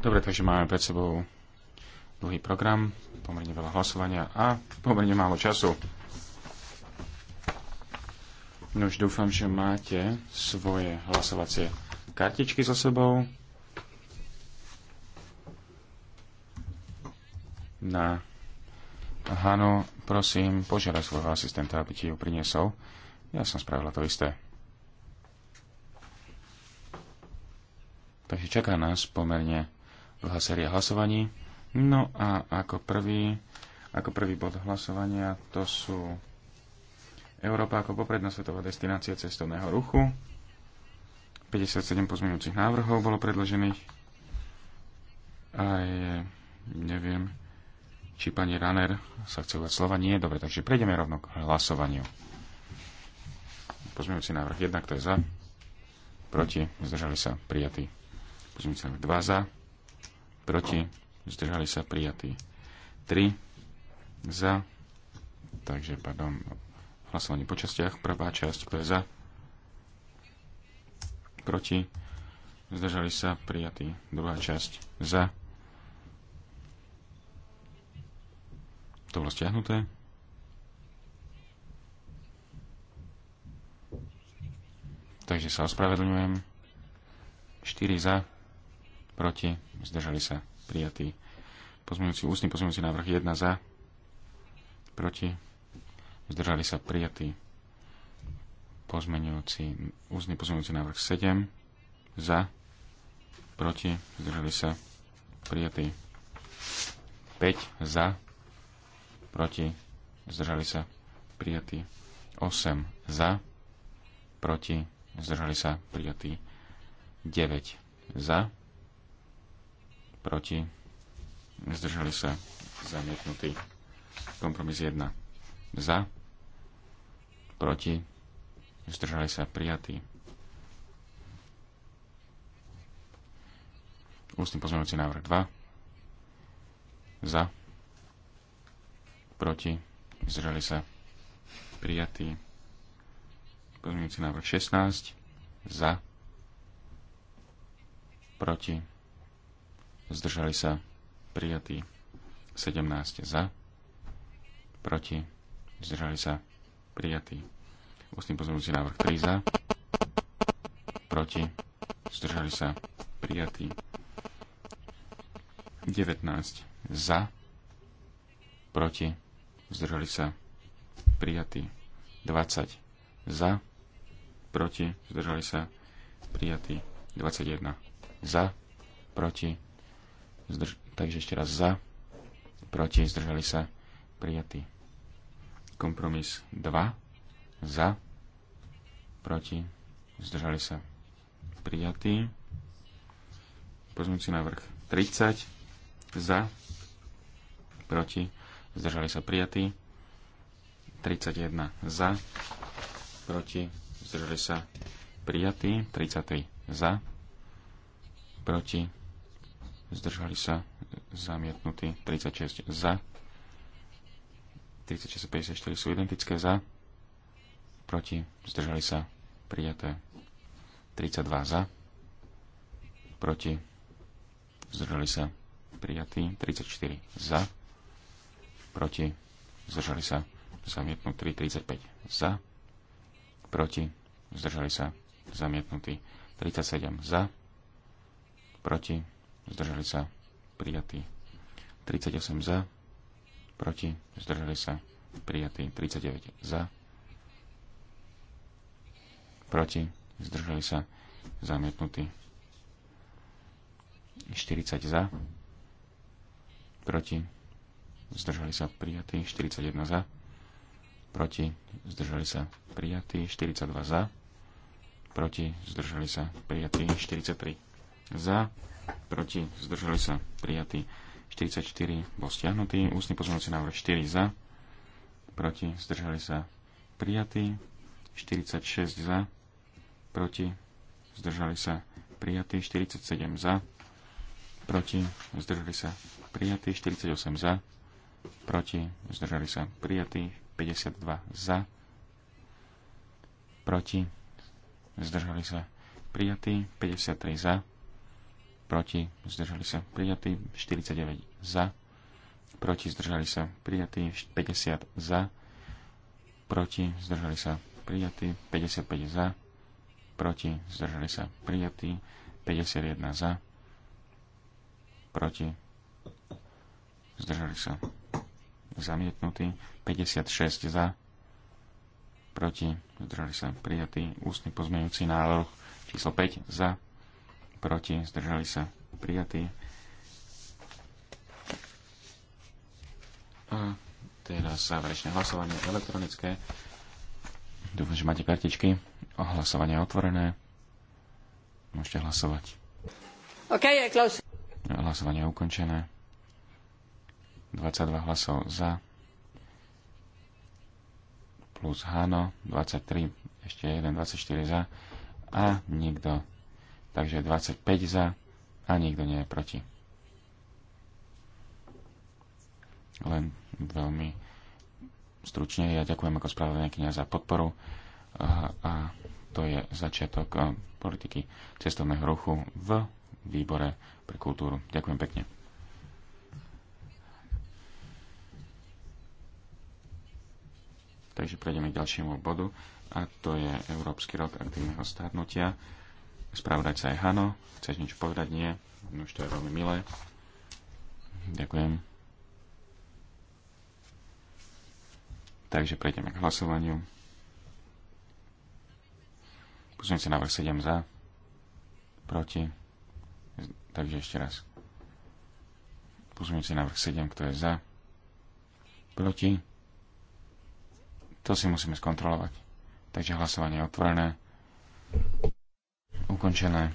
Dobre, takže máme pred sebou dlhý program, pomerne veľa hlasovania a pomerne málo času. No už dúfam, že máte svoje hlasovacie kartičky so sebou. Na Hano, prosím, požiadaj svojho asistenta, aby ti ju priniesol. Ja som spravila to isté. Takže čaká nás pomerne dlhá séria hlasovaní. No a ako prvý, ako prvý bod hlasovania to sú Európa ako popredná svetová destinácia cestovného ruchu. 57 pozmeňujúcich návrhov bolo predložených. Aj neviem, či pani Runner sa chce uvať slova. Nie, dobre, takže prejdeme rovno k hlasovaniu. Pozmeňujúci návrh 1, kto je za? Proti? Zdržali sa? Prijatý. Pozmeňujúci sa 2 za, proti, zdržali sa prijatí 3 za, takže, pardon, hlasovanie po častiach, prvá časť, kto je za, proti, zdržali sa prijatí druhá časť za, to bolo stiahnuté, takže sa ospravedlňujem, 4 za, proti, zdržali sa, prijatý. Pozmeňujúci ústny pozmeňujúci návrh 1 za, proti, zdržali sa, prijatý. Pozmeňujúci, ústny pozmeňujúci návrh 7 za, proti, zdržali sa, prijatý. 5 za, proti, zdržali sa, prijatý. 8 za, proti, zdržali sa, prijatý. 9 za, proti, zdržali sa, zamietnutý. Kompromis 1 za, proti, zdržali sa, prijatý. Ústny pozmeňujúci návrh 2 za, proti, zdržali sa, prijatý. Pozmeňujúci návrh 16 za, proti, zdržali sa prijatí 17 za, proti, zdržali sa prijatí. Ústny pozorujúci návrh 3 za, proti, zdržali sa prijatí. 19 za, proti, zdržali sa prijatí. 20 za, proti, zdržali sa prijatí. 21 za, proti, Zdrž- takže ešte raz za, proti, zdržali sa, prijatý. Kompromis 2, za, proti, zdržali sa, prijatý. Pozmúci návrh 30, za, proti, zdržali sa, prijatý. 31 za, proti, zdržali sa, prijatý. 33 za, proti, zdržali sa zamietnutí 36 za, 36 a 54 sú identické za, proti, zdržali sa prijaté 32 za, proti, zdržali sa prijatí 34 za, proti, zdržali sa zamietnutí 35 za, proti, zdržali sa zamietnutí 37 za, proti, zdržali sa prijatí 38 za, proti, zdržali sa prijatí 39 za, proti, zdržali sa zamietnutí 40 za, proti, zdržali sa prijatí 41 za, proti, zdržali sa prijatí 42 za, proti, zdržali sa prijatí 43 za, proti, zdržali sa, prijatý. 44 bol stiahnutý, ústny pozornosť návrh 4 za, proti, zdržali sa, prijatý. 46 za, proti, zdržali sa, prijatý. 47 za, proti, zdržali sa, prijatý. 48 za, proti, zdržali sa, prijatý. 52 za, proti, zdržali sa, prijatý. 53 za, proti, zdržali sa prijatí, 49 za, proti, zdržali sa prijatí, 50 za, proti, zdržali sa prijatí, 55 za, proti, zdržali sa prijatí, 51 za, proti, zdržali sa zamietnutí, 56 za, proti, zdržali sa prijatí, ústny pozmeňujúci návrh číslo 5 za, proti, zdržali sa prijatí. A teraz záverečné hlasovanie elektronické. Dúfam, že máte kartičky. O hlasovanie otvorené. Môžete hlasovať. OK, je close. Hlasovanie ukončené. 22 hlasov za. Plus Hano, 23, ešte 1, 24 za. A nikto takže 25 za a nikto nie je proti. Len veľmi stručne, ja ďakujem ako kniha za podporu a, a to je začiatok politiky cestovného ruchu v výbore pre kultúru. Ďakujem pekne. Takže prejdeme k ďalšiemu bodu a to je Európsky rok aktívneho stárnutia. Spravodajca je Hano. Chceš niečo povedať? Nie. No už to je veľmi milé. Ďakujem. Takže prejdeme k hlasovaniu. Pozrieme sa návrh 7 za. Proti. Takže ešte raz. Pozrieme sa návrh 7, kto je za. Proti. To si musíme skontrolovať. Takže hlasovanie je otvorené. Ukončené.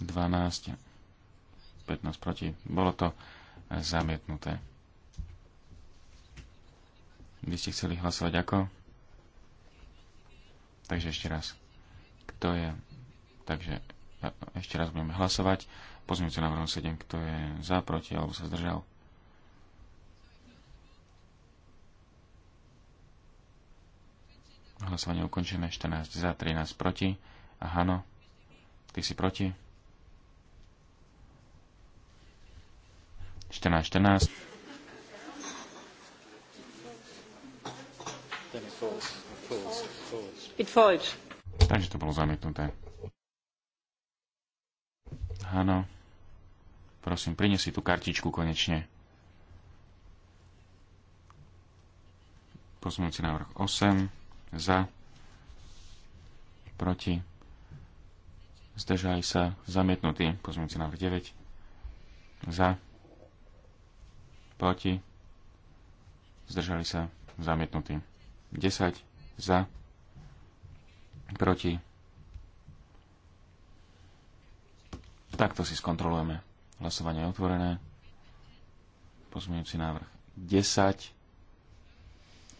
12. 15 proti. Bolo to zamietnuté. Vy ste chceli hlasovať ako? Takže ešte raz. Kto je? Takže ešte raz budeme hlasovať. Pozmiňujúci návrh 7. Kto je za, proti alebo sa zdržal? Hlasovanie ukončíme. 14 za, 13 proti. A Hano, ty si proti. 14, 14. It falls. Takže to bolo zamietnuté. Áno. Prosím, prinesi tú kartičku konečne. Pozmúci návrh 8 za, proti, zdržali sa, zamietnutý, pozmeňujúci návrh 9, za, proti, zdržali sa, zamietnutý, 10, za, proti, takto si skontrolujeme. Hlasovanie je otvorené. Pozmeňujúci návrh 10.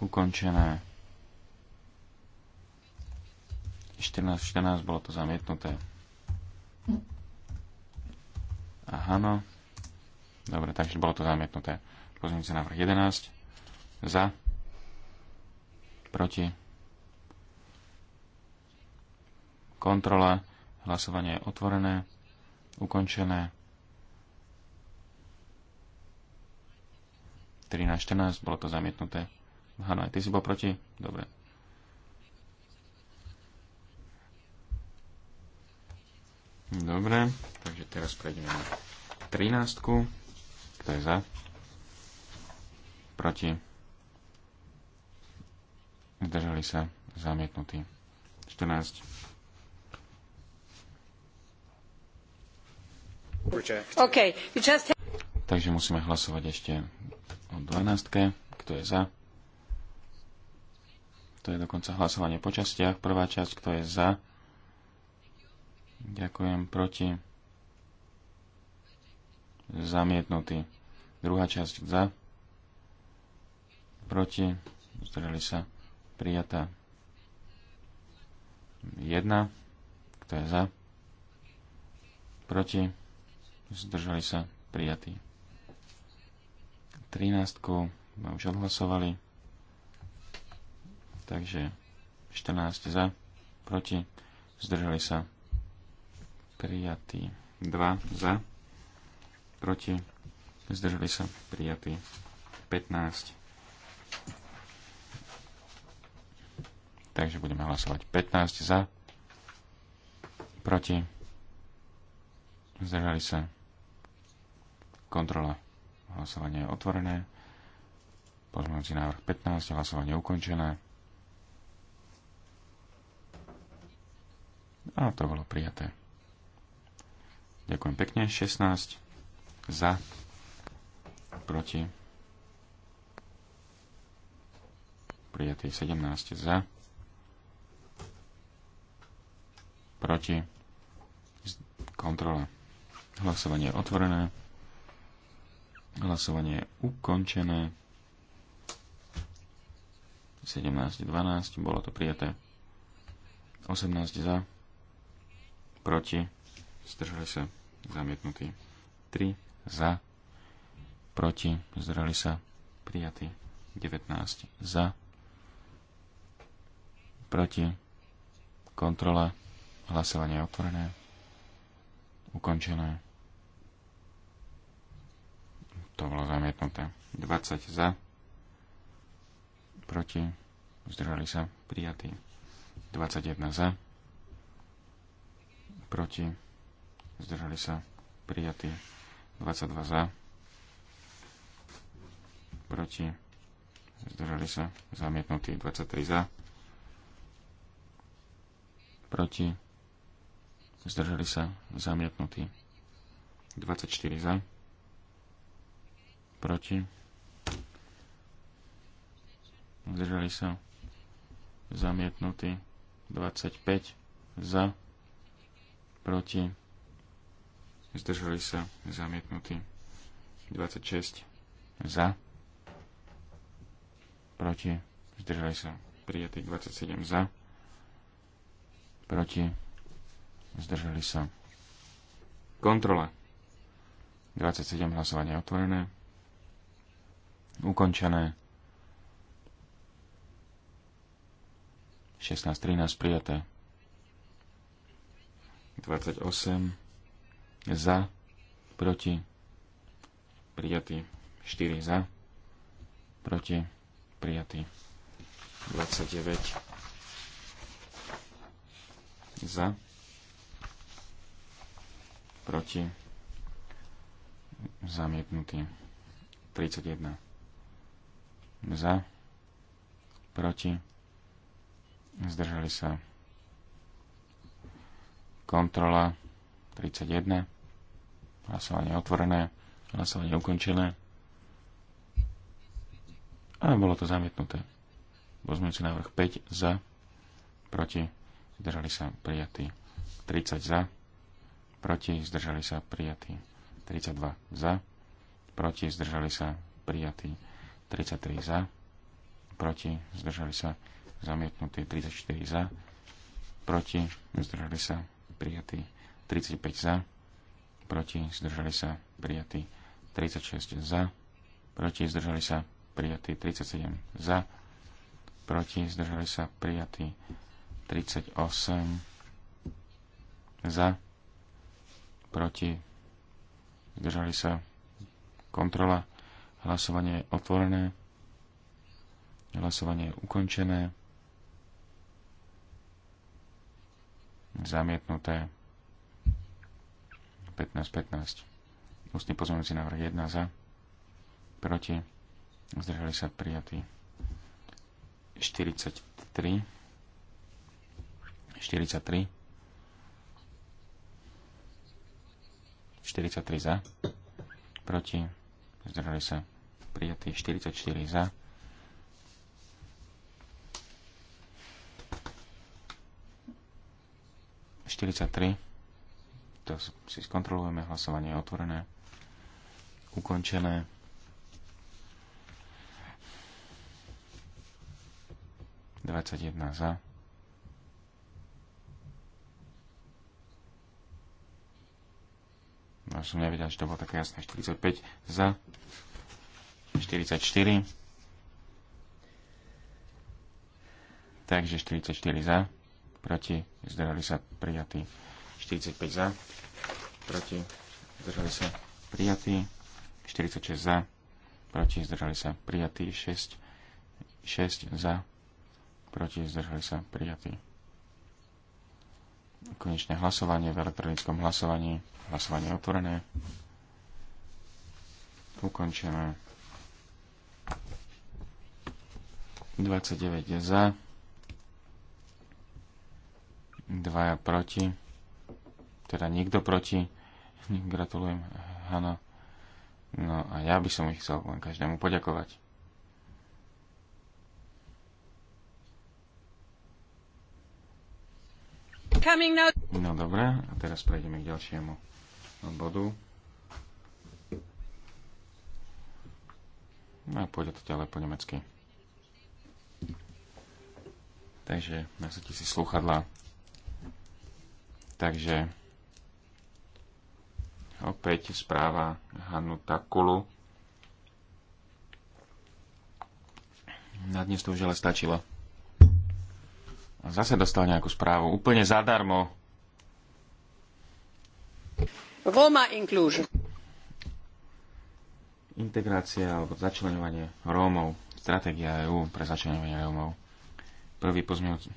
Ukončené. 14-14 bolo to zamietnuté. no. Dobre, takže bolo to zamietnuté. sa návrh 11. Za. Proti. Kontrola. Hlasovanie je otvorené. Ukončené. 13 14, bolo to zamietnuté. Áno, aj ty si bol proti? Dobre. Dobre, takže teraz prejdeme na 13. Kto je za? Proti? Zdržali sa zamietnutí. 14. Okay, just... Takže musíme hlasovať ešte o 12. Kto je za? To je dokonca hlasovanie po častiach. Prvá časť, kto je za? Ďakujem proti. Zamietnutý. Druhá časť za. Proti. Zdržali sa. Prijatá. Jedna. Kto je za? Proti. Zdržali sa. Prijatý. 13 sme už odhlasovali. Takže 14 za, proti, zdržali sa prijatý. 2 za, proti, zdržali sa, prijatý. 15. Takže budeme hlasovať 15 za, proti, zdržali sa, kontrola. Hlasovanie je otvorené. Pozmeňujúci návrh 15, hlasovanie ukončené. A to bolo prijaté. Ďakujem pekne. 16 za, proti, prijatý 17 za, proti, kontrola. Hlasovanie je otvorené. Hlasovanie je ukončené. 17, 12, bolo to prijaté. 18 za, proti, zdržali sa zamietnutý. 3 za, proti, zdrali sa, prijatý. 19 za, proti, kontrola, hlasovanie otvorené, ukončené. To bolo zamietnuté. 20 za, proti, zdrali sa, prijatý. 21 za, proti, zdržali sa, prijatí 22 za, proti, zdržali sa, zamietnutí 23 za, proti, zdržali sa, zamietnutí 24 za, proti, zdržali sa, zamietnutí 25 za, proti, zdržali sa zamietnutí 26 za, proti, zdržali sa prijatí 27 za, proti, zdržali sa kontrola 27 hlasovanie otvorené, ukončené 16.13 prijaté 28 za, proti, prijatý, 4 za, proti, prijatý, 29 za, proti, zamietnutý, 31 za, proti, zdržali sa, kontrola 31 Hlasovanie otvorené, hlasovanie ukončené. Ale bolo to zamietnuté. Pozmeňujúci návrh 5 za, proti, zdržali sa prijatí 30 za, proti, zdržali sa prijatí 32 za, proti, zdržali sa prijatí 33 za, proti, zdržali sa zamietnutí 34 za, proti, zdržali sa prijatí 35 za, proti, zdržali sa, prijatí 36 za, proti, zdržali sa, prijatí 37 za, proti, zdržali sa, prijatí 38 za, proti, zdržali sa, kontrola, hlasovanie je otvorené, hlasovanie je ukončené, zamietnuté 15.15. 15. Ústny pozmeňujúci návrh 1 za, proti, zdržali sa prijatí 43, 43, 43 za, proti, zdržali sa prijatí 44 za, Štyridsaťtri to si skontrolujeme, hlasovanie je otvorené, ukončené. Dvadsať jedna za. No som nevedel, že to bolo také jasné. 45 za. 44. Takže 44 za. Proti. Zdržali sa prijatí. 45 za, proti, zdržali sa prijatí, 46 za, proti, zdržali sa prijatí, 6, 6 za, proti, zdržali sa prijatí. Konečné hlasovanie v elektronickom hlasovaní. Hlasovanie otvorené. Ukončené. 29 je za, 2 proti teda nikto proti. Gratulujem, Hano. No a ja by som ich chcel len každému poďakovať. No dobre, a teraz prejdeme k ďalšiemu bodu. No a pôjde to ďalej po nemecky. Takže nasadí si sluchadla. Takže Opäť správa Hanu Takulu. Na dnes to už ale stačilo. zase dostal nejakú správu. Úplne zadarmo. Roma inclusion. Integrácia alebo začlenovanie Rómov. Stratégia EÚ pre začlenovanie Rómov. Prvý pozmeňujúci.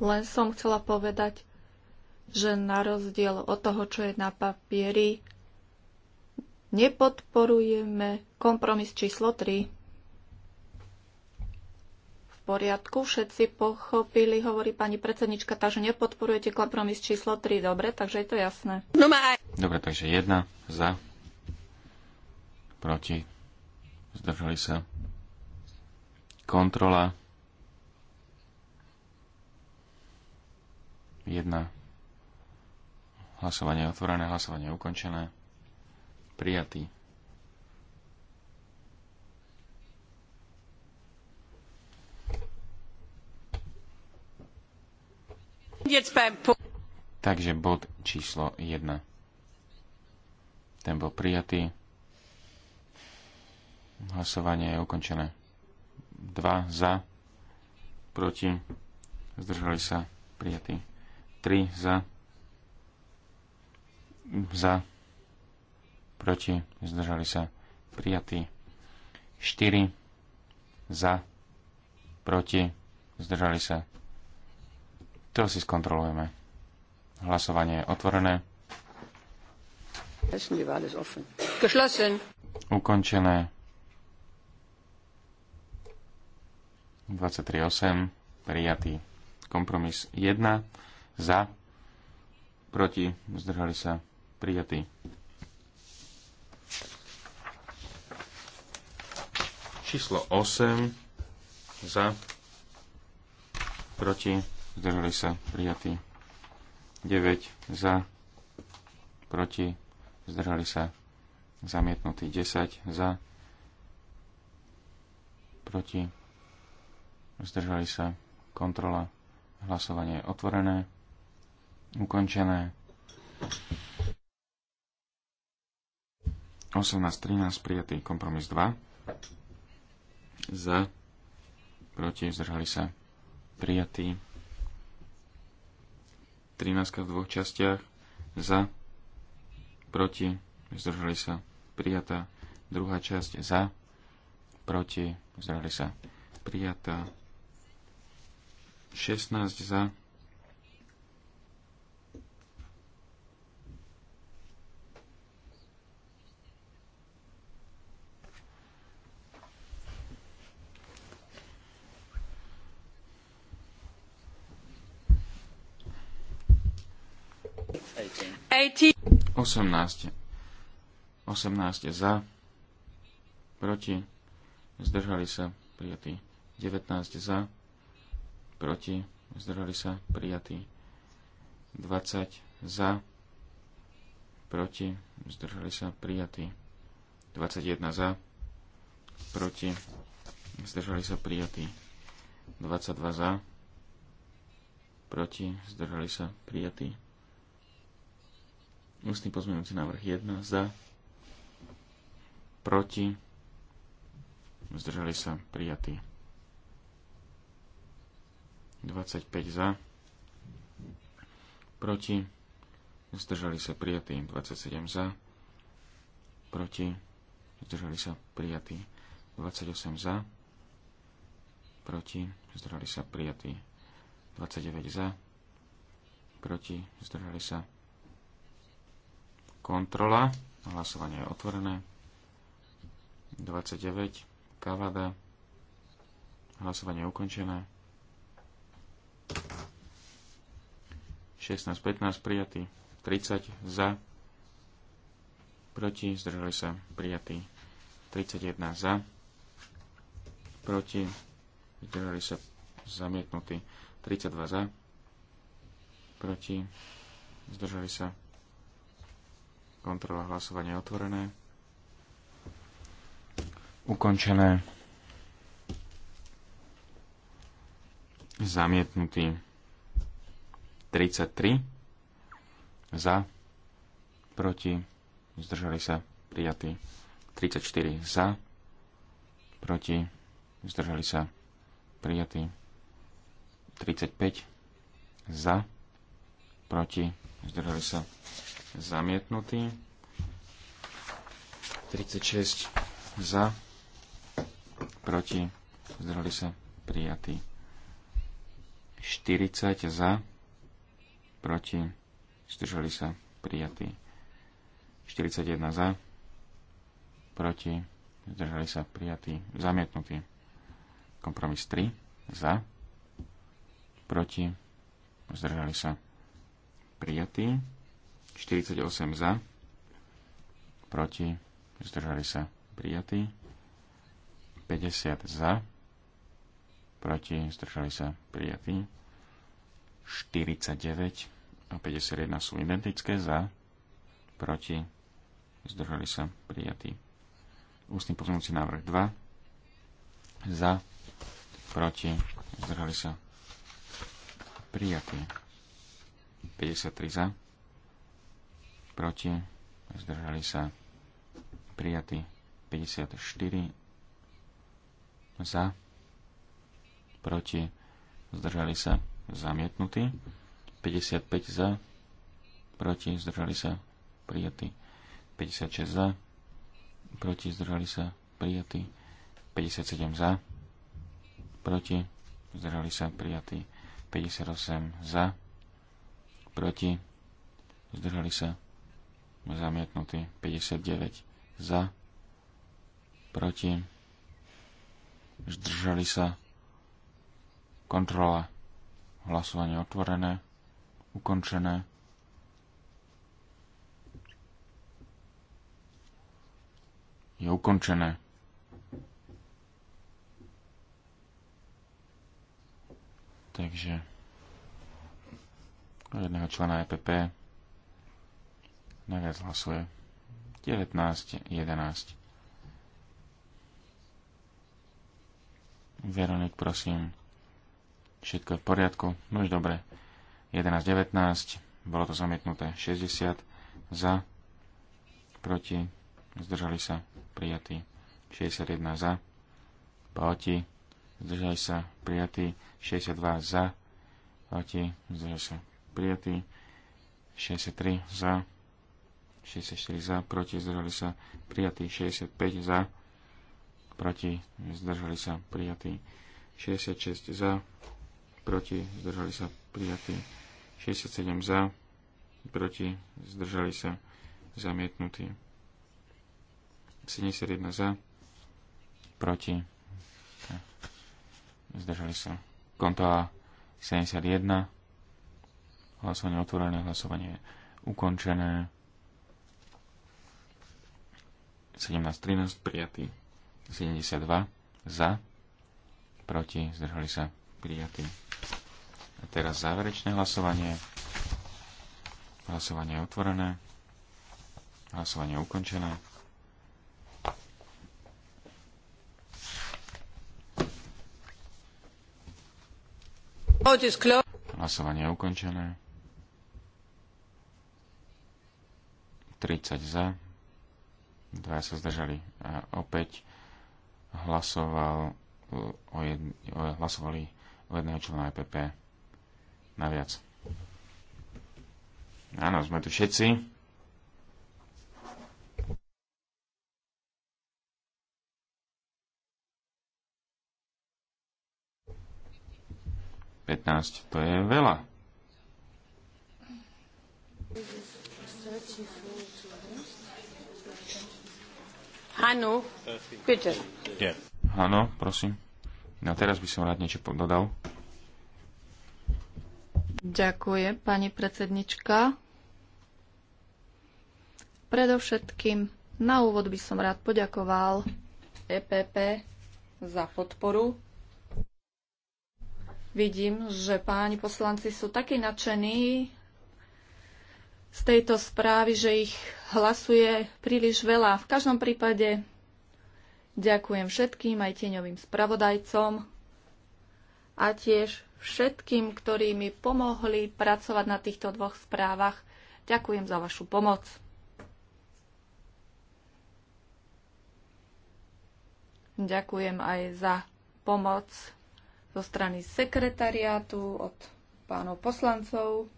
Len som chcela povedať, že na rozdiel od toho, čo je na papieri, nepodporujeme kompromis číslo 3. V poriadku, všetci pochopili, hovorí pani predsednička, takže nepodporujete kompromis číslo 3. Dobre, takže je to jasné. Dobre, takže jedna za, proti, zdržali sa. Kontrola. Jedna Hlasovanie je otvorené, hlasovanie je ukončené. Prijatý. Takže bod číslo 1. Ten bol prijatý. Hlasovanie je ukončené. 2 za, proti, zdržali sa, prijatý. 3 za, za, proti, zdržali sa prijatí 4 za, proti, zdržali sa. To si skontrolujeme. Hlasovanie je otvorené. Ukončené. 23.8. Prijatý. Kompromis 1. Za. Proti. Zdržali sa prijatý. Číslo 8 za, proti, zdržali sa, prijatý. 9 za, proti, zdržali sa, zamietnutý. 10 za, proti, zdržali sa, kontrola, hlasovanie je otvorené, ukončené. 18.13 prijatý kompromis 2. Za. Proti. Zdržali sa. Prijatý. 13 v dvoch častiach. Za. Proti. Zdržali sa. Prijatá. Druhá časť. Za. Proti. Zdržali sa. Prijatá. 16 za. 18. 18 za, proti, zdržali sa, prijatí. 19 za, proti, zdržali sa, prijatí. 20 za, proti, zdržali sa, prijatí. 21 za, proti, zdržali sa, prijatí. 22 za, proti, zdržali sa, prijatí. Ústny pozmeňujúci návrh 1 za, proti, zdržali sa prijatí. 25 za, proti, zdržali sa prijatí. 27 za, proti, zdržali sa prijatí. 28 za, proti, zdržali sa prijatí. 29 za, proti, zdržali sa prijatí kontrola. Hlasovanie je otvorené. 29. Kavada. Hlasovanie je ukončené. 16, 15 prijatý. 30 za. Proti. Zdržali sa prijatý. 31 za. Proti. Zdržali sa zamietnutý. 32 za. Proti. Zdržali sa Kontrola hlasovania otvorené. Ukončené. Zamietnutý. 33. Za. Proti. Zdržali sa. Prijatý. 34. Za. Proti. Zdržali sa. Prijatý. 35. Za. Proti. Zdržali sa zamietnutý. 36 za, proti, zdrali sa, prijatý. 40 za, proti, zdržali sa, prijatý. 41 za, proti, zdržali sa, prijatý, zamietnutý. Kompromis 3 za, proti, zdržali sa, prijatý. 48 za, proti, zdržali sa prijatí, 50 za, proti, zdržali sa prijatí, 49 a 51 sú identické za, proti, zdržali sa prijatí. Ústny pozmúci návrh 2, za, proti, zdržali sa prijatí. 53 za, proti, zdržali sa prijatí 54 za, proti, zdržali sa zamietnutí 55 za, proti, zdržali sa prijatí 56 za, proti, zdržali sa prijatí 57 za, proti, zdržali sa prijatí 58 za, proti, zdržali sa zamietnutý 59 za, proti, zdržali sa, kontrola, hlasovanie otvorené, ukončené, je ukončené. Takže jedného člena EPP Najviac hlasuje. 19, 11. Veronik, prosím. Všetko je v poriadku. No už dobre. 11, 19. Bolo to zamietnuté. 60 za. Proti. Zdržali sa. Prijatí. 61 za. Proti. Zdržali sa. Prijatí. 62 za. Proti. Zdržali sa. Prijatí. 63 za 64 za, proti zdržali sa prijatí 65 za, proti zdržali sa prijatí 66 za, proti zdržali sa prijatí 67 za, proti zdržali sa zamietnutí 71 za, proti zdržali sa kontrola 71 hlasovanie otvorené, hlasovanie ukončené 17.13 prijatý. 72 za, proti, zdržali sa prijatý. A teraz záverečné hlasovanie. Hlasovanie je otvorené. Hlasovanie je ukončené. Hlasovanie je ukončené. 30 za, Dva sa zdržali. A opäť hlasoval o jed, o, hlasovali o jedného člena EPP naviac. Áno, sme tu všetci. Petnáct, to je veľa. Áno, Peter. Áno, prosím. No teraz by som rád niečo dodal. Ďakujem, pani predsednička. Predovšetkým na úvod by som rád poďakoval EPP za podporu. Vidím, že páni poslanci sú takí nadšení z tejto správy, že ich hlasuje príliš veľa. V každom prípade ďakujem všetkým aj tieňovým spravodajcom a tiež všetkým, ktorí mi pomohli pracovať na týchto dvoch správach. Ďakujem za vašu pomoc. Ďakujem aj za pomoc zo strany sekretariátu od pánov poslancov.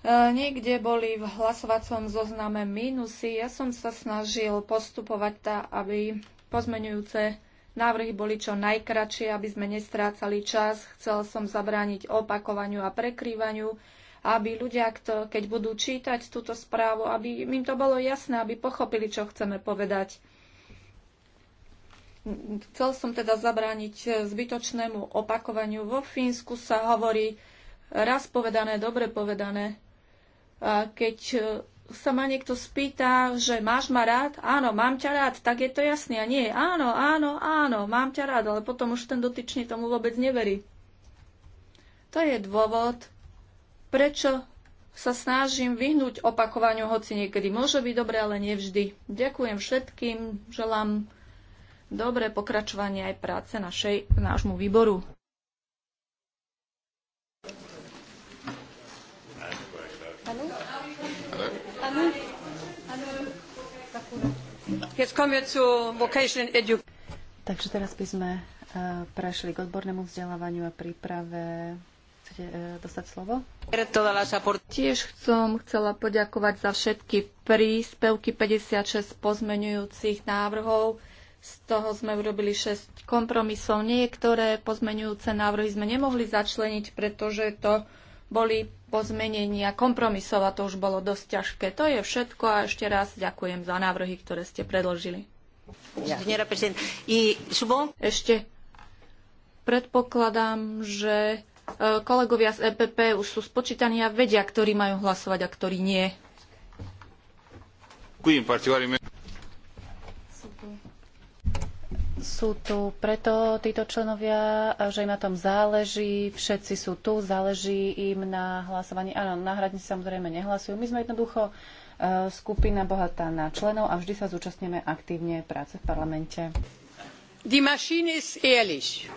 E, niekde boli v hlasovacom zozname mínusy. Ja som sa snažil postupovať tá, aby pozmenujúce návrhy boli čo najkračšie, aby sme nestrácali čas. Chcel som zabrániť opakovaniu a prekrývaniu, aby ľudia, keď budú čítať túto správu, aby im to bolo jasné, aby pochopili, čo chceme povedať. Chcel som teda zabrániť zbytočnému opakovaniu. Vo Fínsku sa hovorí raz povedané, dobre povedané keď e, sa ma niekto spýta, že máš ma rád, áno, mám ťa rád, tak je to jasné. A nie, áno, áno, áno, mám ťa rád, ale potom už ten dotyčný tomu vôbec neverí. To je dôvod, prečo sa snažím vyhnúť opakovaniu, hoci niekedy môže byť dobre, ale nevždy. Ďakujem všetkým, želám dobré pokračovanie aj práce našej, nášmu výboru. Takže teraz by sme eh, prešli k odbornému vzdelávaniu a príprave. Chcete eh, dostať slovo? Tiež som chcela poďakovať za všetky príspevky 56 pozmenujúcich návrhov. Z toho sme urobili 6 kompromisov. Niektoré pozmenujúce návrhy sme nemohli začleniť, pretože to boli pozmenenia kompromisov a to už bolo dosť ťažké. To je všetko a ešte raz ďakujem za návrhy, ktoré ste predložili. Ešte predpokladám, že e, kolegovia z EPP už sú spočítaní a vedia, ktorí majú hlasovať a ktorí nie. Ďakujem sú tu preto títo členovia, že im na tom záleží, všetci sú tu, záleží im na hlasovaní. Áno, náhradníci samozrejme nehlasujú. My sme jednoducho e, skupina bohatá na členov a vždy sa zúčastneme aktívne práce v parlamente. Die Maschine ist ehrlich.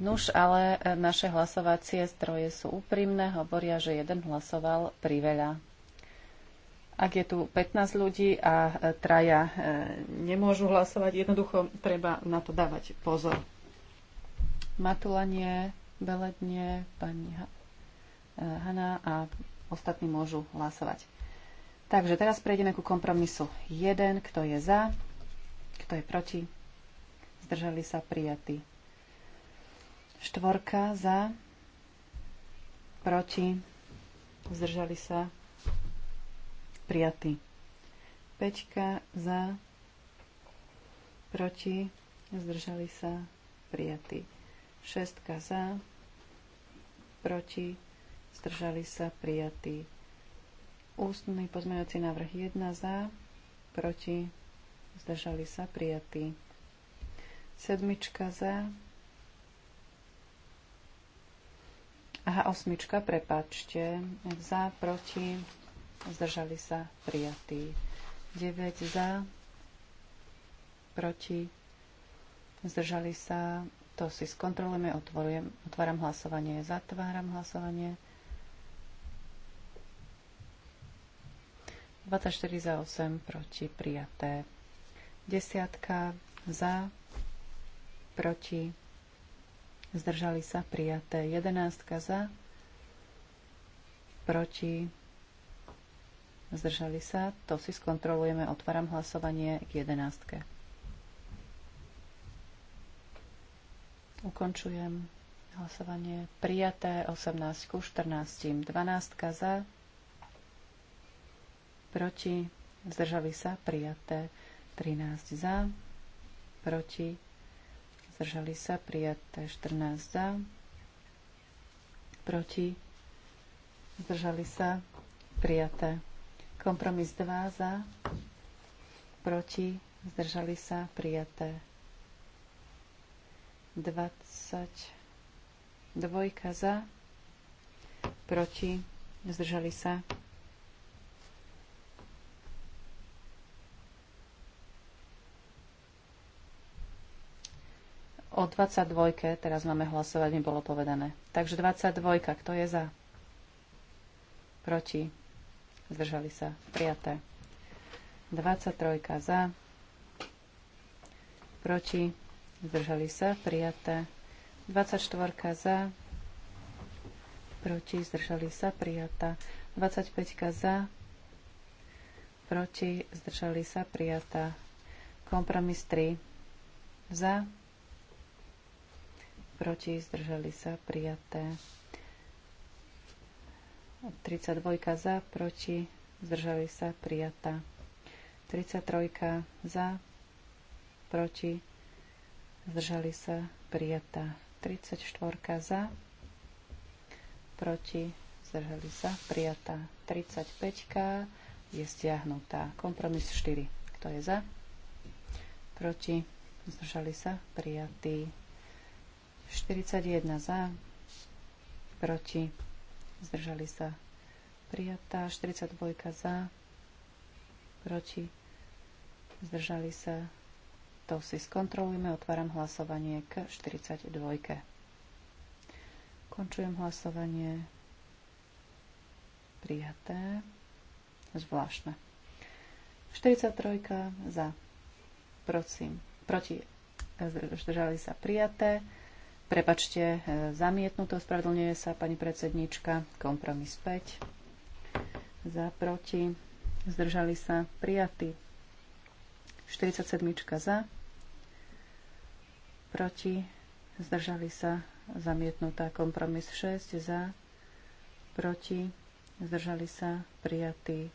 Nuž, ale e, naše hlasovacie zdroje sú úprimné, hovoria, že jeden hlasoval priveľa. Ak je tu 15 ľudí a e, traja e, nemôžu hlasovať, jednoducho treba na to dávať pozor. Matulanie, Beledne, pani e, Hanna a ostatní môžu hlasovať. Takže teraz prejdeme ku kompromisu 1. Kto je za? Kto je proti? Zdržali sa prijatí. Štvorka za, proti, zdržali sa prijatý. 5 za, proti, zdržali sa, prijatý. 6 za, proti, zdržali sa, prijatý. Ústny pozmeňovací návrh 1 za, proti, zdržali sa, prijatý. Sedmička za, Aha, osmička, prepačte. Za, proti, zdržali sa prijatí. 9 za, proti, zdržali sa, to si skontrolujeme, otvorujem, otváram hlasovanie, zatváram hlasovanie. 24 za 8 proti prijaté. Desiatka za, proti, zdržali sa prijaté. Jedenáctka za, proti, Zdržali sa? To si skontrolujeme. Otváram hlasovanie k jedenástke. Ukončujem hlasovanie. Prijaté 18 ku 14. 12 za. Proti. Zdržali sa? Prijaté 13 za. Proti. Zdržali sa? Prijaté 14 za. Proti. Zdržali sa? Prijaté Kompromis 2 za, proti, zdržali sa, prijaté. 22 za, proti, zdržali sa. O 22 teraz máme hlasovať, mi bolo povedané. Takže 22, kto je za? Proti zdržali sa prijaté. 23 za, proti, zdržali sa prijaté. 24 za, proti, zdržali sa prijatá. 25 za, proti, zdržali sa prijatá. Kompromis 3 za, proti, zdržali sa prijaté. 32 za, proti, zdržali sa, prijatá. 33 za, proti, zdržali sa, prijatá. 34 za, proti, zdržali sa, prijatá. 35 je stiahnutá. Kompromis 4. Kto je za? Proti, zdržali sa, prijatý. 41 za, proti, zdržali sa prijatá, 42 za, proti, zdržali sa, to si skontrolujme, otváram hlasovanie k 42. Končujem hlasovanie prijaté, zvláštne. 43 za, prosím, proti, zdržali sa prijaté, Prepačte, e, zamietnuto, spravedlňuje sa pani predsednička. Kompromis 5. Za, proti. Zdržali sa prijatí. 47. za. Proti. Zdržali sa zamietnutá. Kompromis 6. Za. Proti. Zdržali sa prijatí.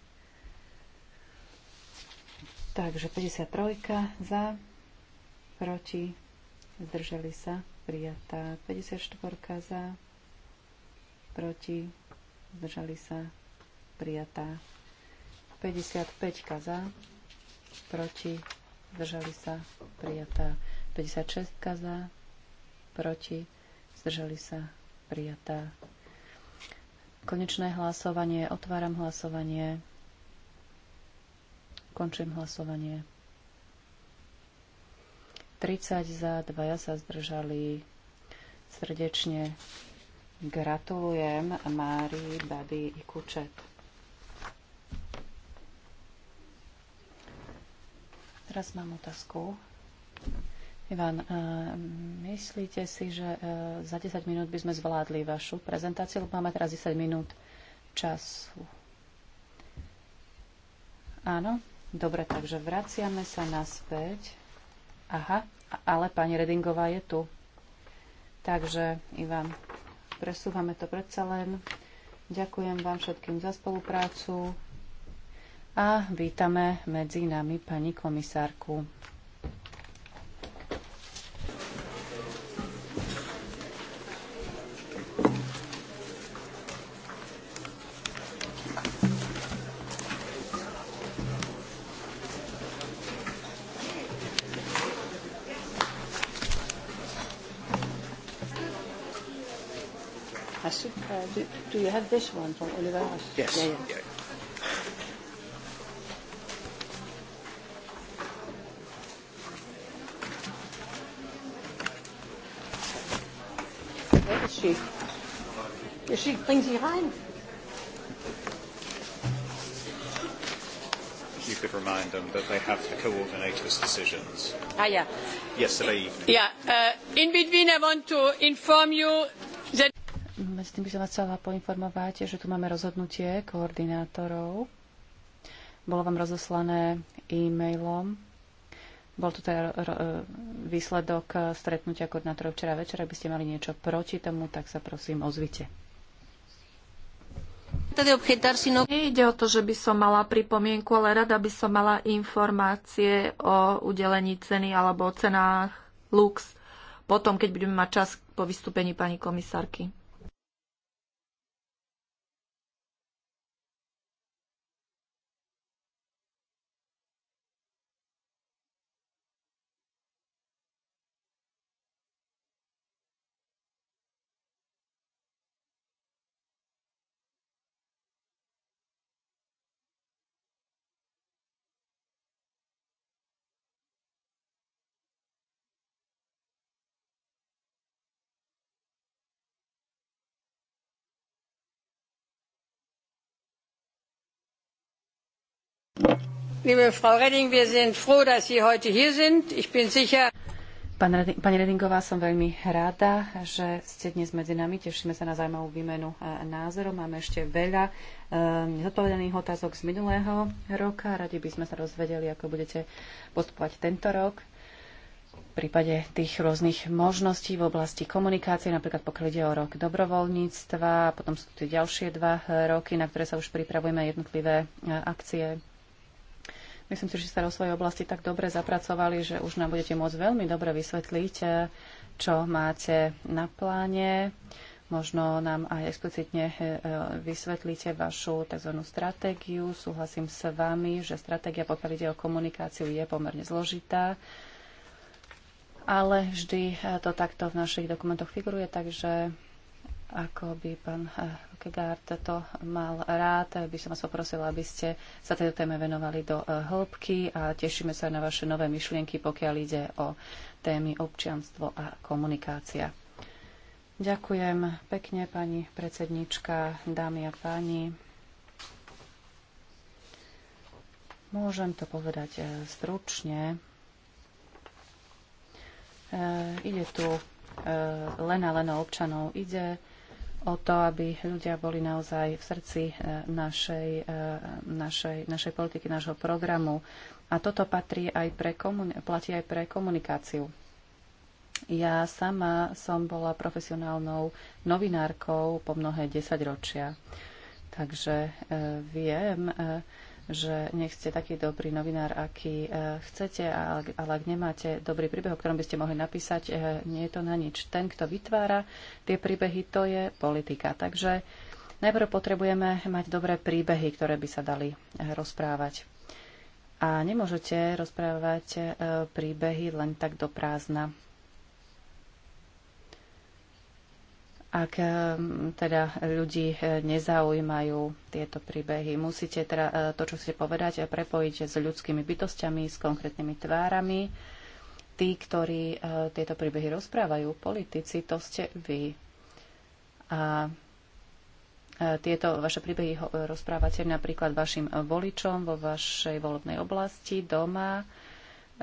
Takže 53. za. Proti. Zdržali sa prijatá. 54 za, proti, zdržali sa, prijatá. 55 za, proti, zdržali sa, prijatá. 56 za, proti, zdržali sa, prijatá. Konečné hlasovanie, otváram hlasovanie, končím hlasovanie. 30 za, dvaja sa zdržali. Srdečne gratulujem Márii Babi i Kučet. Teraz mám otázku. Ivan, eh, myslíte si, že eh, za 10 minút by sme zvládli vašu prezentáciu, lebo máme teraz 10 minút času? Áno? Dobre, takže vraciame sa naspäť Aha, ale pani Redingová je tu. Takže, Ivan, presúvame to predsa len. Ďakujem vám všetkým za spoluprácu a vítame medzi nami pani komisárku. Do you have this one from Oliver? Yes. Yeah, yeah. yeah. Where is she? Is she bring sie rein. You could remind them that they have to coordinate his decisions. Ah, yeah. Yesterday evening. Yeah. Uh, in between, I want to inform you medzi tým by som vás chcela poinformovať, že tu máme rozhodnutie koordinátorov. Bolo vám rozoslané e-mailom. Bol tu teda e, výsledok e, stretnutia koordinátorov včera večer. Ak by ste mali niečo proti tomu, tak sa prosím ozvite. ide no- o to, že by som mala pripomienku, ale rada by som mala informácie o udelení ceny alebo o cenách Lux potom, keď budeme mať čas po vystúpení pani komisárky. Liebe Frau Redding, wir sind froh, dass Sie heute hier sind. Ich bin sicher, Pani Redingová, som veľmi rada, že ste dnes medzi nami. Tešíme sa na zaujímavú výmenu e, názorov. Máme ešte veľa e, nezodpovedaných otázok z minulého roka. Radi by sme sa rozvedeli, ako budete postupovať tento rok v prípade tých rôznych možností v oblasti komunikácie, napríklad pokiaľ ide o rok dobrovoľníctva, potom sú tu ďalšie dva roky, na ktoré sa už pripravujeme jednotlivé e, akcie Myslím si, že ste o svojej oblasti tak dobre zapracovali, že už nám budete môcť veľmi dobre vysvetliť, eh, čo máte na pláne. Možno nám aj explicitne eh, vysvetlíte vašu tzv. stratégiu. Súhlasím s vami, že stratégia, pokiaľ ide o komunikáciu, je pomerne zložitá ale vždy eh, to takto v našich dokumentoch figuruje, takže ako by pán eh, Kegaard to mal rád. Eh, by som vás poprosila, aby ste sa tejto téme venovali do eh, hĺbky a tešíme sa na vaše nové myšlienky, pokiaľ ide o témy občianstvo a komunikácia. Ďakujem pekne, pani predsednička, dámy a páni. Môžem to povedať stručne. Ide tu len a len o občanov. Ide o to, aby ľudia boli naozaj v srdci e, našej, e, našej, našej politiky, nášho programu. A toto patrí aj pre komun- platí aj pre komunikáciu. Ja sama som bola profesionálnou novinárkou po mnohé desaťročia. Takže e, viem, e, že nech ste taký dobrý novinár, aký e, chcete, ale ak nemáte dobrý príbeh, o ktorom by ste mohli napísať, e, nie je to na nič. Ten, kto vytvára tie príbehy, to je politika. Takže najprv potrebujeme mať dobré príbehy, ktoré by sa dali e, rozprávať. A nemôžete rozprávať príbehy len tak do prázdna. ak eh, teda ľudí eh, nezaujímajú tieto príbehy. Musíte teda eh, to, čo chcete povedať, prepojiť s ľudskými bytostiami, s konkrétnymi tvárami. Tí, ktorí tieto príbehy rozprávajú, politici, to ste vy. A tieto vaše príbehy rozprávate napríklad vašim voličom vo vašej volebnej oblasti, doma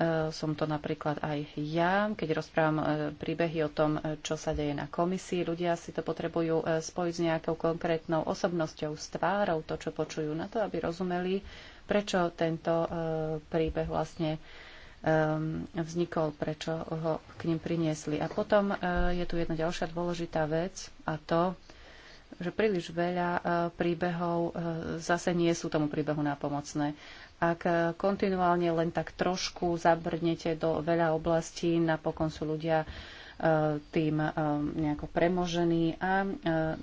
E, som to napríklad aj ja, keď rozprávam e, príbehy o tom, e, čo sa deje na komisii. Ľudia si to potrebujú spojiť s nejakou konkrétnou osobnosťou, s tvárou, to, čo počujú, na to, aby rozumeli, prečo tento príbeh vlastne vznikol, prečo ho k ním priniesli. A potom je tu jedna ďalšia dôležitá vec a to, že príliš veľa príbehov zase nie sú tomu príbehu nápomocné. Ak kontinuálne len tak trošku zabrnete do veľa oblastí, napokon sú ľudia e, tým e, nejako premožený a e,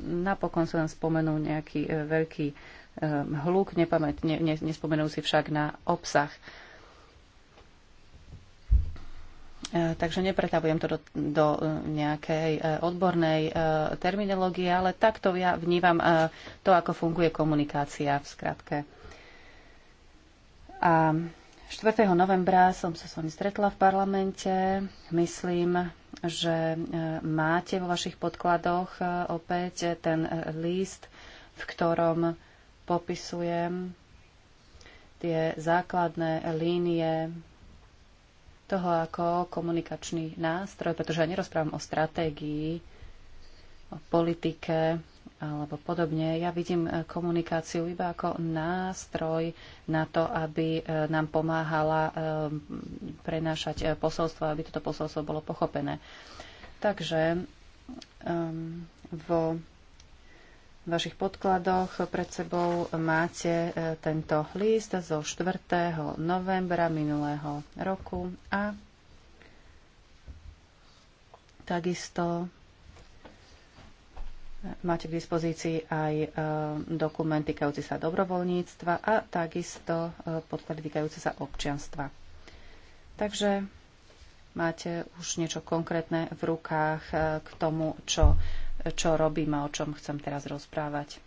napokon sa nám spomenul nejaký veľký hluk, nepamät, ne, ne, nespomenul si však na obsah. Takže nepretavujem to do, do nejakej odbornej terminológie, ale takto ja vnímam to, ako funguje komunikácia v skratke. A 4. novembra som sa s vami stretla v parlamente. Myslím, že e, máte vo vašich podkladoch e, opäť ten e, list, v ktorom popisujem tie základné línie toho ako komunikačný nástroj, pretože ja nerozprávam o stratégii, o politike, alebo podobne. Ja vidím e, komunikáciu iba ako nástroj na to, aby e, nám pomáhala e, prenášať posolstvo, aby toto posolstvo bolo pochopené. Takže vo vašich podkladoch pred sebou máte tento list zo 4. novembra minulého roku a takisto Máte k dispozícii aj e, dokument týkajúci sa dobrovoľníctva a takisto e, podklady týkajúce sa občianstva. Takže máte už niečo konkrétne v rukách e, k tomu, čo, čo robím a o čom chcem teraz rozprávať.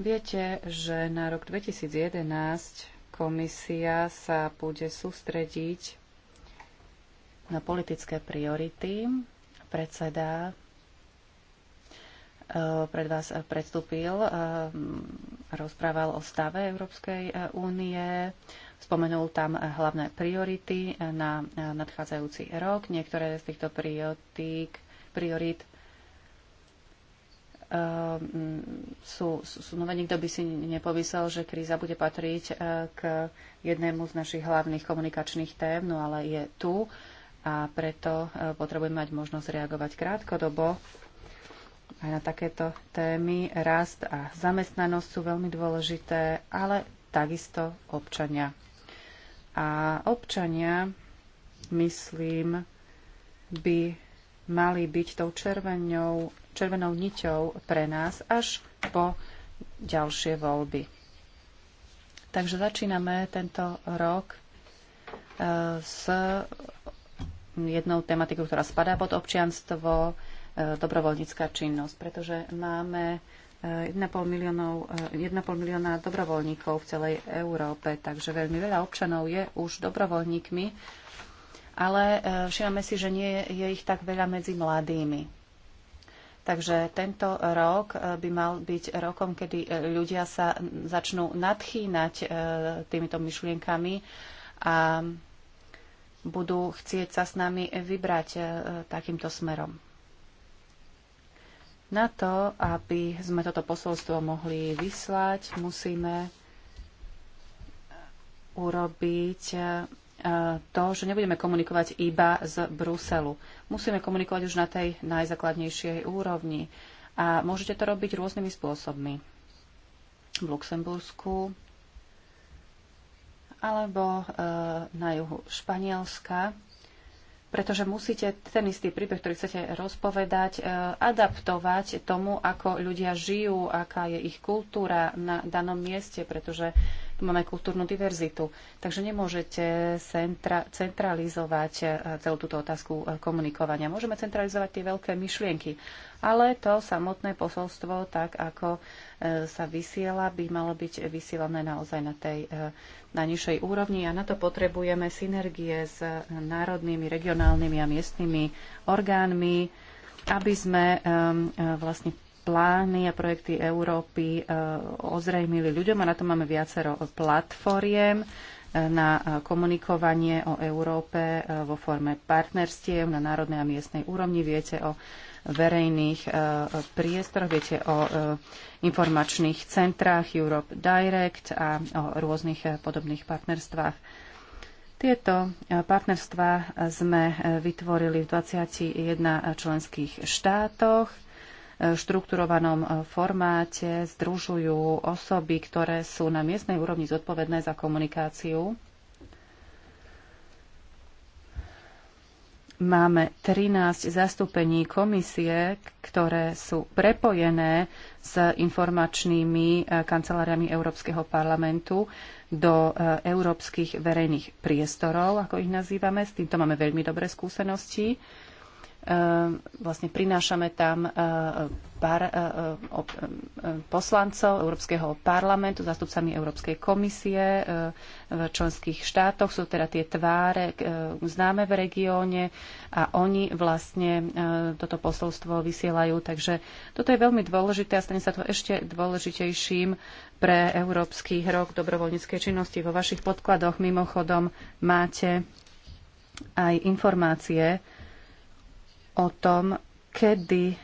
Viete, že na rok 2011 komisia sa bude sústrediť na politické priority. Predseda Eh, pred vás predstúpil, eh, mm, rozprával o stave Európskej eh, únie, spomenul tam hlavné priority na nadchádzajúci rok. Niektoré z týchto priotík, priorit mm, sú, sú, no nikto by si nepomyslel, že kríza bude patriť k jednému z našich hlavných komunikačných tém, no ale je tu a preto potrebujeme mať možnosť reagovať krátkodobo aj na takéto témy. Rast a zamestnanosť sú veľmi dôležité, ale takisto občania. A občania, myslím, by mali byť tou červenou, červenou niťou pre nás až po ďalšie voľby. Takže začíname tento rok e, s jednou tematikou, ktorá spadá pod občianstvo, E, dobrovoľnícká činnosť, pretože máme 1,5, e, miliónov, 1,5 e, milióna dobrovoľníkov v celej Európe, takže veľmi veľa občanov je už dobrovoľníkmi, ale všímame si, že nie je ich tak veľa medzi mladými. Takže tento rok by mal byť rokom, kedy ľudia sa začnú nadchýnať týmito myšlienkami a budú chcieť sa s nami vybrať takýmto smerom. Na to, aby sme toto posolstvo mohli vyslať, musíme urobiť e, to, že nebudeme komunikovať iba z Bruselu. Musíme komunikovať už na tej najzákladnejšej úrovni. A môžete to robiť rôznymi spôsobmi. V Luxembursku alebo e, na juhu Španielska pretože musíte ten istý príbeh, ktorý chcete rozpovedať, e, adaptovať tomu, ako ľudia žijú, aká je ich kultúra na danom mieste, pretože tu máme kultúrnu diverzitu. Takže nemôžete centra, centralizovať e, celú túto otázku e, komunikovania. Môžeme centralizovať tie veľké myšlienky, ale to samotné posolstvo, tak ako e, sa vysiela, by malo byť vysielané naozaj na tej najnižšej úrovni a na to potrebujeme synergie s národnými, regionálnymi a miestnymi orgánmi, aby sme vlastne plány a projekty Európy e, ozrejmili ľuďom a na to máme viacero platformiem e, na komunikovanie o Európe e, vo forme partnerstiev na národnej a miestnej úrovni. Viete o verejných priestoroch, viete o informačných centrách Europe Direct a o rôznych podobných partnerstvách. Tieto partnerstvá sme vytvorili v 21 členských štátoch štrukturovanom e, formáte združujú osoby, ktoré sú na miestnej úrovni zodpovedné za komunikáciu. Máme 13 zastúpení komisie, ktoré sú prepojené s informačnými e, kanceláriami Európskeho parlamentu do e, európskych verejných priestorov, ako ich nazývame. S týmto máme veľmi dobré skúsenosti. Ehm, vlastne prinášame tam eh, pár eh, eh, poslancov Európskeho parlamentu, zástupcami Európskej komisie v členských štátoch. Sú teda tie tváre známe v regióne a oni vlastne toto posolstvo vysielajú. Takže toto je veľmi dôležité a stane sa to ešte dôležitejším pre Európsky rok dobrovoľníckej činnosti. Vo vašich podkladoch mimochodom máte aj informácie, o tom, kedy e,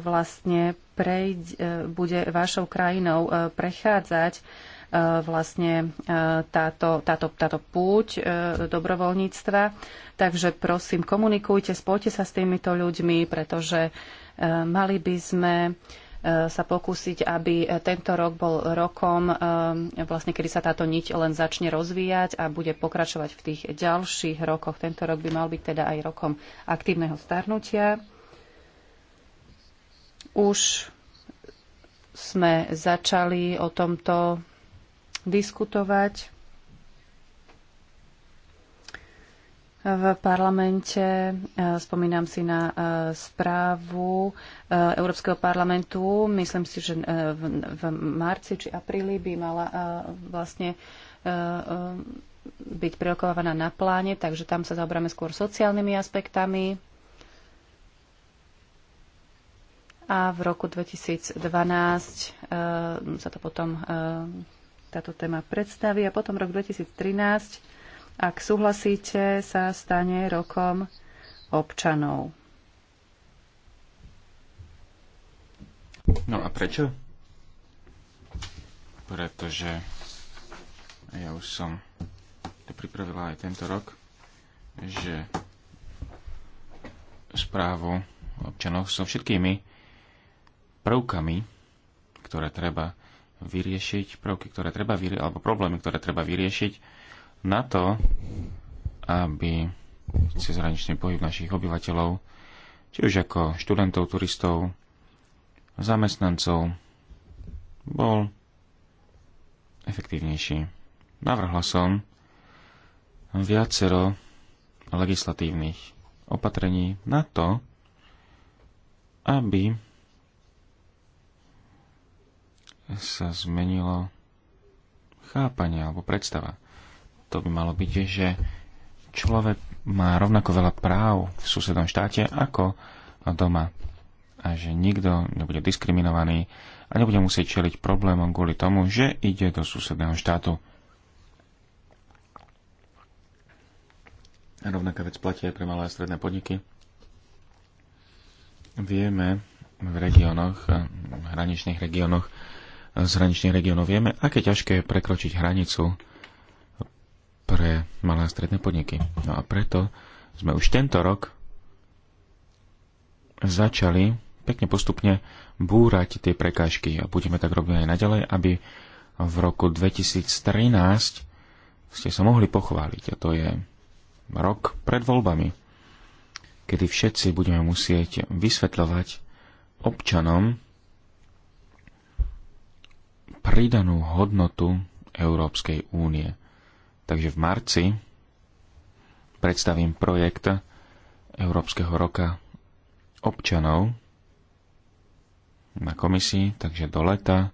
vlastne prejď, e, bude vašou krajinou e, prechádzať vlastne táto, táto, táto púť dobrovoľníctva. Takže prosím, komunikujte, spojte sa s týmito ľuďmi, pretože mali by sme Eh, sa pokúsiť, aby tento rok bol rokom, eh, vlastne, kedy sa táto niť len začne rozvíjať a bude pokračovať v tých ďalších rokoch. Tento rok by mal byť teda aj rokom aktívneho starnutia. Už sme začali o tomto diskutovať v parlamente. E, spomínam si na e, správu e, Európskeho parlamentu. Myslím si, že v marci či apríli by mala vlastne byť prilokovaná na pláne, takže tam sa zaoberáme skôr sociálnymi aspektami. A v roku 2012 sa to potom táto téma predstaví a potom rok 2013 ak súhlasíte, sa stane rokom občanov. No a prečo? Pretože ja už som to pripravila aj tento rok, že správu občanov so všetkými prvkami, ktoré treba vyriešiť, prvky, ktoré treba vyriešiť, alebo problémy, ktoré treba vyriešiť, na to, aby cezhraničný pohyb našich obyvateľov, či už ako študentov, turistov, zamestnancov, bol efektívnejší. Navrhla som viacero legislatívnych opatrení na to, aby sa zmenilo chápanie alebo predstava to by malo byť, že človek má rovnako veľa práv v susednom štáte ako doma a že nikto nebude diskriminovaný a nebude musieť čeliť problémom kvôli tomu, že ide do susedného štátu. A rovnaká vec platí aj pre malé a stredné podniky. Vieme v regiónoch, hraničných regiónoch, z hraničných regiónov vieme, aké ťažké je prekročiť hranicu pre malé a stredné podniky. No a preto sme už tento rok začali pekne postupne búrať tie prekážky a budeme tak robiť aj naďalej, aby v roku 2013 ste sa mohli pochváliť a to je rok pred voľbami, kedy všetci budeme musieť vysvetľovať občanom pridanú hodnotu Európskej únie. Takže v marci predstavím projekt Európskeho roka občanov na komisii, takže do leta.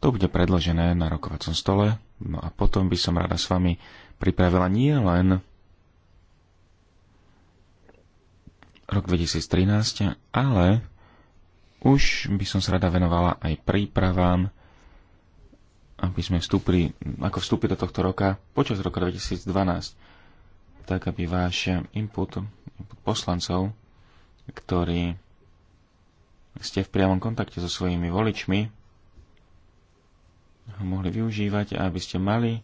To bude predložené na rokovacom stole. No a potom by som rada s vami pripravila nie len rok 2013, ale už by som sa rada venovala aj prípravám aby sme vstúpili, ako vstúpiť do tohto roka, počas roka 2012, tak aby váš input, input poslancov, ktorí ste v priamom kontakte so svojimi voličmi, ho mohli využívať aby ste mali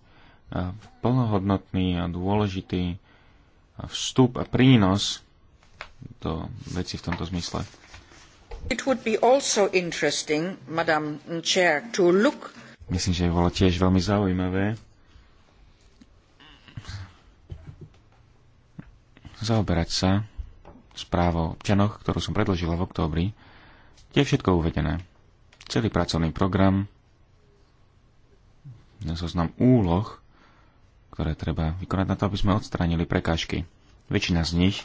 plnohodnotný a dôležitý vstup a prínos do veci v tomto zmysle. It would be also interesting, Madam Chair, to look Myslím, že bolo tiež veľmi zaujímavé zaoberať sa správou občanoch, ktorú som predložila v októbri. Je všetko uvedené. Celý pracovný program, zoznam úloh, ktoré treba vykonať na to, aby sme odstránili prekážky. Väčšina z nich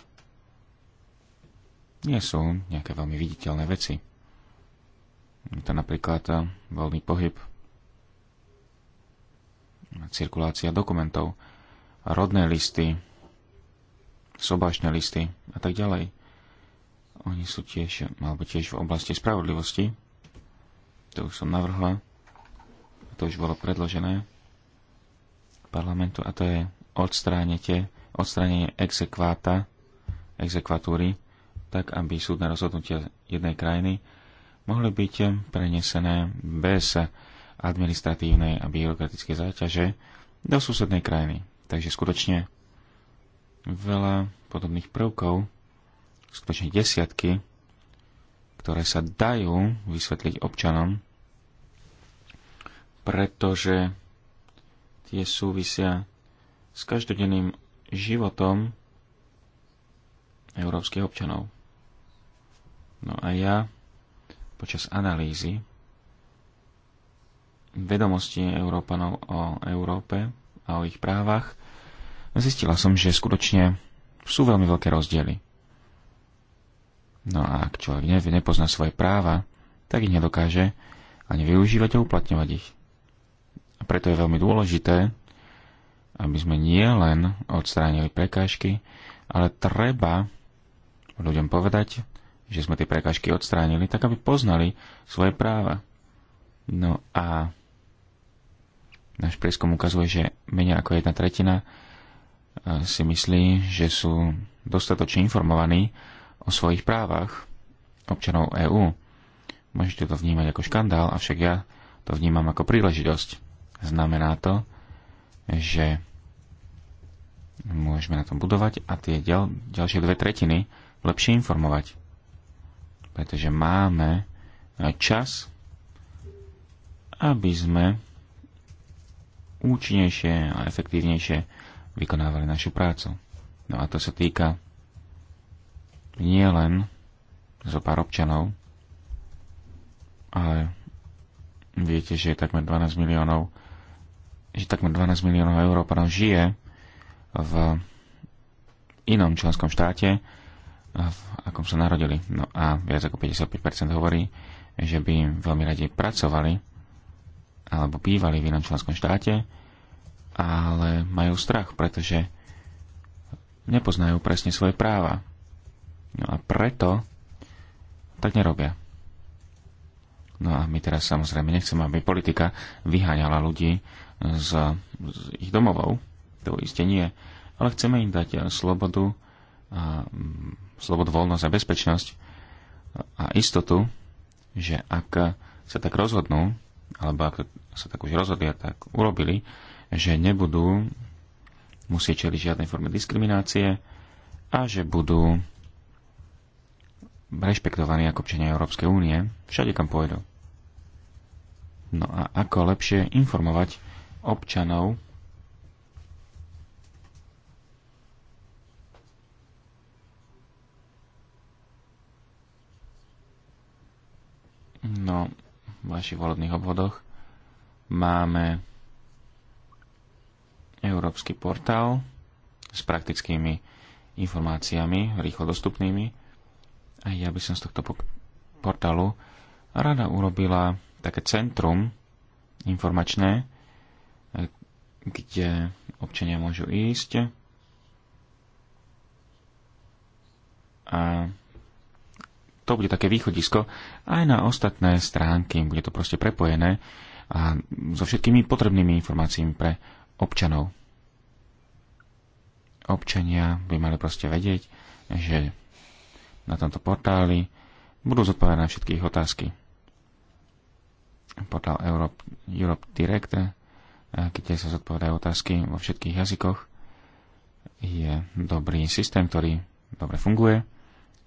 nie sú nejaké veľmi viditeľné veci. Je to napríklad eh, voľný pohyb cirkulácia dokumentov, rodné listy, sobašné listy a tak ďalej. Oni sú tiež, alebo tiež v oblasti spravodlivosti. To už som navrhla. To už bolo predložené parlamentu a to je odstránite, odstránenie exekváta, exekvatúry, tak aby súdne rozhodnutia jednej krajiny mohli byť prenesené bez administratívnej a byrokratickej záťaže do susednej krajiny. Takže skutočne veľa podobných prvkov, skutočne desiatky, ktoré sa dajú vysvetliť občanom, pretože tie súvisia s každodenným životom európskych občanov. No a ja počas analýzy vedomosti Európanov o Európe a o ich právach, zistila som, že skutočne sú veľmi veľké rozdiely. No a ak človek nepozná svoje práva, tak ich nedokáže ani využívať a uplatňovať ich. A preto je veľmi dôležité, aby sme nie len odstránili prekážky, ale treba ľuďom povedať, že sme tie prekážky odstránili, tak aby poznali svoje práva. No a Náš prieskum ukazuje, že menej ako jedna tretina e, si myslí, že sú dostatočne informovaní o svojich právach občanov EÚ. Môžete to vnímať ako škandál, avšak ja to vnímam ako príležitosť. Znamená to, že môžeme na tom budovať a tie ďal, ďalšie dve tretiny lepšie informovať. Pretože máme čas, aby sme účinnejšie a efektívnejšie vykonávali našu prácu. No a to sa týka nie len zo pár občanov, ale viete, že je takmer 12 miliónov že takmer 12 miliónov Európanov žije v inom členskom štáte, v akom sa narodili. No a viac ako 55% hovorí, že by veľmi radi pracovali alebo bývali v inom členskom štáte, ale majú strach, pretože nepoznajú presne svoje práva. No a preto tak nerobia. No a my teraz samozrejme nechceme, aby politika vyháňala ľudí z, z ich domovov. To isté nie. Ale chceme im dať slobodu, a, mm, slobodu, voľnosť a bezpečnosť a istotu, že ak sa tak rozhodnú, alebo ako sa tak už rozhodli a tak urobili, že nebudú musieť čeliť žiadnej forme diskriminácie a že budú rešpektovaní ako občania Európskej únie všade, kam pôjdu. No a ako lepšie informovať občanov No, vašich volebných obvodoch máme európsky portál s praktickými informáciami, rýchlo dostupnými. A ja by som z tohto portálu rada urobila také centrum informačné, kde občania môžu ísť a to bude také východisko aj na ostatné stránky. Bude to proste prepojené a so všetkými potrebnými informáciami pre občanov. Občania by mali proste vedieť, že na tomto portáli budú zodpovedané všetky ich otázky. Portál Europe, Europe Direct, eh, kde sa zodpovedajú otázky vo všetkých jazykoch, je dobrý systém, ktorý dobre funguje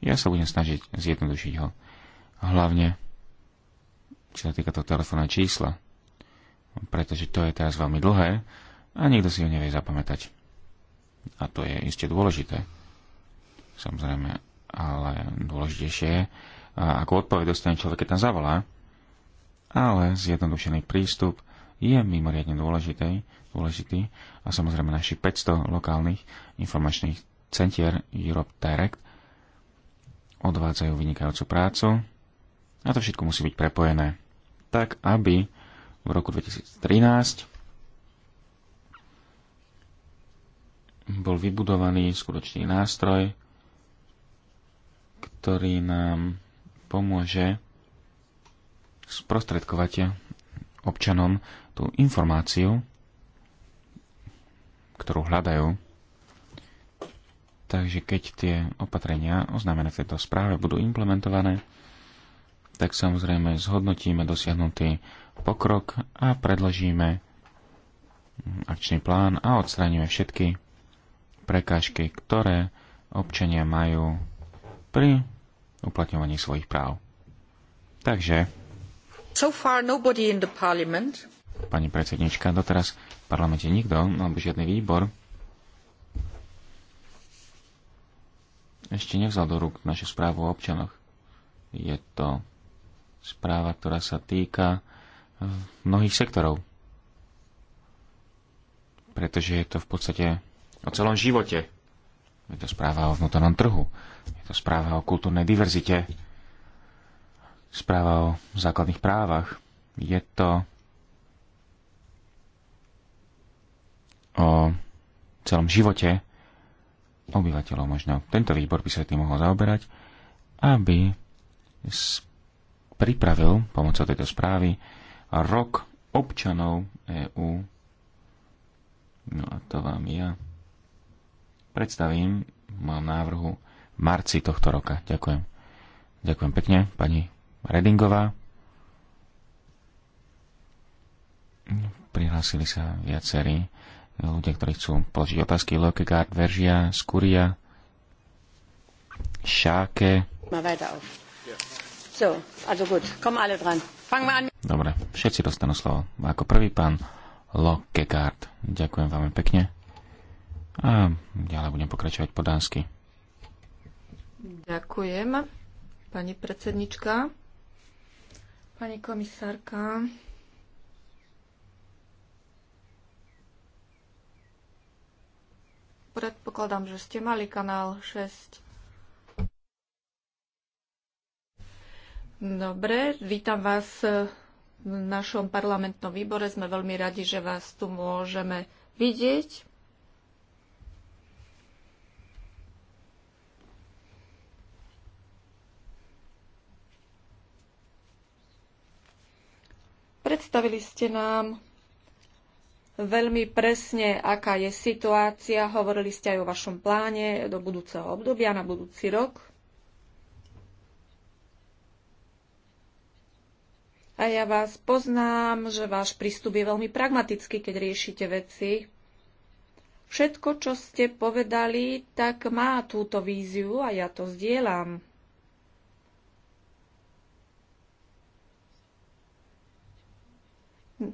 ja sa budem snažiť zjednodušiť ho. Hlavne, čo sa týka toho telefónne čísla. Pretože to je teraz veľmi dlhé a nikto si ho nevie zapamätať. A to je iste dôležité. Samozrejme, ale dôležitejšie je, ako odpoveď dostane človek, keď tam zavolá. Ale zjednodušený prístup je mimoriadne dôležitý, dôležitý a samozrejme našich 500 lokálnych informačných centier Europe Direct odvádzajú vynikajúcu prácu a to všetko musí byť prepojené tak, aby v roku 2013 bol vybudovaný skutočný nástroj, ktorý nám pomôže sprostredkovať občanom tú informáciu, ktorú hľadajú Takže keď tie opatrenia oznámené v tejto správe budú implementované, tak samozrejme zhodnotíme dosiahnutý pokrok a predložíme akčný plán a odstraníme všetky prekážky, ktoré občania majú pri uplatňovaní svojich práv. Takže... So far nobody in the parliament. Pani predsednička, doteraz v parlamente nikto, alebo žiadny výbor, ešte nevzal do rúk našu správu o občanoch. Je to správa, ktorá sa týka mnohých sektorov. Pretože je to v podstate o celom živote. Je to správa o vnútornom trhu. Je to správa o kultúrnej diverzite. Správa o základných právach. Je to o celom živote obyvateľov. Možno tento výbor by sa tým mohol zaoberať, aby pripravil pomocou tejto správy rok občanov EÚ. No a to vám ja predstavím mám návrhu v marci tohto roka. Ďakujem. Ďakujem pekne, pani Redingová. Prihlásili sa viacerí ľudia, ktorí chcú položiť otázky, Lokegaard, Veržia, Skuria, Šáke. Dobre, všetci dostanú slovo. Ako prvý pán Lokegaard. Ďakujem vám pekne. A ďalej budem pokračovať po dánsky. Ďakujem, pani predsednička, pani komisárka. Predpokladám, že ste mali kanál 6. Dobre, vítam vás v našom parlamentnom výbore. Sme veľmi radi, že vás tu môžeme vidieť. Predstavili ste nám veľmi presne, aká je situácia. Hovorili ste aj o vašom pláne do budúceho obdobia, na budúci rok. A ja vás poznám, že váš prístup je veľmi pragmatický, keď riešite veci. Všetko, čo ste povedali, tak má túto víziu a ja to zdieľam.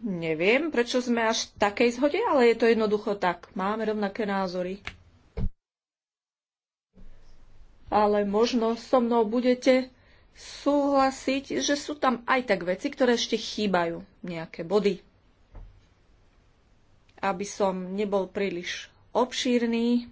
Neviem, prečo sme až v takej zhode, ale je to jednoducho tak. Máme rovnaké názory. Ale možno so mnou budete súhlasiť, že sú tam aj tak veci, ktoré ešte chýbajú, nejaké body. Aby som nebol príliš obšírný,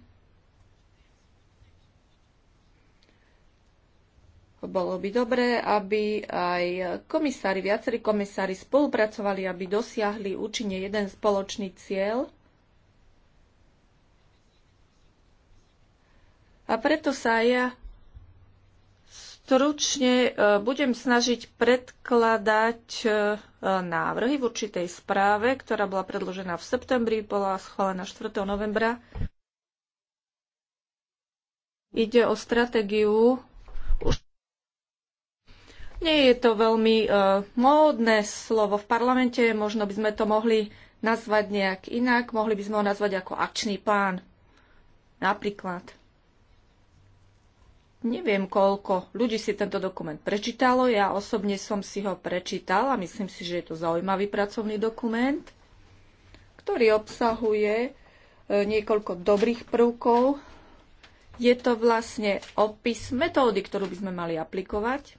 Bolo by dobré, aby aj komisári, viacerí komisári spolupracovali, aby dosiahli účinne jeden spoločný cieľ. A preto sa ja stručne e, budem snažiť predkladať e, návrhy v určitej správe, ktorá bola predložená v septembri, bola schválená 4. novembra. Ide o stratégiu nie je to veľmi uh, módne slovo v parlamente, možno by sme to mohli nazvať nejak inak, mohli by sme ho nazvať ako akčný plán. Napríklad. Neviem, koľko ľudí si tento dokument prečítalo. Ja osobne som si ho prečítal a myslím si, že je to zaujímavý pracovný dokument, ktorý obsahuje e, niekoľko dobrých prvkov. Je to vlastne opis metódy, ktorú by sme mali aplikovať.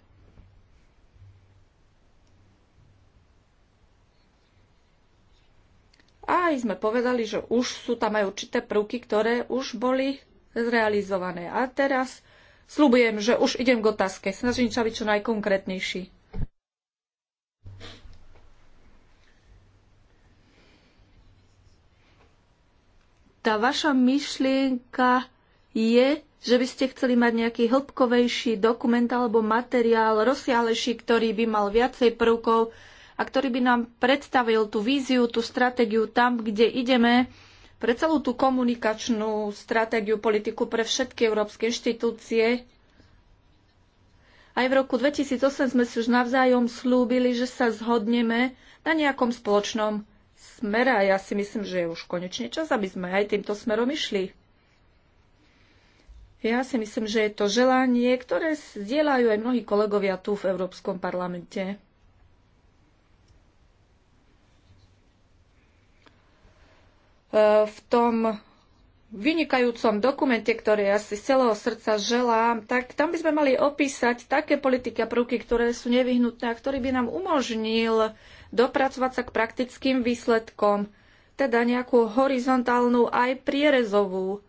aj sme povedali, že už sú tam aj určité prvky, ktoré už boli zrealizované. A teraz slúbujem, že už idem k otázke. Snažím sa byť čo najkonkrétnejší. Tá vaša myšlienka je, že by ste chceli mať nejaký hĺbkovejší dokument alebo materiál rozsiahlejší, ktorý by mal viacej prvkov, a ktorý by nám predstavil tú víziu, tú stratégiu tam, kde ideme, pre celú tú komunikačnú stratégiu, politiku pre všetky európske inštitúcie. Aj v roku 2008 sme si už navzájom slúbili, že sa zhodneme na nejakom spoločnom smere a ja si myslím, že je už konečne čas, aby sme aj týmto smerom išli. Ja si myslím, že je to želanie, ktoré zdieľajú aj mnohí kolegovia tu v Európskom parlamente. E, v tom vynikajúcom dokumente, ktorý ja si z celého srdca želám, tak tam by sme mali opísať také politiky a prvky, ktoré sú nevyhnutné a ktorý by nám umožnil dopracovať sa k praktickým výsledkom, teda nejakú horizontálnu aj prierezovú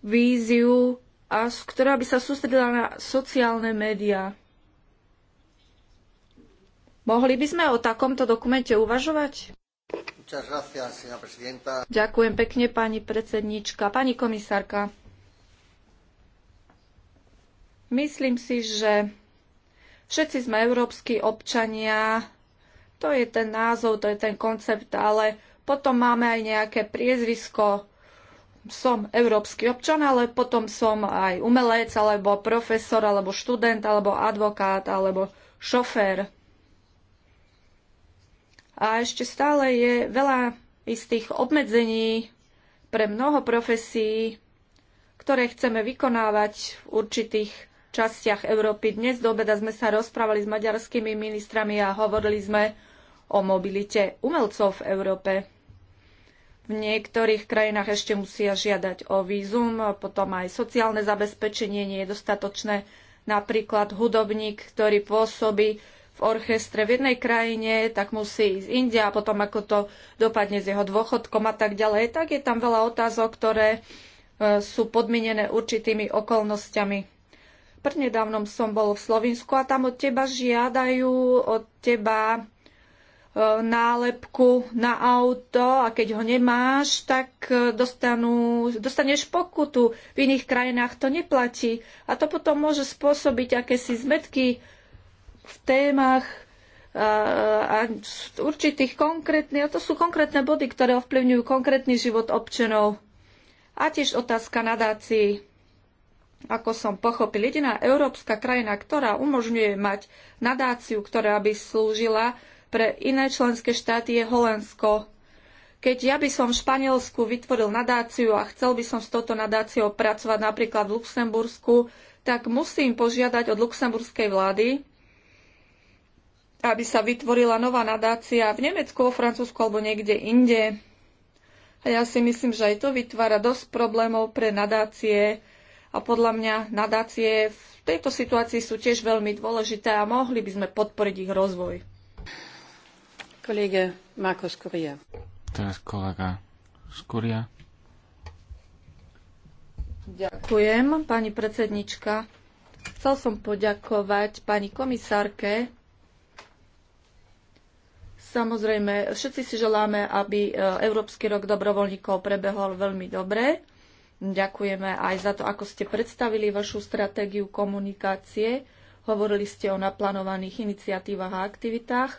víziu, a ktorá by sa sústredila na sociálne médiá. Mohli by sme o takomto dokumente uvažovať? Ďakujem pekne, pani predsedníčka. Pani komisárka, myslím si, že všetci sme európsky občania, to je ten názov, to je ten koncept, ale potom máme aj nejaké priezvisko. Som európsky občan, ale potom som aj umelec, alebo profesor, alebo študent, alebo advokát, alebo šofér a ešte stále je veľa istých obmedzení pre mnoho profesí, ktoré chceme vykonávať v určitých častiach Európy. Dnes do obeda sme sa rozprávali s maďarskými ministrami a hovorili sme o mobilite umelcov v Európe. V niektorých krajinách ešte musia žiadať o vízum, potom aj sociálne zabezpečenie nie je dostatočné. Napríklad hudobník, ktorý pôsobí v orchestre v jednej krajine, tak musí ísť India a potom ako to dopadne s jeho dôchodkom a tak ďalej, tak je tam veľa otázok, ktoré e, sú podmienené určitými okolnostiami. Prednedávnom som bol v Slovensku a tam od teba žiadajú, od teba e, nálepku na auto a keď ho nemáš, tak e, dostanú, dostaneš pokutu. V iných krajinách to neplatí. A to potom môže spôsobiť akési zmetky v témach a, a určitých konkrétnych, a to sú konkrétne body, ktoré ovplyvňujú konkrétny život občanov. A tiež otázka nadácií. Ako som pochopil, jediná európska krajina, ktorá umožňuje mať nadáciu, ktorá by slúžila pre iné členské štáty, je Holandsko. Keď ja by som v Španielsku vytvoril nadáciu a chcel by som s touto nadáciou pracovať napríklad v Luxembursku, tak musím požiadať od luxemburskej vlády, aby sa vytvorila nová nadácia v Nemecku, vo Francúzsku alebo niekde inde. A ja si myslím, že aj to vytvára dosť problémov pre nadácie a podľa mňa nadácie v tejto situácii sú tiež veľmi dôležité a mohli by sme podporiť ich rozvoj. Kolega Marko Skuria. Teraz kolega Skuria. Ďakujem, pani predsednička. Chcel som poďakovať pani komisárke Samozrejme, všetci si želáme, aby e, Európsky rok dobrovoľníkov prebehol veľmi dobre. Ďakujeme aj za to, ako ste predstavili vašu stratégiu komunikácie. Hovorili ste o naplánovaných iniciatívach a aktivitách.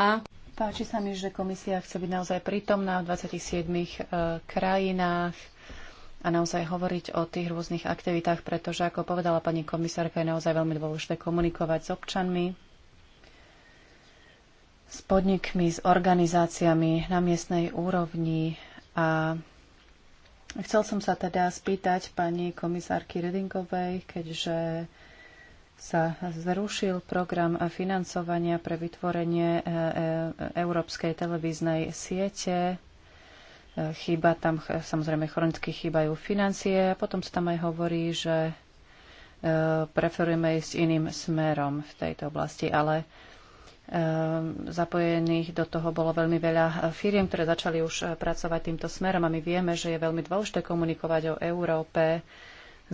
A Páči sa mi, že komisia chce byť naozaj prítomná v 27 e, krajinách a naozaj hovoriť o tých rôznych aktivitách, pretože, ako povedala pani komisárka, je naozaj veľmi dôležité komunikovať s občanmi, s podnikmi, s organizáciami na miestnej úrovni. A chcel som sa teda spýtať pani komisárky Redingovej, keďže sa zrušil program financovania pre vytvorenie e, e, európskej televíznej siete Chýba tam, samozrejme, chronicky chýbajú financie a potom sa tam aj hovorí, že e, preferujeme ísť iným smerom v tejto oblasti, ale e, zapojených do toho bolo veľmi veľa firiem, ktoré začali už e, pracovať týmto smerom a my vieme, že je veľmi dôležité komunikovať o Európe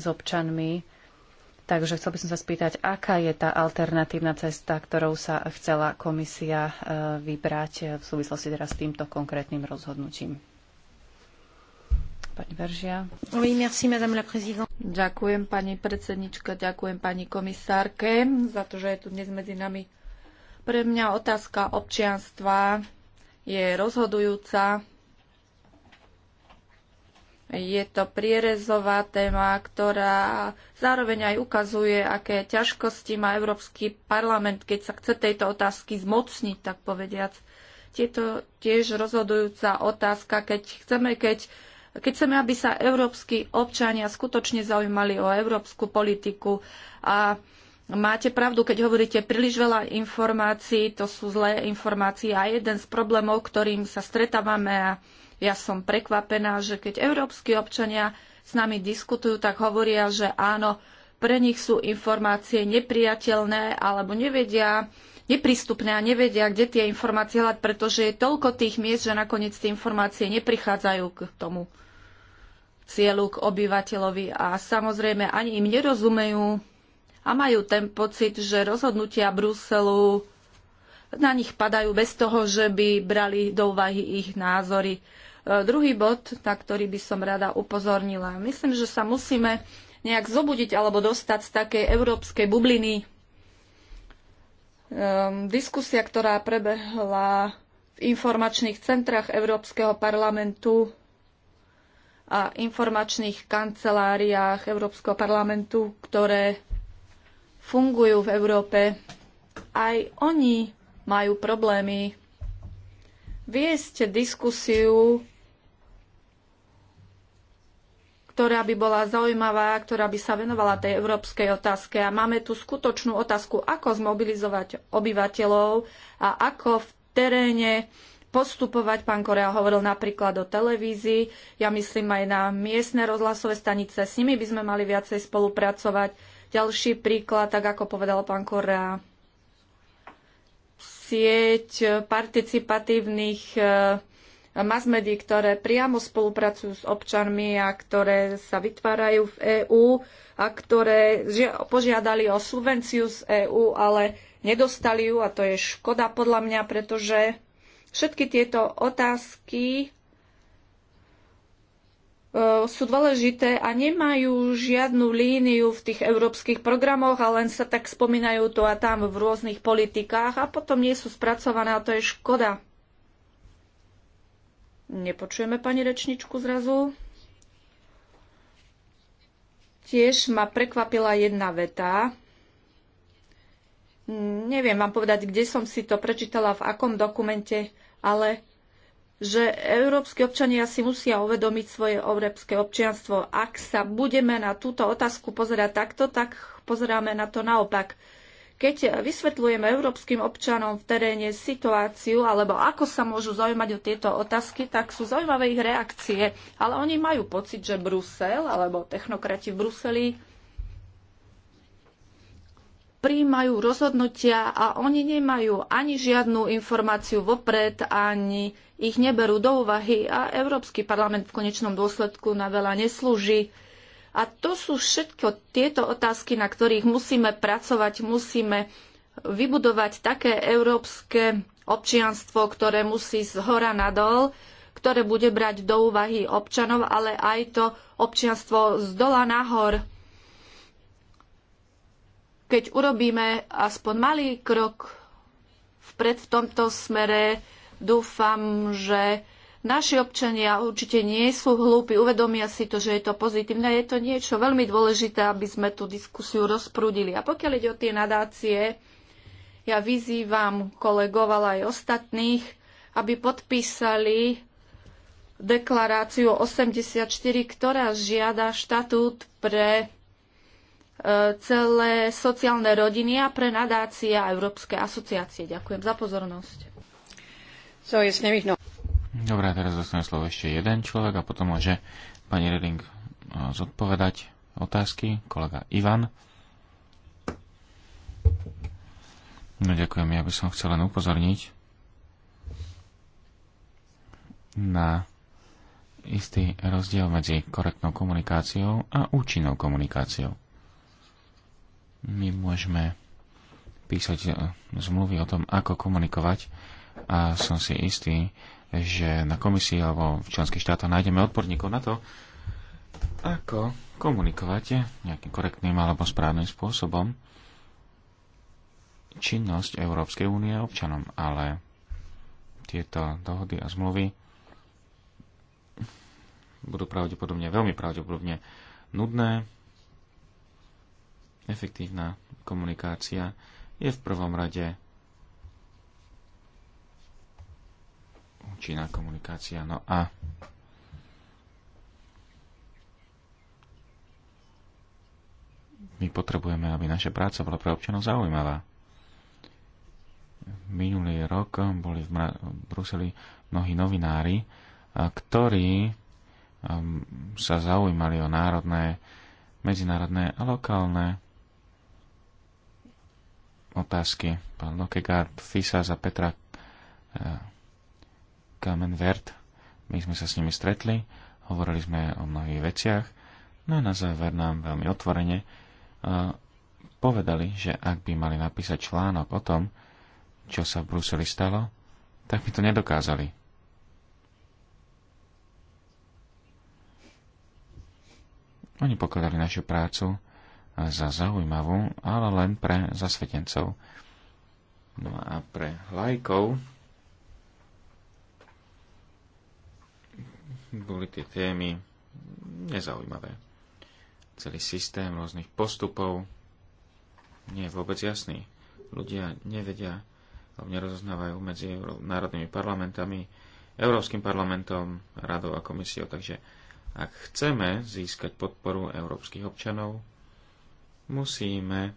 s občanmi. Takže chcel by som sa spýtať, aká je tá alternatívna cesta, ktorou sa chcela komisia vybrať v súvislosti teraz s týmto konkrétnym rozhodnutím. Pani Veržia. Oui, merci, madame la présidente. Ďakujem pani predsednička, ďakujem pani komisárke za to, že je tu dnes medzi nami. Pre mňa otázka občianstva je rozhodujúca. Je to prierezová téma, ktorá zároveň aj ukazuje, aké ťažkosti má Európsky parlament, keď sa chce tejto otázky zmocniť, tak povediac. Je to tiež rozhodujúca otázka, keď chceme, keď keď chceme, aby sa európsky občania skutočne zaujímali o európsku politiku a máte pravdu, keď hovoríte príliš veľa informácií, to sú zlé informácie a jeden z problémov, ktorým sa stretávame a ja som prekvapená, že keď európsky občania s nami diskutujú, tak hovoria, že áno, pre nich sú informácie nepriateľné alebo nevedia, neprístupné a nevedia, kde tie informácie hľadať, pretože je toľko tých miest, že nakoniec tie informácie neprichádzajú k tomu cieľu, k obyvateľovi a samozrejme ani im nerozumejú a majú ten pocit, že rozhodnutia Bruselu na nich padajú bez toho, že by brali do úvahy ich názory. E, druhý bod, na ktorý by som rada upozornila. Myslím, že sa musíme nejak zobudiť alebo dostať z takej európskej bubliny, um, diskusia, ktorá prebehla v informačných centrách Európskeho parlamentu a informačných kanceláriách Európskeho parlamentu, ktoré fungujú v Európe. Aj oni majú problémy viesť diskusiu ktorá by bola zaujímavá, ktorá by sa venovala tej európskej otázke. A máme tu skutočnú otázku, ako zmobilizovať obyvateľov a ako v teréne postupovať. Pán Korea hovoril napríklad o televízii, ja myslím aj na miestne rozhlasové stanice, s nimi by sme mali viacej spolupracovať. Ďalší príklad, tak ako povedal pán Korea, sieť participatívnych eh, mass médií, ktoré priamo spolupracujú s občanmi a ktoré sa vytvárajú v EÚ a ktoré požiadali o subvenciu z EÚ, ale nedostali ju a to je škoda podľa mňa, pretože všetky tieto otázky e, sú dôležité a nemajú žiadnu líniu v tých európskych programoch a len sa tak spomínajú tu a tam v rôznych politikách a potom nie sú spracované a to je škoda. Nepočujeme pani rečničku zrazu. Tiež ma prekvapila jedna veta. Neviem vám povedať, kde som si to prečítala, v akom dokumente, ale že európsky občania si musia uvedomiť svoje európske občianstvo. Ak sa budeme na túto otázku pozerať takto, tak pozeráme na to naopak. Keď vysvetľujeme európskym občanom v teréne situáciu alebo ako sa môžu zaujímať o tieto otázky, tak sú zaujímavé ich reakcie. Ale oni majú pocit, že Brusel alebo technokrati v Bruseli príjmajú rozhodnutia a oni nemajú ani žiadnu informáciu vopred, ani ich neberú do úvahy a Európsky parlament v konečnom dôsledku na veľa neslúži a to sú všetko tieto otázky, na ktorých musíme pracovať, musíme vybudovať také európske občianstvo, ktoré musí z hora nadol, ktoré bude brať do úvahy občanov, ale aj to občianstvo z dola nahor. Keď urobíme aspoň malý krok vpred v tomto smere, dúfam, že Naši občania určite nie sú hlúpi, uvedomia si to, že je to pozitívne. Je to niečo veľmi dôležité, aby sme tú diskusiu rozprúdili. A pokiaľ ide o tie nadácie, ja vyzývam kolegov, ale aj ostatných, aby podpísali deklaráciu 84, ktorá žiada štatút pre e, celé sociálne rodiny a pre nadácie a Európske asociácie. Ďakujem za pozornosť. So, Dobre, teraz dostane slovo ešte jeden človek a potom môže pani Reding eh, zodpovedať otázky. Kolega Ivan. No ďakujem, ja by som chcel len upozorniť na istý rozdiel medzi korektnou komunikáciou a účinnou komunikáciou. My môžeme písať eh, zmluvy o tom, ako komunikovať a som si istý, že na komisii alebo v členských štátoch nájdeme odborníkov na to, ako komunikovať nejakým korektným alebo správnym spôsobom činnosť Európskej únie občanom, ale tieto dohody a zmluvy budú pravdepodobne, veľmi pravdepodobne nudné. Efektívna komunikácia je v prvom rade účinná komunikácia. No a my potrebujeme, aby naša práca bola pre občanov zaujímavá. Minulý rok boli v Bruseli mnohí novinári, ktorí um, sa zaujímali o národné, medzinárodné a lokálne otázky. Pán Lokegaard, Fisa za Petra e, Kamenvert. My sme sa s nimi stretli, hovorili sme o mnohých veciach, no a na záver nám veľmi otvorene e, povedali, že ak by mali napísať článok o tom, čo sa v Bruseli stalo, tak by to nedokázali. Oni pokladali našu prácu za zaujímavú, ale len pre zasvetencov. No a pre lajkov boli tie témy nezaujímavé. Celý systém rôznych postupov nie je vôbec jasný. Ľudia nevedia, alebo nerozoznávajú medzi národnými parlamentami, Európskym parlamentom, Radou a komisiou. Takže ak chceme získať podporu európskych občanov, musíme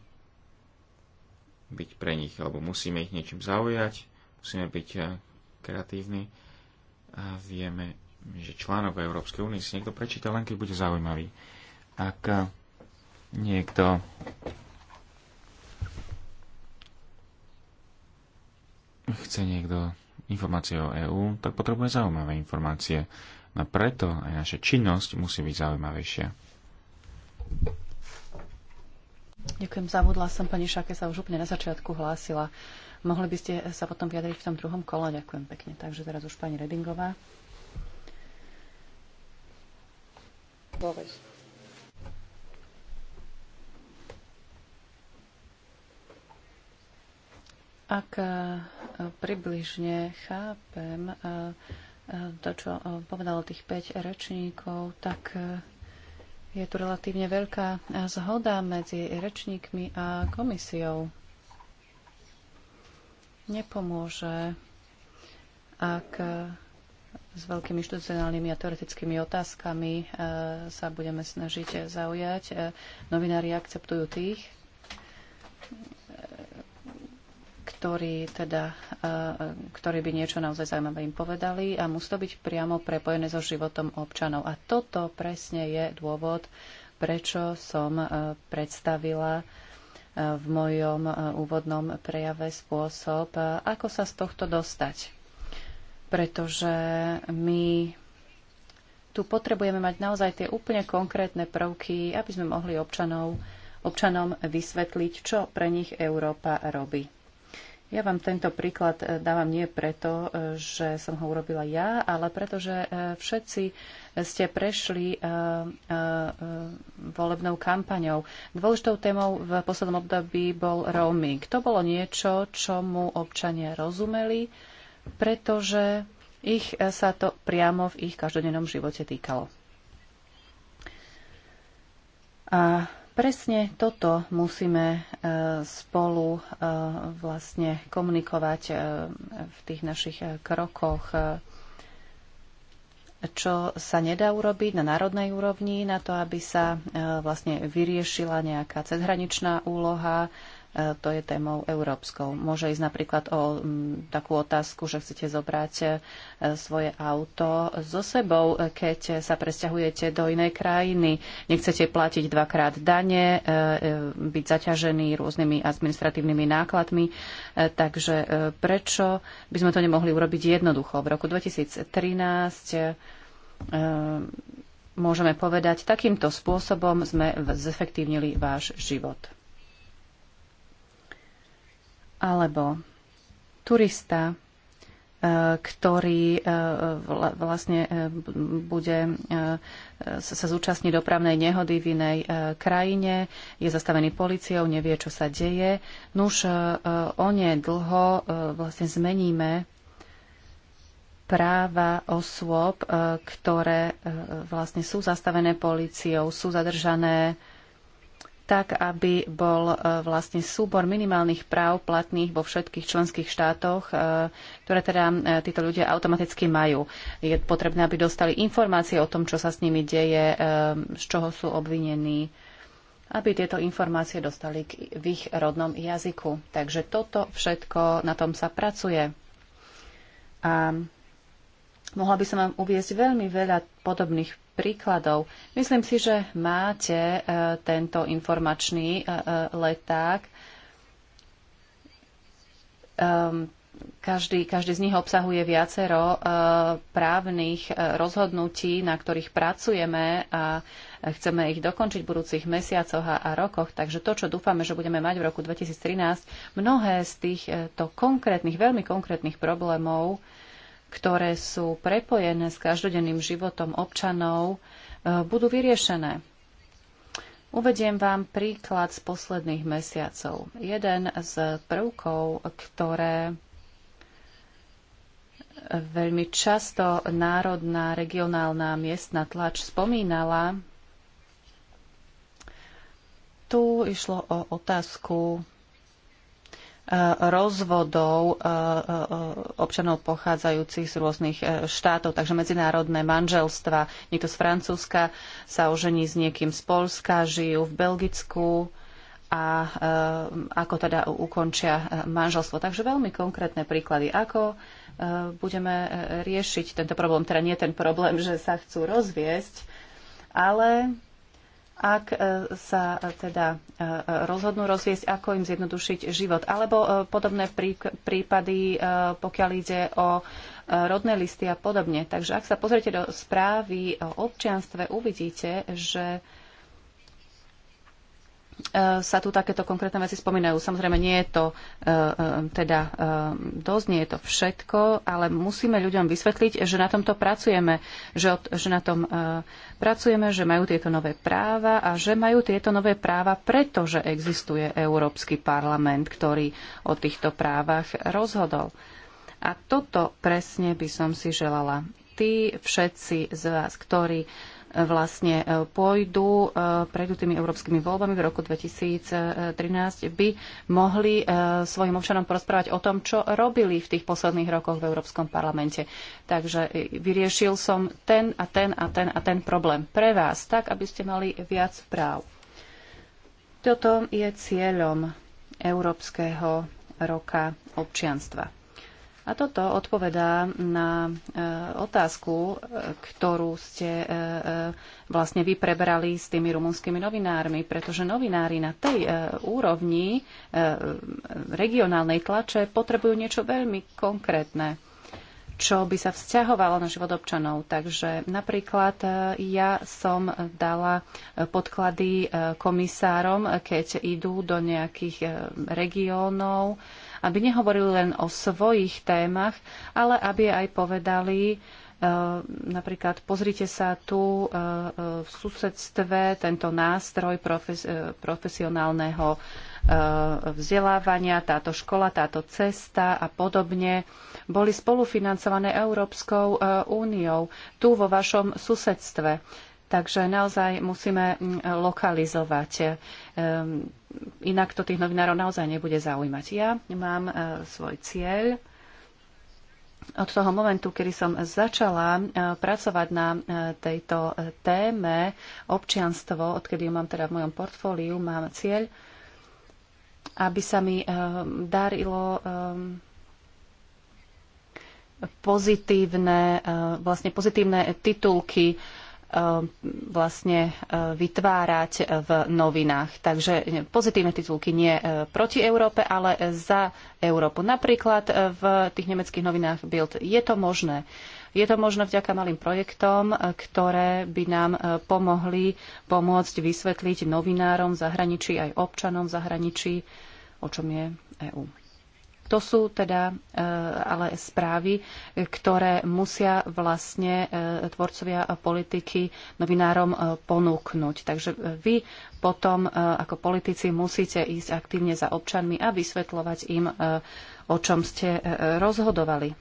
byť pre nich, alebo musíme ich niečím zaujať, musíme byť eh, kreatívni a vieme, že článok o Európskej únii si niekto prečíta len, keď bude zaujímavý. Ak niekto chce niekto informácie o EÚ, tak potrebuje zaujímavé informácie. No preto aj naša činnosť musí byť zaujímavejšia. Ďakujem, zabudla som, pani Šake sa už úplne na začiatku hlásila. Mohli by ste sa potom vyjadriť v tom druhom kole? Ďakujem pekne. Takže teraz už pani Redingová. Boris. Ak e, približne chápem e, e, to, čo povedalo tých 5 rečníkov, tak je tu relatívne veľká zhoda medzi rečníkmi a komisiou. Nepomôže, ak s veľkými inštitucionálnymi a teoretickými otázkami e, sa budeme snažiť zaujať. E, novinári akceptujú tých, e, ktorí, teda, ktorí by niečo naozaj zaujímavé im povedali a musí to byť priamo prepojené so životom občanov. A toto presne je dôvod, prečo som predstavila v mojom úvodnom prejave spôsob, ako sa z tohto dostať pretože my tu potrebujeme mať naozaj tie úplne konkrétne prvky, aby sme mohli občanov, občanom vysvetliť, čo pre nich Európa robí. Ja vám tento príklad e, dávam nie preto, e, že som ho urobila ja, ale pretože e, všetci ste prešli volebnou kampaňou. Dôležitou témou v poslednom období bol roaming. To bolo niečo, čo mu občania rozumeli, pretože ich e, sa to priamo v ich každodennom živote týkalo. A presne toto musíme e, spolu e, vlastne komunikovať v tých našich krokoch, čo sa nedá urobiť na národnej úrovni na to, aby sa vlastne vyriešila nejaká cezhraničná úloha, E, to je témou európskou. Môže ísť napríklad o takú otázku, že chcete zobrať e, svoje auto so sebou, e, keď sa presťahujete do inej krajiny. Nechcete platiť dvakrát dane, byť zaťažený rôznymi administratívnymi nákladmi. Takže prečo by sme to nemohli urobiť jednoducho? V roku 2013 môžeme povedať, takýmto spôsobom sme zefektívnili váš život. Alebo turista, e, ktorý e, vlastne e, bude sa zúčastní dopravnej nehody v inej krajine, je zastavený policiou, nevie, čo sa deje. Nuž dlho vlastne zmeníme práva osôb, ktoré vlastne sú zastavené policiou, sú zadržané tak aby bol e, vlastne súbor minimálnych práv platných vo všetkých členských štátoch, e, ktoré teda e, títo ľudia automaticky majú. Je potrebné, aby dostali informácie o tom, čo sa s nimi deje, z čoho sú obvinení, aby tieto informácie dostali k, v ich rodnom jazyku. Takže toto všetko, na tom sa pracuje. A Mohla by som vám uviezť veľmi veľa podobných príkladov. Myslím si, že máte e, tento informačný e, e, leták. Ehm, každý, každý z nich obsahuje viacero právnych rozhodnutí, na ktorých pracujeme a chceme ich dokončiť v budúcich mesiacoch a, a rokoch. Takže to, čo dúfame, že budeme mať v roku 2013, mnohé z týchto konkrétnych, veľmi konkrétnych problémov ktoré sú prepojené s každodenným životom občanov, e, budú vyriešené. Uvediem vám príklad z posledných mesiacov. Jeden z prvkov, ktoré veľmi často národná, regionálna, miestna tlač spomínala, tu išlo o otázku rozvodov e, e, občanov pochádzajúcich z rôznych e, štátov, takže medzinárodné manželstva. Niekto z Francúzska sa ožení s niekým z Polska, žijú v Belgicku a ako teda ukončia manželstvo. Takže veľmi konkrétne príklady, ako budeme riešiť tento problém, teda nie ten problém, že sa chcú rozviesť, ale ak e, sa e, teda e, rozhodnú rozviesť, ako im zjednodušiť život. Alebo podobné prípady, pokiaľ ide o rodné listy a podobne. Takže ak sa pozriete do správy o občianstve, uvidíte, že E, sa tu takéto konkrétne veci spomínajú. Samozrejme, nie je to e, e, teda dosť, nie je to všetko, ale musíme ľuďom vysvetliť, že na tomto pracujeme, že, od, že na tom pracujeme, že majú tieto nové práva a že majú tieto nové práva, pretože existuje Európsky parlament, ktorý o týchto právach rozhodol. A toto presne by som si želala. Tí všetci z vás, ktorí uh, vlastne e, pôjdu e, prejdú tými európskymi voľbami v roku 2013, by mohli e, svojim občanom porozprávať o tom, čo robili v tých posledných rokoch v Európskom parlamente. Takže vyriešil som ten a ten a ten a ten problém pre vás, tak aby ste mali viac práv. Toto je cieľom Európskeho roka občianstva. A toto odpovedá na e, otázku, ktorú ste e, e, vlastne vy prebrali s tými rumunskými novinármi, pretože novinári na tej úrovni regionálnej tlače potrebujú niečo veľmi konkrétne čo by sa vzťahovalo na život občanov. Takže napríklad ja som dala podklady komisárom, keď idú do nejakých regiónov, aby nehovorili len o svojich témach, ale aby aj povedali, e, napríklad pozrite sa tu e, e, v susedstve tento nástroj profes, profesionálneho vzdelávania, táto škola, táto cesta a podobne boli spolufinancované Európskou úniou tu vo vašom susedstve. Takže naozaj musíme mm, lokalizovať. Ehm, inak to tých novinárov naozaj nebude zaujímať. Ja mám e, svoj cieľ. Od toho momentu, kedy som začala e, pracovať na e, tejto téme občianstvo, odkedy ju mám teda v mojom portfóliu, mám cieľ, aby sa mi darilo pozitívne, vlastne pozitívne titulky Eh, vlastne eh, vytvárať v novinách. Takže pozitívne titulky nie eh, proti Európe, ale za Európu. Napríklad v tých nemeckých novinách Bild je to možné. Je to možné vďaka malým projektom, ktoré by nám pomohli pomôcť vysvetliť novinárom v zahraničí aj občanom v zahraničí, o čom je EU. To sú teda eh, ale správy, ktoré musia vlastne eh, tvorcovia politiky novinárom eh, ponúknuť. Takže vy potom ako politici musíte ísť aktívne za občanmi a vysvetľovať im, o čom ste rozhodovali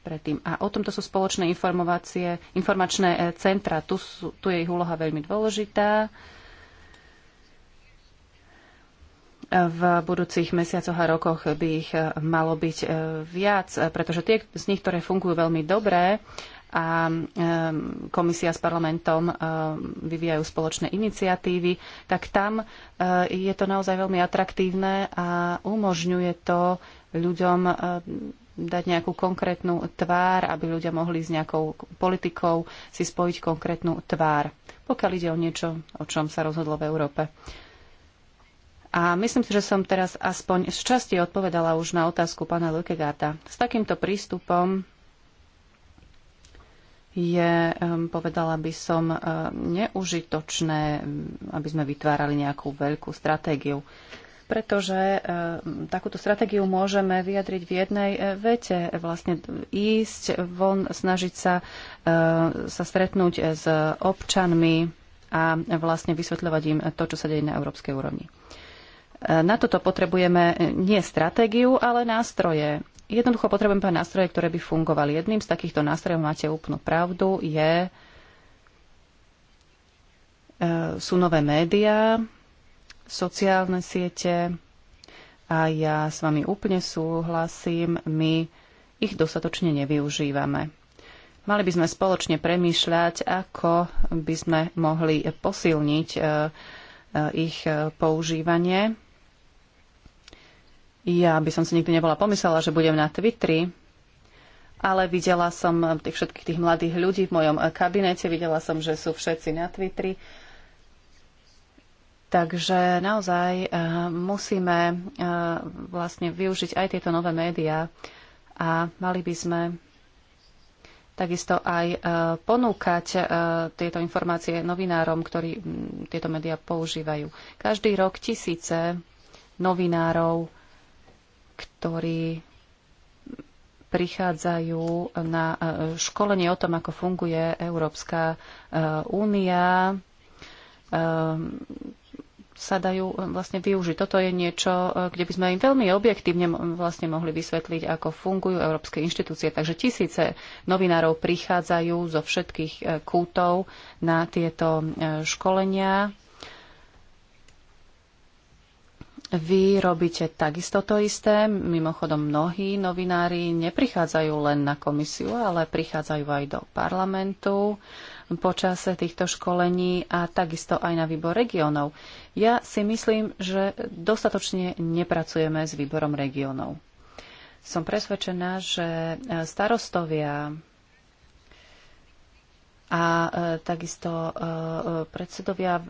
predtým. A o tomto sú spoločné informácie, informačné centra. Tu, sú, tu je ich úloha veľmi dôležitá. v budúcich mesiacoch a rokoch by ich eh, malo byť eh, viac, eh, pretože tie z nich, ktoré fungujú veľmi dobre a komisia s parlamentom vyvíjajú spoločné iniciatívy, tak tam je to naozaj veľmi atraktívne a umožňuje to ľuďom dať nejakú konkrétnu tvár, aby ľudia mohli s nejakou politikou si spojiť konkrétnu tvár, pokiaľ ide o niečo, o čom sa rozhodlo v Európe. A myslím si, že som teraz aspoň z časti odpovedala už na otázku pána Lukegáta. S takýmto prístupom je, povedala by som, eh, neužitočné, aby sme vytvárali nejakú veľkú stratégiu. Pretože takúto stratégiu môžeme vyjadriť v jednej eh, vete. Vlastne ísť von, snažiť sa, eh, sa stretnúť s občanmi a vlastne vysvetľovať im to, čo sa deje na európskej úrovni. Na toto potrebujeme e, nie stratégiu, ale nástroje. Jednoducho potrebujeme pár nástroje, ktoré by fungovali. Jedným z takýchto nástrojov, máte úplnú pravdu, je, e, sú nové médiá, sociálne siete a ja s vami úplne súhlasím, my ich dostatočne nevyužívame. Mali by sme spoločne premýšľať, ako by sme mohli posilniť e, ich používanie ja by som si nikdy nebola pomyslela, že budem na Twitteri, ale videla som tých všetkých tých mladých ľudí v mojom kabinete, videla som, že sú všetci na Twitteri. Takže naozaj eh, musíme eh, vlastne využiť aj tieto nové médiá a mali by sme takisto aj eh, ponúkať tieto informácie novinárom, ktorí mm, tieto médiá používajú. Každý rok tisíce novinárov ktorí prichádzajú na e, školenie o tom, ako funguje Európska e, únia, e, sa dajú vlastne využiť. Toto je niečo, kde by sme im veľmi objektívne vlastne mohli vysvetliť, ako fungujú európske inštitúcie. Takže tisíce novinárov prichádzajú zo všetkých kútov na tieto školenia vy robíte takisto to isté. Mimochodom, mnohí novinári neprichádzajú len na komisiu, ale prichádzajú aj do parlamentu počas týchto školení a takisto aj na výbor regionov. Ja si myslím, že dostatočne nepracujeme s výborom regionov. Som presvedčená, že starostovia a e, takisto e, e, predsedovia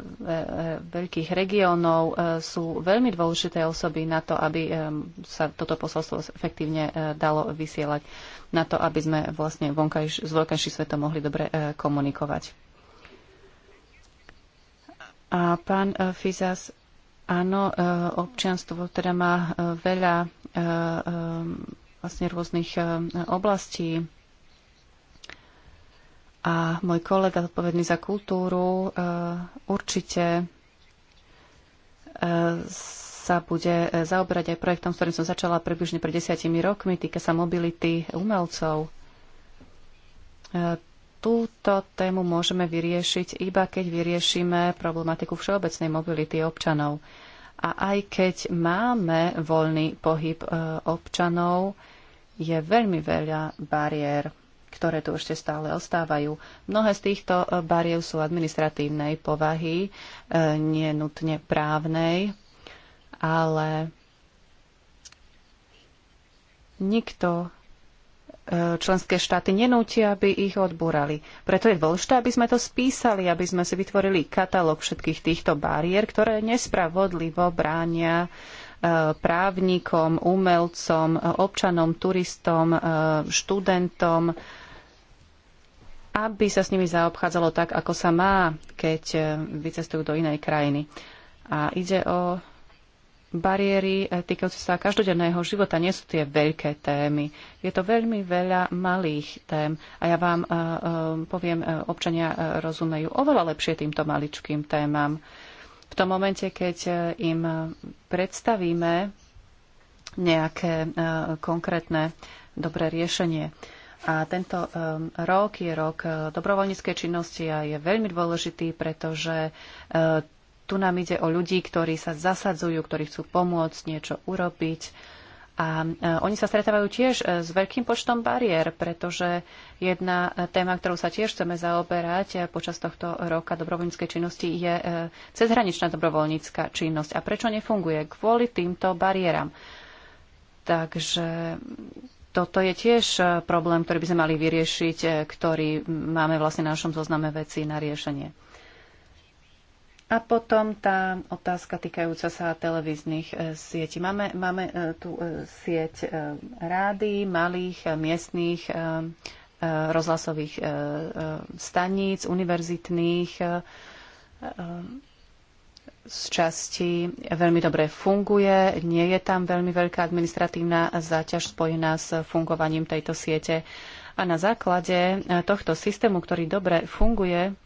veľkých regiónov sú veľmi dôležité osoby na to, aby sa toto posolstvo efektívne dalo vysielať, na to, aby sme vlastne vonkajš, s vonkajším svetom mohli dobre komunikovať. A pán Fizas, áno, občianstvo teda má veľa vlastne rôznych oblastí a môj kolega zodpovedný za kultúru eh, určite eh, sa bude eh, zaoberať aj projektom, s ktorým som začala približne pred desiatimi rokmi. Týka sa mobility umelcov. Túto tému môžeme vyriešiť iba keď vyriešime problematiku všeobecnej mobility občanov. A aj keď máme voľný pohyb občanov, je veľmi veľa bariér ktoré tu ešte stále ostávajú. Mnohé z týchto e, bariev sú administratívnej povahy, e, nie nutne právnej, ale nikto e, členské štáty nenúti, aby ich odbúrali. Preto je dôležité, aby sme to spísali, aby sme si vytvorili katalóg všetkých týchto bariér, ktoré nespravodlivo bránia právnikom, umelcom, občanom, turistom, e, študentom, aby sa s nimi zaobchádzalo tak, ako sa má, keď e, vycestujú do inej krajiny. A ide o bariéry e, týkajúce sa každodenného života nie sú tie veľké témy. Je to veľmi veľa malých tém a ja vám uh, uh, poviem, občania rozumejú oveľa lepšie týmto maličkým témam tom momente, keď e, im predstavíme nejaké e, konkrétne dobré riešenie. A tento e, rok je rok dobrovoľníckej činnosti a je veľmi dôležitý, pretože tu nám ide o ľudí, ktorí sa zasadzujú, ktorí chcú pomôcť, niečo urobiť a e, oni sa stretávajú tiež e, s veľkým počtom bariér, pretože jedna e, téma, ktorou sa tiež chceme zaoberať počas tohto roka dobrovoľníckej činnosti, je cezhraničná dobrovoľnícka činnosť. A prečo nefunguje? Kvôli týmto bariéram. Takže toto je tiež problém, ktorý by sme mali vyriešiť, ktorý máme vlastne na našom zozname veci na riešenie. A potom tá otázka týkajúca sa televíznych e, sietí. Máme, máme e, tu e, sieť rády, malých, miestných rozhlasových staníc, univerzitných z časti veľmi dobre funguje, nie je tam veľmi veľká administratívna záťaž spojená s fungovaním tejto siete. A na základe tohto systému, ktorý dobre funguje,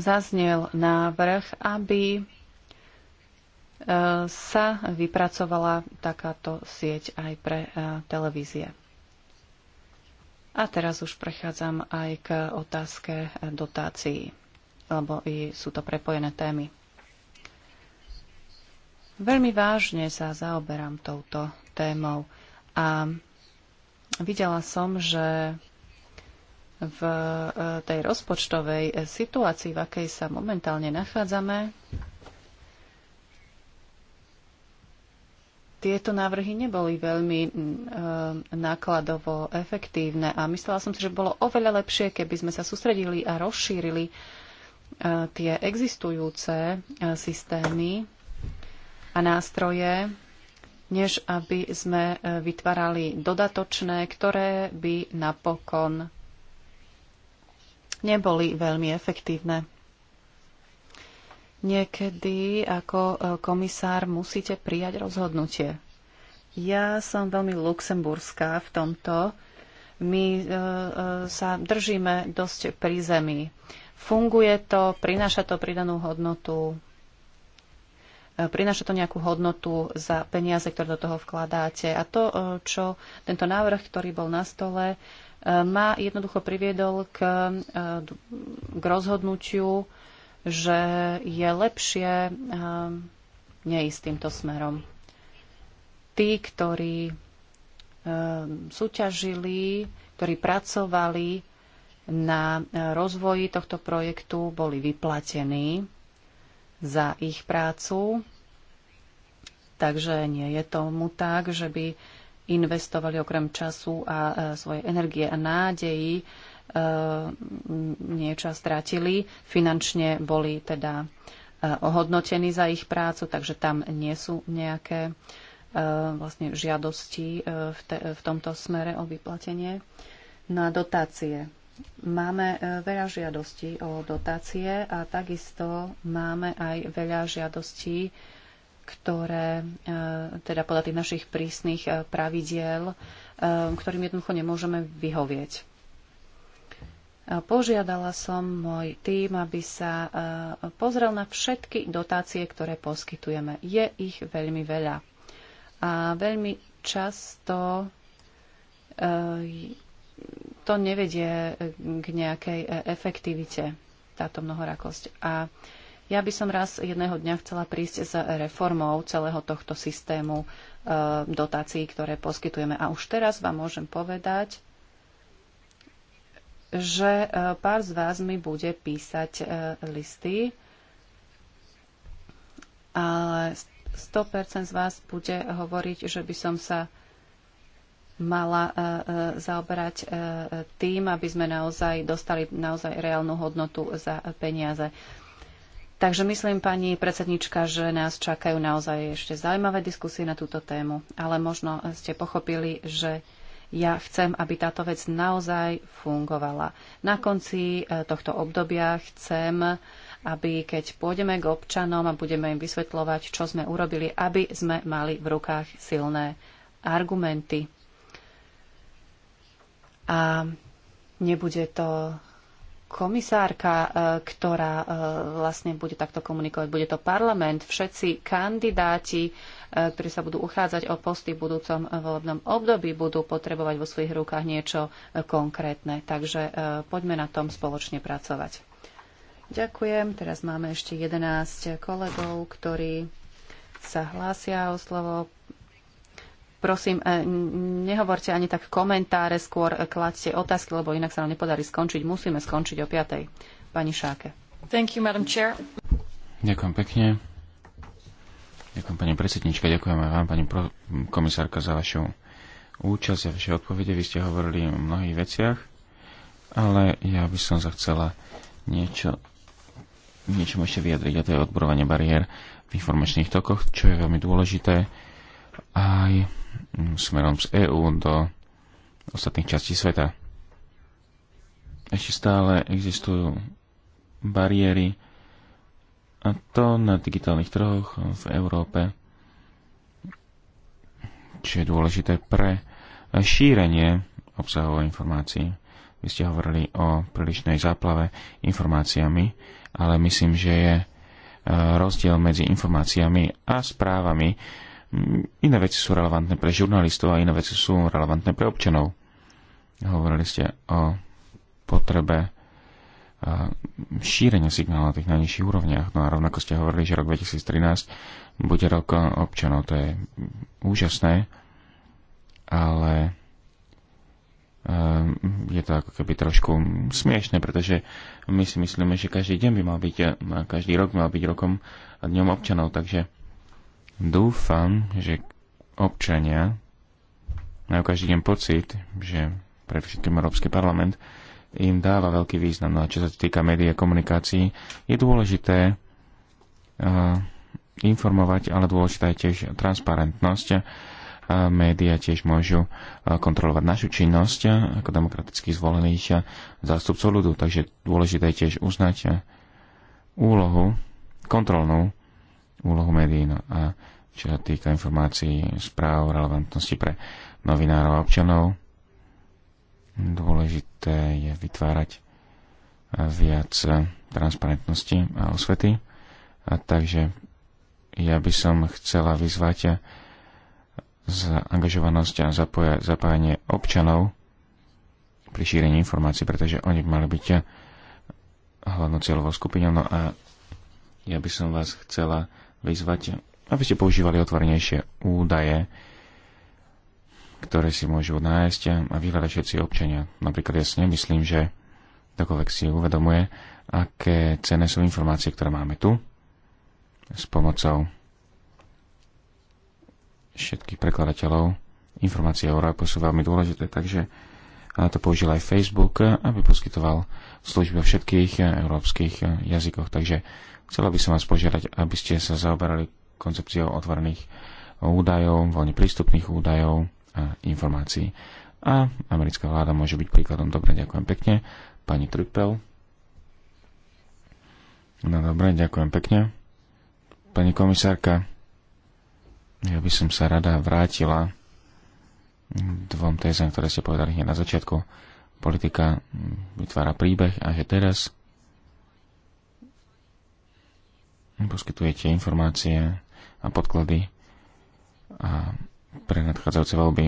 zaznel návrh, aby eh, sa vypracovala takáto sieť aj pre eh, televízie. A teraz už prechádzam aj k otázke eh, dotácií, lebo sú to prepojené témy. Veľmi vážne sa zaoberám touto témou a videla som, že v e, tej rozpočtovej situácii, v akej sa momentálne nachádzame, tieto návrhy neboli veľmi e, nákladovo efektívne a myslela som si, že bolo oveľa lepšie, keby sme sa sústredili a rozšírili e, tie existujúce systémy a nástroje, než aby sme vytvárali dodatočné, ktoré by napokon neboli veľmi efektívne. Niekedy ako e, komisár musíte prijať rozhodnutie. Ja som veľmi luxemburská v tomto. My e, e, sa držíme dosť pri zemi. Funguje to, prináša to pridanú hodnotu, e, prináša to nejakú hodnotu za peniaze, ktoré do toho vkladáte. A to, e, čo tento návrh, ktorý bol na stole, ma jednoducho priviedol k, e, k rozhodnutiu, že je lepšie e, neísť týmto smerom. Tí, ktorí e, súťažili, ktorí pracovali na rozvoji tohto projektu, boli vyplatení za ich prácu. Takže nie je tomu tak, že by investovali okrem času a e, svojej energie a nádeji e, niečo stratili. Finančne boli teda e, ohodnotení za ich prácu, takže tam nie sú nejaké vlastne žiadosti v, te, v tomto smere o vyplatenie. Na dotácie. Máme veľa žiadostí o dotácie a takisto máme aj veľa žiadostí ktoré e, teda podľa tých našich prísnych e, pravidiel, e, ktorým jednoducho nemôžeme vyhovieť. Požiadala som môj tým, aby sa pozrel na všetky dotácie, ktoré poskytujeme. Je ich veľmi veľa. A veľmi často to nevedie k nejakej efektivite, táto mnohorakosť. A ja by som raz jedného dňa chcela prísť s reformou celého tohto systému e, dotácií, ktoré poskytujeme. A už teraz vám môžem povedať, že e, pár z vás mi bude písať e, listy, ale 100% z vás bude hovoriť, že by som sa mala zaoberať tým, aby sme naozaj dostali naozaj reálnu hodnotu za peniaze. Takže myslím, pani predsednička, že nás čakajú naozaj ešte zaujímavé diskusie na túto tému, ale možno ste pochopili, že ja chcem, aby táto vec naozaj fungovala. Na konci e, tohto obdobia chcem, aby keď pôjdeme k občanom a budeme im vysvetľovať, čo sme urobili, aby sme mali v rukách silné argumenty. A nebude to komisárka, e, ktorá e, vlastne bude takto komunikovať. Bude to parlament, všetci kandidáti, e, ktorí sa budú uchádzať o posty v budúcom volebnom období, budú potrebovať vo svojich rukách niečo konkrétne. Takže poďme na tom spoločne pracovať. Ďakujem. Teraz máme ešte 11 kolegov, ktorí sa hlásia o slovo prosím, e, nehovorte ani tak komentáre, skôr e, kladte otázky, lebo inak sa nám nepodarí skončiť. Musíme skončiť o piatej. Pani Šáke. Thank you, Madam Chair. Ďakujem pekne. Ďakujem pani predsednička, ďakujem aj vám, pani komisárka, za vašu účasť a vaše odpovede. Vy ste hovorili o mnohých veciach, ale ja by som zachcela niečo, niečo, ešte vyjadriť, a to je odborovanie bariér v informačných tokoch, čo je veľmi dôležité aj smerom z EÚ do ostatných častí sveta. Ešte stále existujú bariéry a to na digitálnych trhoch v Európe, čo je dôležité pre šírenie obsahov informácií. Vy ste hovorili o prílišnej záplave informáciami, ale myslím, že je e, rozdiel medzi informáciami a správami, Iné veci sú relevantné pre žurnalistov a iné veci sú relevantné pre občanov. Hovorili ste o potrebe šírenia signálu na tých najnižších úrovniach. No a rovnako ste hovorili, že rok 2013 bude rok občanov. To je úžasné, ale je to ako keby trošku smiešne, pretože my si myslíme, že každý deň by mal byť, každý rok mal byť rokom a dňom občanov, takže Dúfam, že občania majú každý deň pocit, že pre všetkým Európsky parlament im dáva veľký význam. No a čo sa týka médií a komunikácií, je dôležité uh, informovať, ale dôležitá je tiež transparentnosť. A média tiež môžu eh, kontrolovať našu činnosť eh, ako demokraticky zvolených zástupcov ľudu. Takže dôležité je tiež uznať úlohu kontrolnú úlohu médií no a čo sa týka informácií, správ, relevantnosti pre novinárov a občanov. Dôležité je vytvárať eh, viac eh, transparentnosti a osvety. A takže ja by som chcela vyzvať eh, za angažovanosť a zapájanie občanov pri šírení informácií, pretože oni by mali byť hlavnou cieľovou skupinou. No a ja by som vás chcela vyzvať, aby ste používali otvornejšie údaje, ktoré si môžu nájsť a vyhľadať všetci občania. Napríklad ja si nemyslím, že takovek si uvedomuje, aké cené sú informácie, ktoré máme tu s pomocou všetkých prekladateľov. Informácie o Európe sú veľmi dôležité, takže a to použil aj Facebook, aby poskytoval služby vo všetkých európskych jazykoch. Takže Chcela by som vás požiadať, aby ste sa zaoberali koncepciou otvorených údajov, voľne prístupných údajov a informácií. A americká vláda môže byť príkladom. Dobre, ďakujem pekne. Pani Trupel. No dobre, ďakujem pekne. Pani komisárka, ja by som sa rada vrátila dvom tézam, ktoré ste povedali hneď na začiatku politika vytvára príbeh a že teraz poskytujete informácie a podklady a pre nadchádzajúce voľby.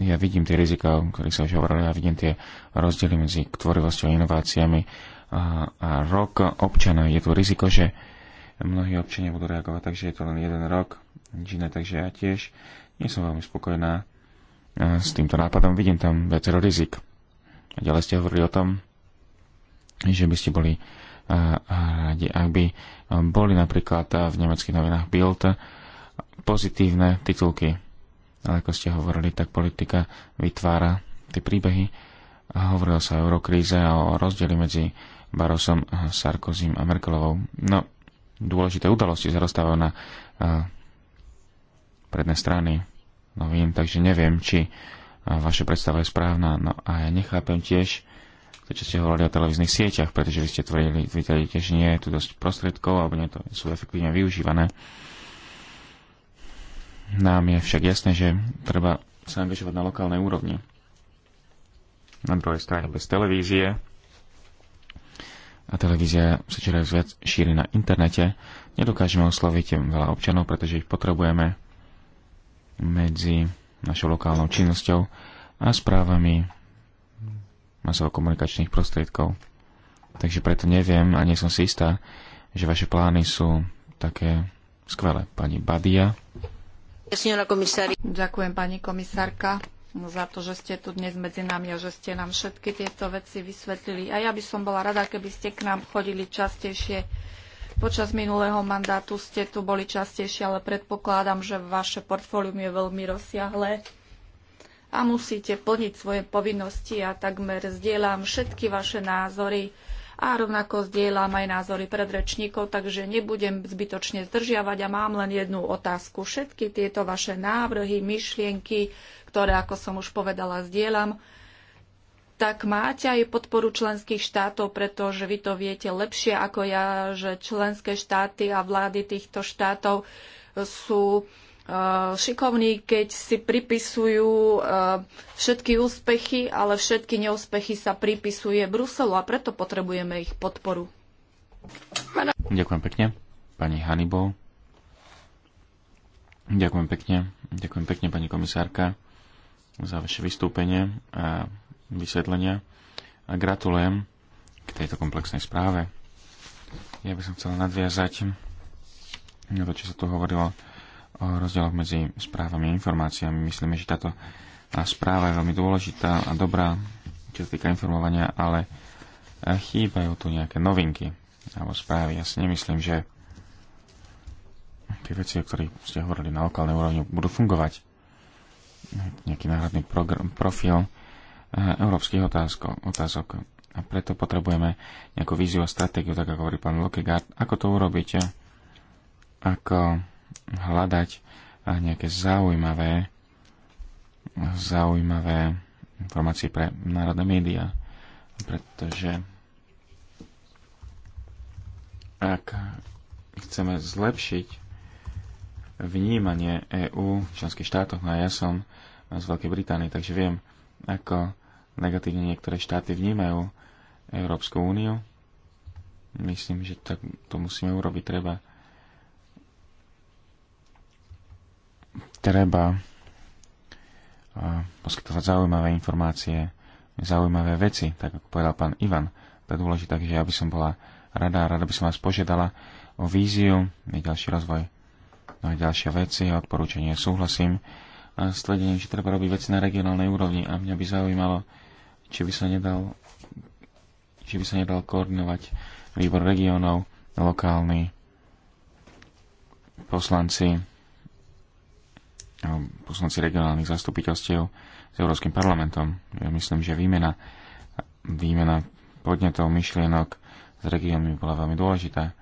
Ja vidím tie rizika, o ktorých sa už hovorili, ja vidím tie rozdiely medzi tvorivosťou a inováciami a, a rok občana. Je tu riziko, že mnohí občania budú reagovať, takže je to len jeden rok, nič iné, takže ja tiež nie som veľmi spokojná s týmto nápadom. Vidím tam viacero rizik. A ďalej ste hovorili o tom, že by ste boli radi, ak by boli napríklad v nemeckých novinách Bild pozitívne titulky. Ale ako ste hovorili, tak politika vytvára tie príbehy. hovorilo sa o eurokríze a o rozdieli medzi Barosom, Sarkozym a Merkelovou. No, dôležité udalosti sa na predné strany novín, takže neviem, či vaša predstava je správna. No a ja nechápem tiež, to, čo ste hovorili o televíznych sieťach, pretože vy ste tvrdili, vy tvrdili že nie je tu dosť prostriedkov, alebo nie to sú efektívne využívané. Nám je však jasné, že treba sa angažovať na lokálnej úrovni. Na druhej strane bez televízie a televízia sa čoraz viac šíri na internete, nedokážeme osloviť veľa občanov, pretože ich potrebujeme medzi našou lokálnou činnosťou a správami masovo-komunikačných prostriedkov. Takže preto neviem a nie som si istá, že vaše plány sú také skvelé. Pani Badia. Ďakujem, pani komisárka, za to, že ste tu dnes medzi nami a že ste nám všetky tieto veci vysvetlili. A ja by som bola rada, keby ste k nám chodili častejšie. Počas minulého mandátu ste tu boli častejšie, ale predpokladám, že vaše portfólium je veľmi rozsiahle a musíte plniť svoje povinnosti. a takmer zdieľam všetky vaše názory a rovnako zdieľam aj názory predrečníkov, takže nebudem zbytočne zdržiavať a mám len jednu otázku. Všetky tieto vaše návrhy, myšlienky, ktoré, ako som už povedala, zdieľam, tak máte aj podporu členských štátov, pretože vy to viete lepšie ako ja, že členské štáty a vlády týchto štátov sú Eh, šikovní, keď si pripisujú eh, všetky úspechy, ale všetky neúspechy sa pripisuje Bruselu a preto potrebujeme ich podporu. Ďakujem pekne. Pani Hannibal. Ďakujem pekne. Ďakujem pekne, pani komisárka, za vaše vystúpenie a vysvetlenia. A gratulujem k tejto komplexnej správe. Ja by som chcel nadviazať na to, čo sa tu hovorilo o rozdieloch medzi správami a informáciami. Myslíme, že táto správa je veľmi dôležitá a dobrá, čo sa týka informovania, ale chýbajú tu nejaké novinky alebo správy. Ja si nemyslím, že tie veci, o ktorých ste hovorili na lokálnej úrovni, budú fungovať. Nejaký náhradný profil eh, európskych otázko, otázok. A preto potrebujeme nejakú víziu a stratégiu, tak ako hovorí pán Lokegaard. Ako to urobiť? Ako hľadať nejaké zaujímavé, zaujímavé informácie pre národné médiá, pretože ak chceme zlepšiť vnímanie EÚ v členských štátoch, no a ja som z Veľkej Británie, takže viem, ako negatívne niektoré štáty vnímajú Európsku úniu. Myslím, že tak to musíme urobiť. Treba treba poskytovať zaujímavé informácie, zaujímavé veci, tak ako povedal pán Ivan. To je dôležité, takže ja by som bola rada, rada by som vás požiadala o víziu, je ďalší rozvoj, no ďalšie veci, odporúčanie súhlasím a s tvrdením, že treba robiť veci na regionálnej úrovni a mňa by zaujímalo, či by sa nedal či by sa nedal koordinovať výbor regionov, lokálny poslanci, Ehm, poslanci regionálnych zastupiteľstiev s Európskym parlamentom. Ja myslím, že výmena, výmena podnetov, myšlienok s regiónmi bola veľmi dôležitá.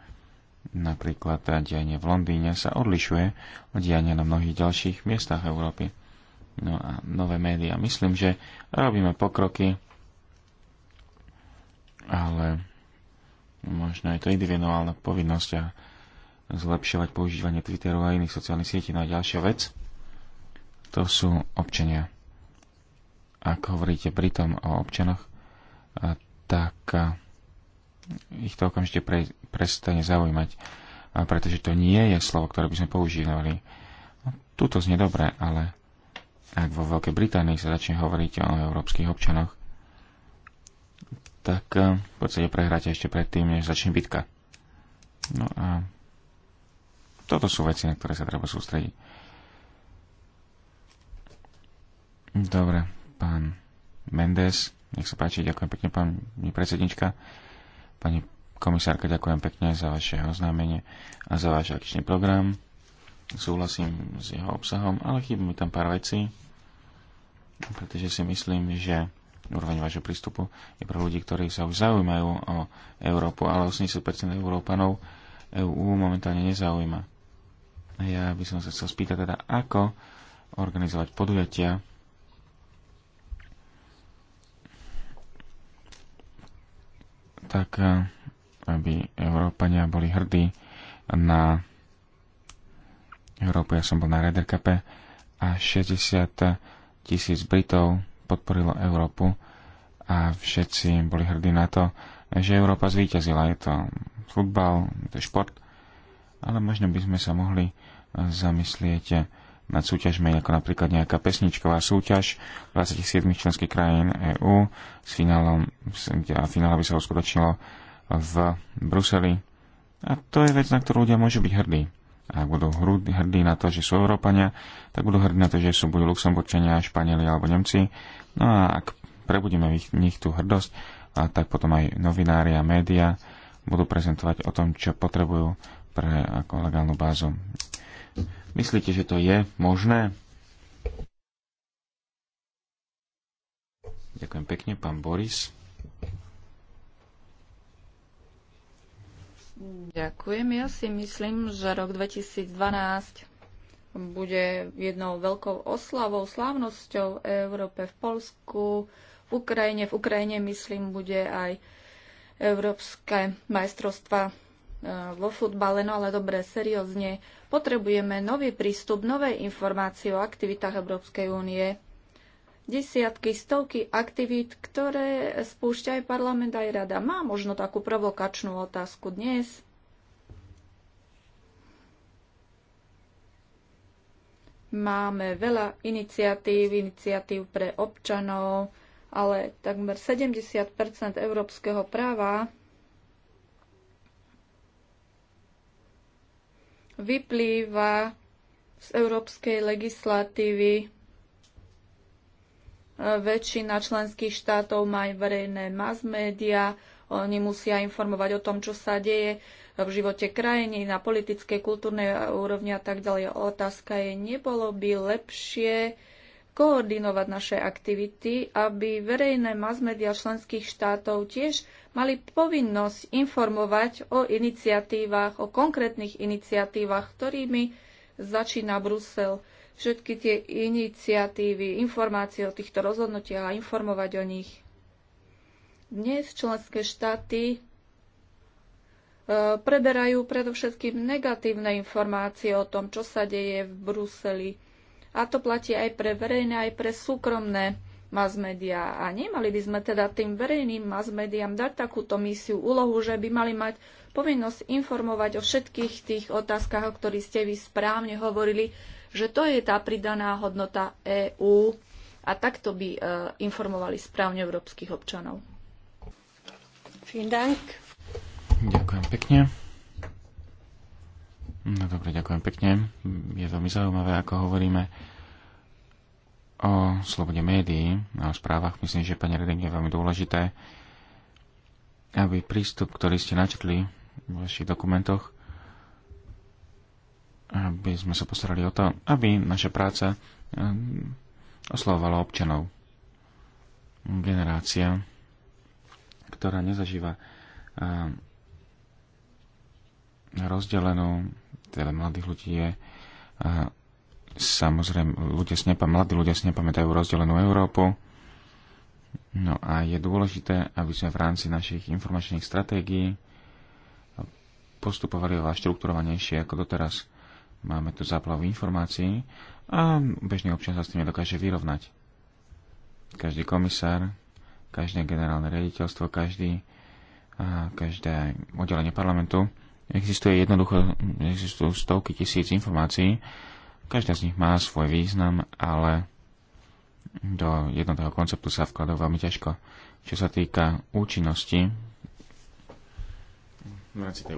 Napríklad dianie v Londýne sa odlišuje od diania na mnohých ďalších miestach Európy. No a nové médiá. Myslím, že robíme pokroky, ale možno je to individuálna povinnosť a zlepšovať používanie Twitteru a iných sociálnych sietí. No a ďalšia vec, to sú občania. Ak hovoríte pritom o občanoch, tak ich to okamžite pre, prestane zaujímať, pretože to nie je slovo, ktoré by sme používali. No, tuto znie dobre, ale ak vo Veľkej Británii sa začne hovoriť o európskych občanoch, tak v podstate prehráte ešte predtým, než začne bitka. No a toto sú veci, na ktoré sa treba sústrediť. Dobre, pán Mendes, nech sa páči, ďakujem pekne, pani predsednička. Pani komisárka, ďakujem pekne za vaše oznámenie a za váš akčný program. Súhlasím s jeho obsahom, ale chýba mi tam pár vecí, pretože si myslím, že úroveň vášho prístupu je pre ľudí, ktorí sa už zaujímajú o Európu, ale 80% Európanov EÚ momentálne nezaujíma. Ja by som sa chcel spýtať teda, ako organizovať podujatia, tak eh, aby Európania boli hrdí na Európu. Ja som bol na Ryder Cup a 60 tisíc Britov podporilo Európu a všetci boli hrdí na to, že Európa zvíťazila. Je to futbal, je to šport, ale možno by sme sa mohli zamyslieť nad súťažmi, ako napríklad nejaká pesničková súťaž 27 členských krajín EÚ s finálom, a finále by sa uskutočnilo v Bruseli. A to je vec, na ktorú ľudia môžu byť hrdí. A ak budú hrdí na to, že sú Európania, tak budú hrdí na to, že sú buď Luxemburčania, Španieli alebo Nemci. No a ak prebudíme v nich tú hrdosť, a tak potom aj novinári a média budú prezentovať o tom, čo potrebujú pre ako legálnu bázu Myslíte, že to je možné? Ďakujem pekne, pán Boris. Ďakujem. Ja si myslím, že rok 2012 bude jednou veľkou oslavou, slávnosťou Európe v Polsku, v Ukrajine. V Ukrajine, myslím, bude aj Európske majstrovstva eh, vo futbale, no ale dobre, seriózne. Potrebujeme nový prístup, nové informácie o aktivitách Európskej únie, desiatky, stovky aktivít, ktoré spúšťa aj parlament, aj rada. Má možno takú provokačnú otázku dnes. Máme veľa iniciatív, iniciatív pre občanov, ale takmer 70 európskeho práva vyplýva z európskej legislatívy. Väčšina členských štátov má verejné mass media, oni musia informovať o tom, čo sa deje v živote krajiny, na politickej, kultúrnej úrovni a tak ďalej. Otázka je, nebolo by lepšie koordinovať naše aktivity, aby verejné masmedia členských štátov tiež mali povinnosť informovať o iniciatívach, o konkrétnych iniciatívach, ktorými začína Brusel. Všetky tie iniciatívy, informácie o týchto rozhodnutiach a informovať o nich. Dnes členské štáty e, preberajú predovšetkým negatívne informácie o tom, čo sa deje v Bruseli – a to platí aj pre verejné, aj pre súkromné mass media. A nemali by sme teda tým verejným mass mediám dať takúto misiu, úlohu, že by mali mať povinnosť informovať o všetkých tých otázkach, o ktorých ste vy správne hovorili, že to je tá pridaná hodnota EÚ a takto by e, informovali správne európskych občanov. Ďakujem pekne. No dobre, ďakujem pekne. Je veľmi zaujímavé, ako hovoríme o slobode médií a o správach. Myslím, že pani Reding je veľmi dôležité, aby prístup, ktorý ste načetli v vašich dokumentoch, aby sme sa postarali o to, aby naša práca ehm, oslovovala občanov. Generácia, ktorá nezažíva ehm, rozdelenú teda mladých ľudí je a samozrejme ľudia snepa, mladí ľudia si nepamätajú rozdelenú Európu. No a je dôležité, aby sme v rámci našich informačných stratégií postupovali oveľa štrukturovanejšie ako doteraz. Máme tu záplavu informácií a bežný občan sa s tým nedokáže vyrovnať. Každý komisár, každé generálne riaditeľstvo, každý, a každé oddelenie parlamentu Existuje jednoducho, existujú stovky tisíc informácií, každá z nich má svoj význam, ale do jednotného konceptu sa vkladá veľmi ťažko. Čo sa týka účinnosti, v rámci tej,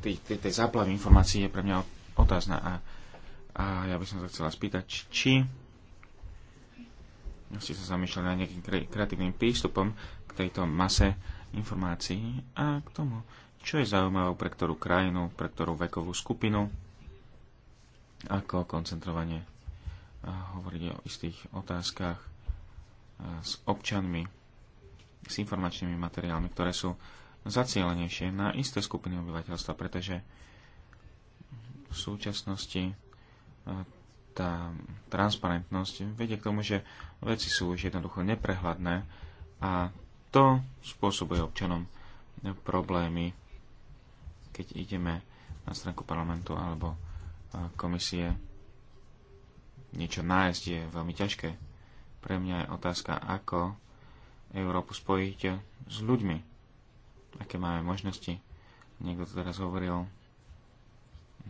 tej, tej, tej záplavy informácií je pre mňa otázna a, a ja by som sa chcela spýtať, či ste sa zamýšľali nad nejakým kreatívnym prístupom k tejto mase informácií a k tomu, čo je zaujímavé pre ktorú krajinu, pre ktorú vekovú skupinu, ako koncentrovanie hovoriť o istých otázkach s občanmi, s informačnými materiálmi, ktoré sú zacielenejšie na isté skupiny obyvateľstva, pretože v súčasnosti tá transparentnosť vedie k tomu, že veci sú už jednoducho neprehľadné a to spôsobuje občanom problémy keď ideme na stránku parlamentu alebo komisie, niečo nájsť je veľmi ťažké. Pre mňa je otázka, ako Európu spojiť s ľuďmi. Aké máme možnosti. Niekto to teraz hovoril,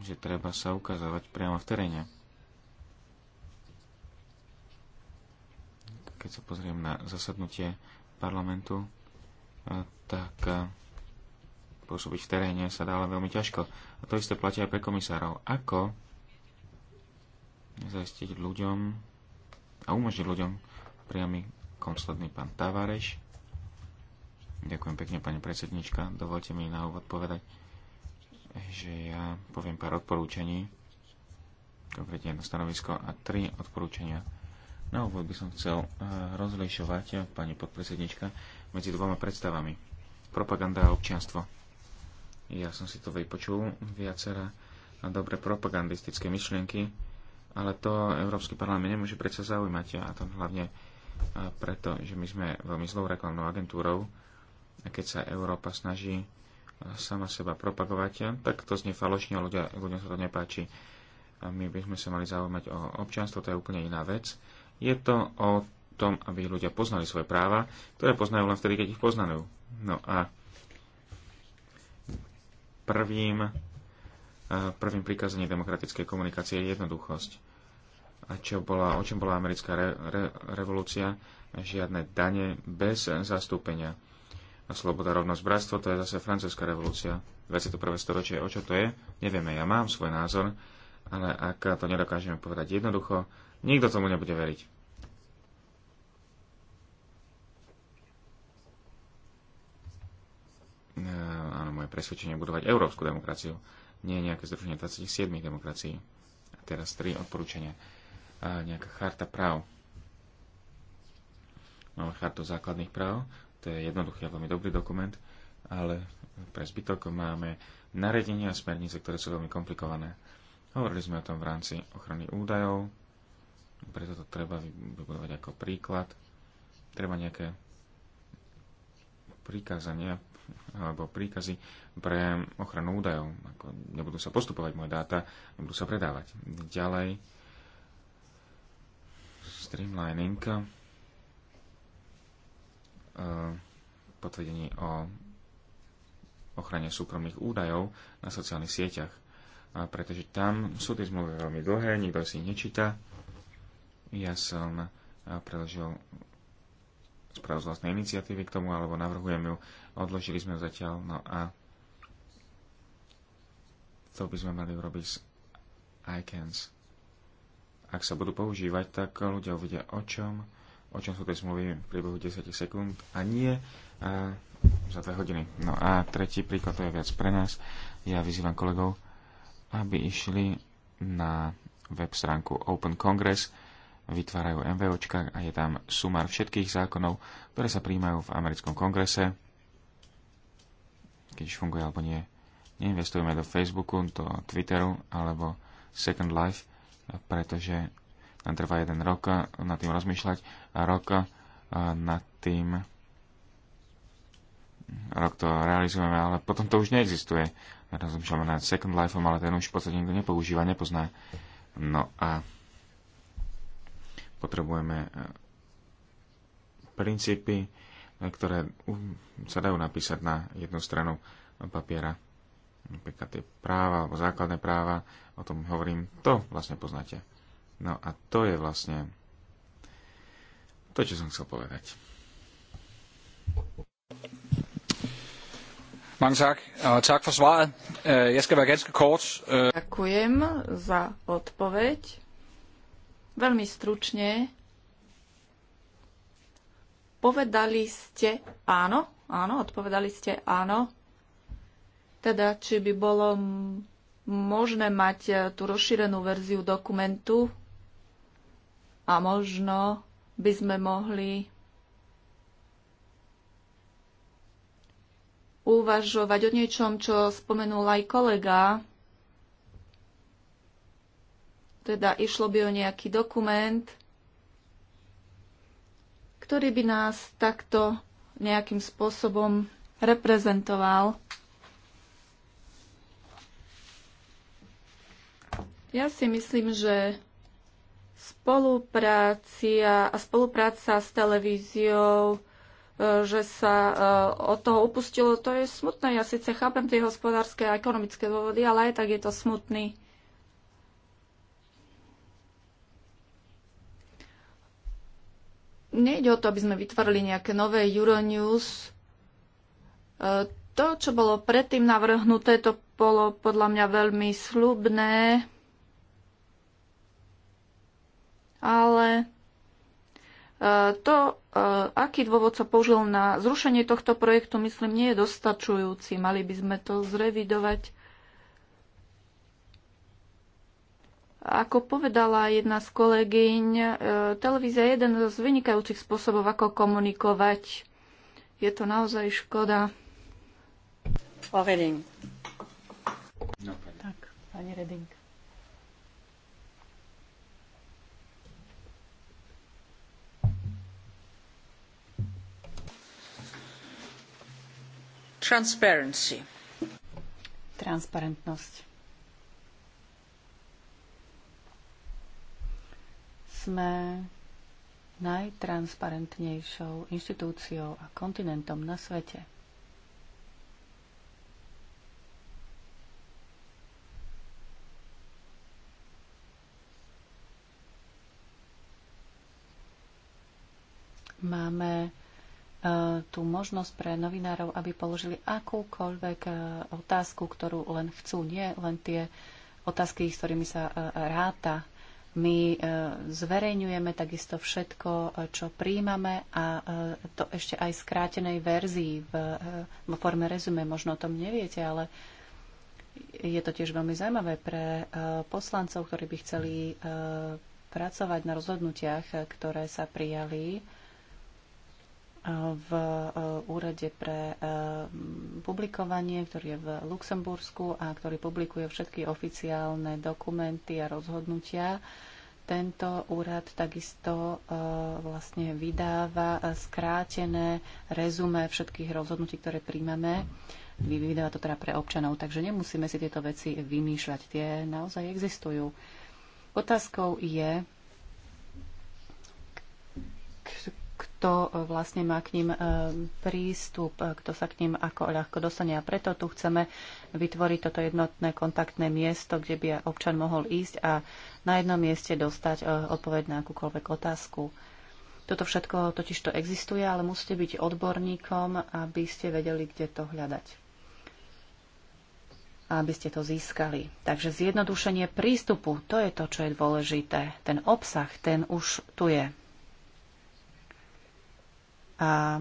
že treba sa ukazovať priamo v teréne. Keď sa pozriem na zasadnutie parlamentu, tak Pôsobiť v teréne sa dá ale veľmi ťažko. A to isté platí aj pre komisárov. Ako zaistiť ľuďom a umožniť ľuďom priamy konsledný pán Tavareš. Ďakujem pekne, pani predsednička. Dovolte mi na úvod povedať, že ja poviem pár odporúčaní, konkrétne jedno stanovisko a tri odporúčania. Na úvod by som chcel eh, rozlišovať, pani podpredsednička, medzi dvoma predstavami. Propaganda a občianstvo. Ja som si to vypočul, viacera na dobre propagandistické myšlienky, ale to Európsky parlament nemôže predsa zaujímať a to hlavne preto, že my sme veľmi zlou reklamnou agentúrou a keď sa Európa snaží sama seba propagovať, tak to znie falošne a ľudia, ľudia sa to nepáči. A my by sme sa mali zaujímať o občanstvo, to je úplne iná vec. Je to o tom, aby ľudia poznali svoje práva, ktoré poznajú len vtedy, keď ich poznajú. No a prvým, e, prvým príkazením demokratickej komunikácie je jednoduchosť. A čo bola, o čom bola americká re, re, revolúcia? Žiadne dane bez zastúpenia. A sloboda, rovnosť, bratstvo, to je zase francúzska revolúcia. 21. storočie, o čo to je? Nevieme, ja mám svoj názor, ale ak to nedokážeme povedať jednoducho, nikto tomu nebude veriť. E, áno, moje presvedčenie, budovať európsku demokraciu, nie nejaké združenie 27 demokracií. A teraz tri odporúčania. A nejaká charta práv. Máme chartu základných práv, to je jednoduchý a veľmi dobrý dokument, ale pre zbytok máme nariadenia a smernice, ktoré sú veľmi komplikované. Hovorili sme o tom v rámci ochrany údajov, preto to treba vybudovať ako príklad. Treba nejaké prikázania alebo príkazy pre ochranu údajov. Ako nebudú sa postupovať moje dáta, nebudú sa predávať. Ďalej, streamlining, eh, potvrdenie o ochrane súkromných údajov na sociálnych sieťach. A pretože tam sú tie zmluvy veľmi dlhé, nikto si ich nečíta. Ja som eh, preložil správ z vlastnej iniciatívy k tomu, alebo navrhujem ju. Odložili sme ju zatiaľ, no a to by sme mali urobiť s ICANS. Ak sa budú používať, tak ľudia uvidia o čom, o čom sú tie smluvy v priebehu 10 sekúnd a nie a za 2 hodiny. No a tretí príklad, to je viac pre nás. Ja vyzývam kolegov, aby išli na web stránku Open Congress, vytvárajú MVOčka a je tam sumár všetkých zákonov, ktoré sa príjmajú v americkom kongrese, keď funguje alebo nie. Neinvestujeme do Facebooku, do Twitteru alebo Second Life, pretože nám trvá jeden rok eh, nad tým rozmýšľať a rok eh, nad tým rok to realizujeme, ale potom to už neexistuje. Rozumšľame nad Second Life, ale ten už v podstate nikto nepoužíva, nepozná. No a Potrebujeme e, princípy, e, ktoré sa dajú napísať na jednu stranu papiera. Napríklad tie práva alebo základné práva, o tom hovorím, to vlastne poznáte. No a to je vlastne to, čo som chcel povedať. Mange tak, tak for svaret. Øh, jeg skal være ganske kort. Øh, Ďakujem za odpoveď. Veľmi stručne. Povedali ste áno? Áno, odpovedali ste áno. Teda, či by bolo možné mať e, tú rozšírenú verziu dokumentu a možno by sme mohli uvažovať o niečom, čo spomenul aj kolega, teda išlo by o nejaký dokument, ktorý by nás takto nejakým spôsobom reprezentoval. Ja si myslím, že spoluprácia a spolupráca s televíziou, e, že sa e, od toho upustilo, to je smutné. Ja síce chápem tie hospodárske a ekonomické dôvody, ale aj tak je to smutný nejde o to, aby sme vytvorili nejaké nové Euronews. E, to, čo bolo predtým navrhnuté, to bolo podľa mňa veľmi slubné, ale e, to, e, aký dôvod sa použil na zrušenie tohto projektu, myslím, nie je dostačujúci. Mali by sme to zrevidovať. Ako povedala jedna z kolegyň, e, televízia je jeden z vynikajúcich spôsobov, ako komunikovať. Je to naozaj škoda. Povedím. No, Tak, pani Reding. Transparentnosť. Sme najtransparentnejšou inštitúciou a kontinentom na svete. Máme e, tú možnosť pre novinárov, aby položili akúkoľvek e, otázku, ktorú len chcú, nie len tie otázky, s ktorými sa e, ráta my e, zverejňujeme takisto všetko, e, čo príjmame a e, to ešte aj v skrátenej verzii v, v forme rezume. Možno o tom neviete, ale je to tiež veľmi zaujímavé pre poslancov, ktorí by chceli pracovať na rozhodnutiach, ktoré sa prijali v e, úrade pre e, publikovanie, ktorý je v Luxembursku a ktorý publikuje všetky oficiálne dokumenty a rozhodnutia. Tento úrad takisto e, vlastne vydáva skrátené rezume všetkých rozhodnutí, ktoré príjmame. Vydáva to teda pre občanov, takže nemusíme si tieto veci vymýšľať. Tie naozaj existujú. Otázkou je, kto e, vlastne má k ním e, prístup, e, kto sa k ním ako ľahko dostane. A preto tu chceme vytvoriť toto jednotné kontaktné miesto, kde by občan mohol ísť a na jednom mieste dostať odpoveď na akúkoľvek otázku. Toto všetko totiž to existuje, ale musíte byť odborníkom, aby ste vedeli, kde to hľadať A aby ste to získali. Takže zjednodušenie prístupu, to je to, čo je dôležité. Ten obsah, ten už tu je. A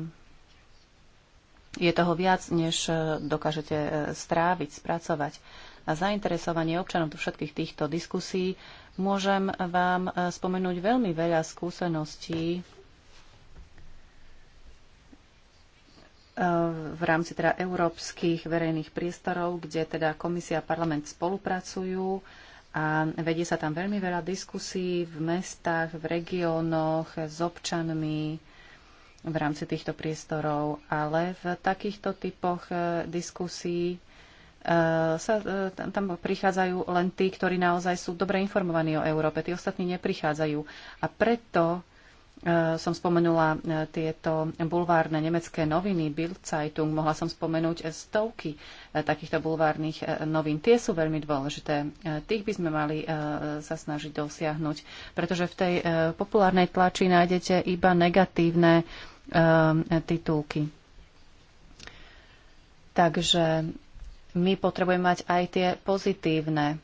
je toho viac, než e, dokážete e, stráviť, spracovať. A zainteresovanie občanov do všetkých týchto diskusí môžem vám e, spomenúť veľmi veľa skúseností v rámci teda európskych verejných priestorov, kde teda komisia a parlament spolupracujú a vedie sa tam veľmi veľa diskusí v mestách, v regiónoch, s občanmi, v rámci týchto priestorov, ale v takýchto typoch e, diskusí e, sa, e, tam, tam prichádzajú len tí, ktorí naozaj sú dobre informovaní o Európe. Tí ostatní neprichádzajú. A preto som spomenula tieto bulvárne nemecké noviny, Bildzeitung, mohla som spomenúť stovky takýchto bulvárnych novín. Tie sú veľmi dôležité. Tých by sme mali sa snažiť dosiahnuť, pretože v tej populárnej tlači nájdete iba negatívne Eh, titulky. Takže my potrebujeme mať aj tie pozitívne.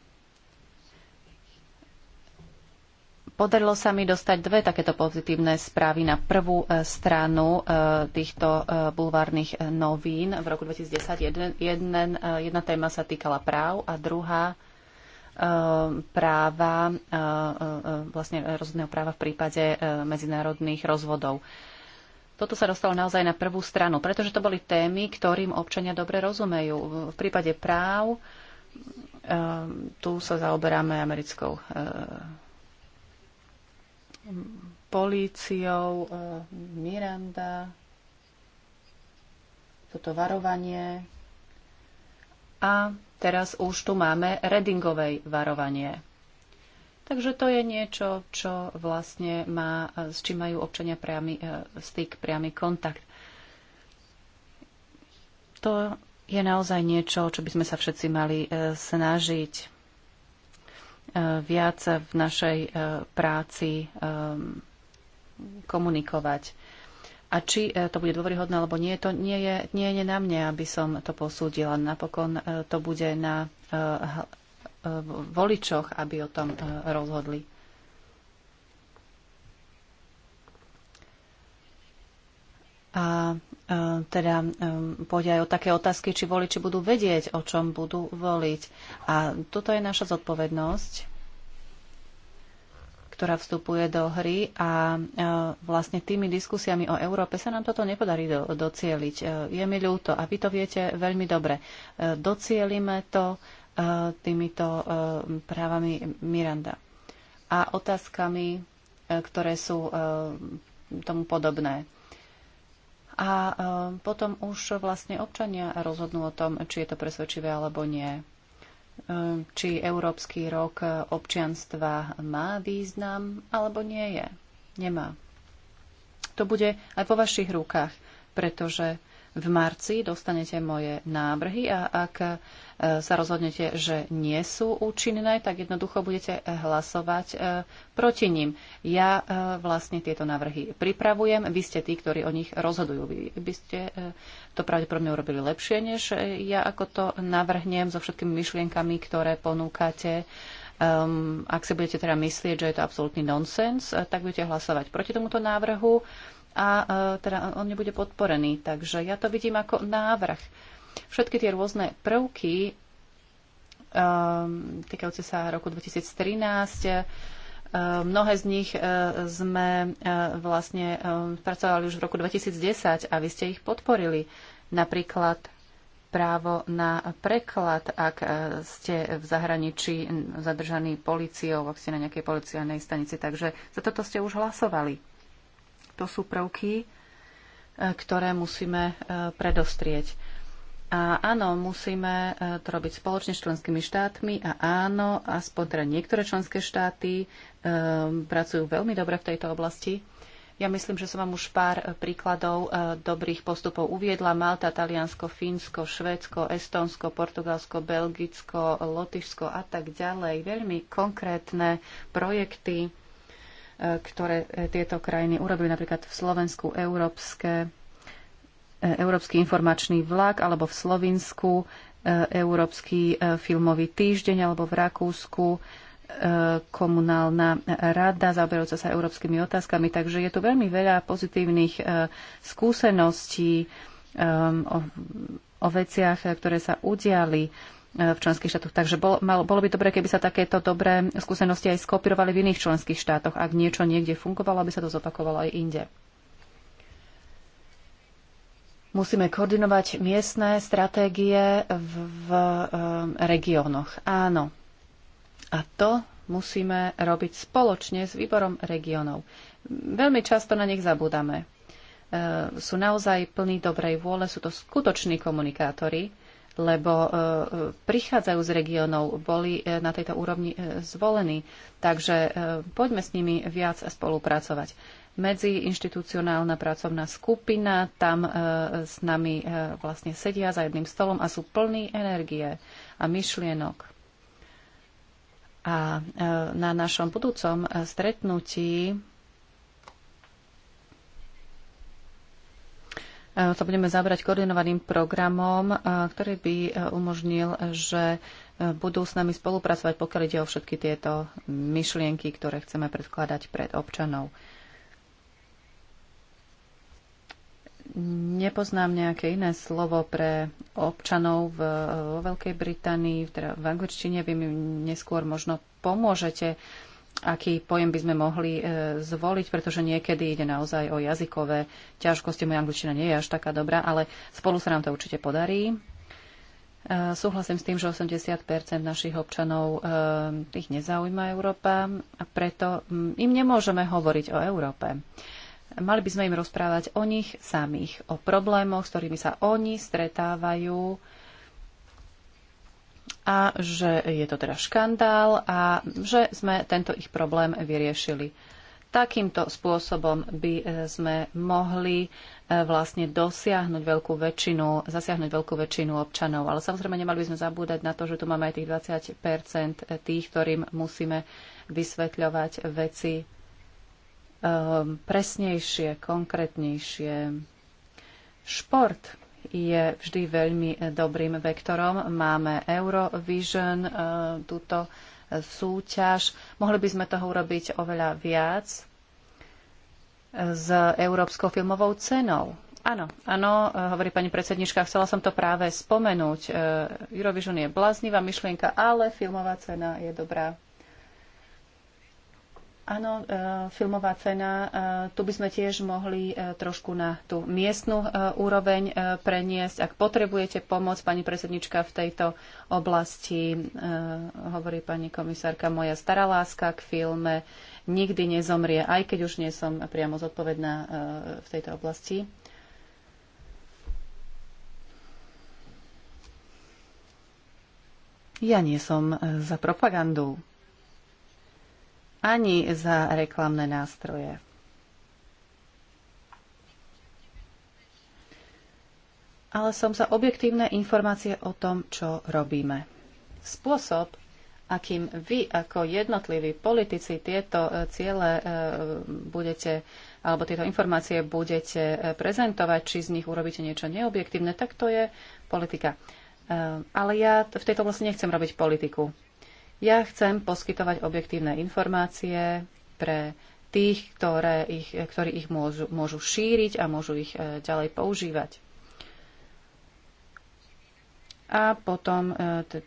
Podarilo sa mi dostať dve takéto pozitívne správy na prvú eh, stranu eh, týchto bulvárnych novín v roku 2010. Jeden, jeden, jedna téma sa týkala práv a druhá práva, vlastne rozhodného práva v prípade medzinárodných rozvodov toto sa dostalo naozaj na prvú stranu, pretože to boli témy, ktorým občania dobre rozumejú. V prípade práv e, tu sa zaoberáme americkou e, políciou, e, Miranda, toto varovanie. A teraz už tu máme Redingovej varovanie. Takže to je niečo, čo vlastne má, s čím majú občania priamy e, styk, priamy kontakt. To je naozaj niečo, čo by sme sa všetci mali e, snažiť e, viac v našej práci komunikovať. A či to bude dôveryhodné alebo nie, to nie je, nie je na mne, aby som to posúdila. Napokon to bude na voličoch, aby o tom e, rozhodli. A e, teda e, pôjde aj o také otázky, či voliči budú vedieť, o čom budú voliť. A toto je naša zodpovednosť, ktorá vstupuje do hry a vlastne tými diskusiami o Európe sa nám toto nepodarí do, docieliť. Je mi ľúto a vy to viete veľmi dobre. Docielime to týmito eh, právami Miranda a otázkami, eh, ktoré sú eh, tomu podobné. A potom už vlastne občania rozhodnú o tom, či je to presvedčivé alebo nie. Či Európsky rok občianstva má význam alebo nie je. Nemá. To bude aj po vašich rukách, pretože v marci dostanete moje návrhy a ak e, sa rozhodnete, že nie sú účinné, tak jednoducho budete hlasovať e, proti ním. Ja e, vlastne tieto návrhy pripravujem, vy ste tí, ktorí o nich rozhodujú. Vy by ste to pravdepodobne urobili lepšie, než ja ako to navrhnem so všetkými myšlienkami, ktoré ponúkate. Um, ak si budete teda myslieť, že je to absolútny nonsens, tak budete hlasovať proti tomuto návrhu. Uh, a e, teda e, on nebude podporený. Takže ja to vidím ako návrh. Všetky tie rôzne prvky ehm, týkajúce sa roku 2013, e, mnohé z nich sme vlastne pracovali už v roku 2010 a vy ste ich podporili. Napríklad právo na preklad, ak ste v zahraničí zadržaní policiou, ak ste na nejakej policiálnej stanici. Takže za toto ste už hlasovali to sú prvky, e, ktoré musíme e, predostrieť. A áno, musíme e, to robiť spoločne s členskými štátmi a áno, aspoň teda niektoré členské štáty pracujú veľmi dobre v tejto oblasti. Ja myslím, že som vám už pár príkladov dobrých postupov uviedla. Malta, Taliansko, Fínsko, Švédsko, Estonsko, Portugalsko, Belgicko, Lotyšsko a tak ďalej. Veľmi konkrétne projekty ktoré e, tieto krajiny urobili, napríklad v Slovensku európske, e, Európsky informačný vlak alebo v Slovinsku e, Európsky filmový týždeň alebo v Rakúsku komunálna rada zaoberajúca sa európskymi otázkami. Takže je tu veľmi veľa pozitívnych skúseností o, o veciach, ktoré sa udiali v členských štátoch. Takže bol, mal, bolo by dobre, keby sa takéto dobré skúsenosti aj skopirovali v iných členských štátoch. Ak niečo niekde fungovalo, aby sa to zopakovalo aj inde. Musíme koordinovať miestne stratégie v, v e, regiónoch. Áno. A to musíme robiť spoločne s výborom regiónov. Veľmi často na nich zabúdame. E, sú naozaj plní dobrej vôle, sú to skutoční komunikátori lebo e, prichádzajú z regiónov, boli e, na tejto úrovni e, zvolení. Takže poďme s nimi viac spolupracovať. Medziinštitucionálna pracovná skupina, tam s nami vlastne sedia za jedným stolom a sú plní energie a myšlienok. A na našom budúcom stretnutí E, sa budeme zabrať koordinovaným programom, e, ktorý by e, umožnil, že budú s nami spolupracovať, pokiaľ ide o všetky tieto myšlienky, ktoré chceme predkladať pred občanov. Nepoznám nejaké iné slovo pre občanov v, vo Veľkej Británii, teda v angličtine vy mi neskôr možno pomôžete. Uh, aký pojem by sme mohli e, zvoliť, pretože niekedy ide naozaj o jazykové ťažkosti. Moja angličtina nie je až taká dobrá, ale spolu sa nám to určite podarí. E, súhlasím s tým, že 80 našich občanov e, ich nezaujíma Európa a preto mm, im nemôžeme hovoriť o Európe. Mali by sme im rozprávať o nich samých, o problémoch, s ktorými sa oni stretávajú a že je to teda škandál a že sme tento ich problém vyriešili. Takýmto spôsobom by e, sme mohli e, vlastne dosiahnuť veľkú väčšinu, zasiahnuť veľkú väčšinu občanov. Ale samozrejme nemali by sme zabúdať na to, že tu máme aj tých 20 tých, ktorým musíme vysvetľovať veci um, presnejšie, konkrétnejšie. Šport je vždy veľmi e, dobrým vektorom. Máme Eurovision, e, túto e, súťaž. Mohli by sme toho urobiť oveľa viac s Európskou filmovou cenou. Áno, áno, hovorí pani predsednička, chcela som to práve spomenúť. Eurovision je bláznivá myšlienka, ale filmová cena je dobrá. Áno, e, filmová cena, e, tu by sme tiež mohli e, trošku na tú miestnu úroveň preniesť. Ak potrebujete pomoc, pani predsednička, v tejto oblasti, hovorí pani komisárka, moja stará láska k filme nikdy nezomrie, aj keď už nie som priamo zodpovedná v tejto oblasti. Ja nie som za propagandu ani za reklamné nástroje. Ale som za objektívne informácie o tom, čo robíme. Spôsob, akým vy ako jednotliví politici tieto e, ciele e, budete alebo tieto informácie budete e, prezentovať, či z nich urobíte niečo neobjektívne, tak to je politika. Ale ja v tejto oblasti nechcem robiť politiku. Ja chcem poskytovať objektívne informácie pre tých, ktoré ich, ktorí ich môžu, môžu šíriť a môžu ich e, ďalej používať. A potom e,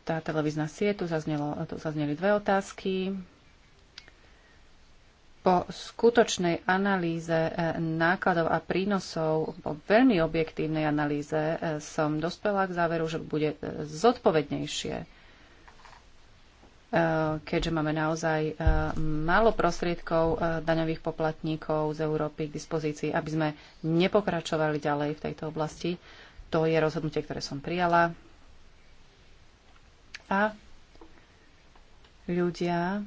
tá televízna sieť, tu, zaznelo, tu zazneli dve otázky. Po skutočnej analýze e, nákladov a prínosov, po veľmi objektívnej analýze, som dospela k záveru, že bude zodpovednejšie Eh, keďže máme naozaj eh, málo prostriedkov eh, daňových poplatníkov z Európy k dispozícii, aby sme nepokračovali ďalej v tejto oblasti. To je rozhodnutie, ktoré som prijala. A ľudia,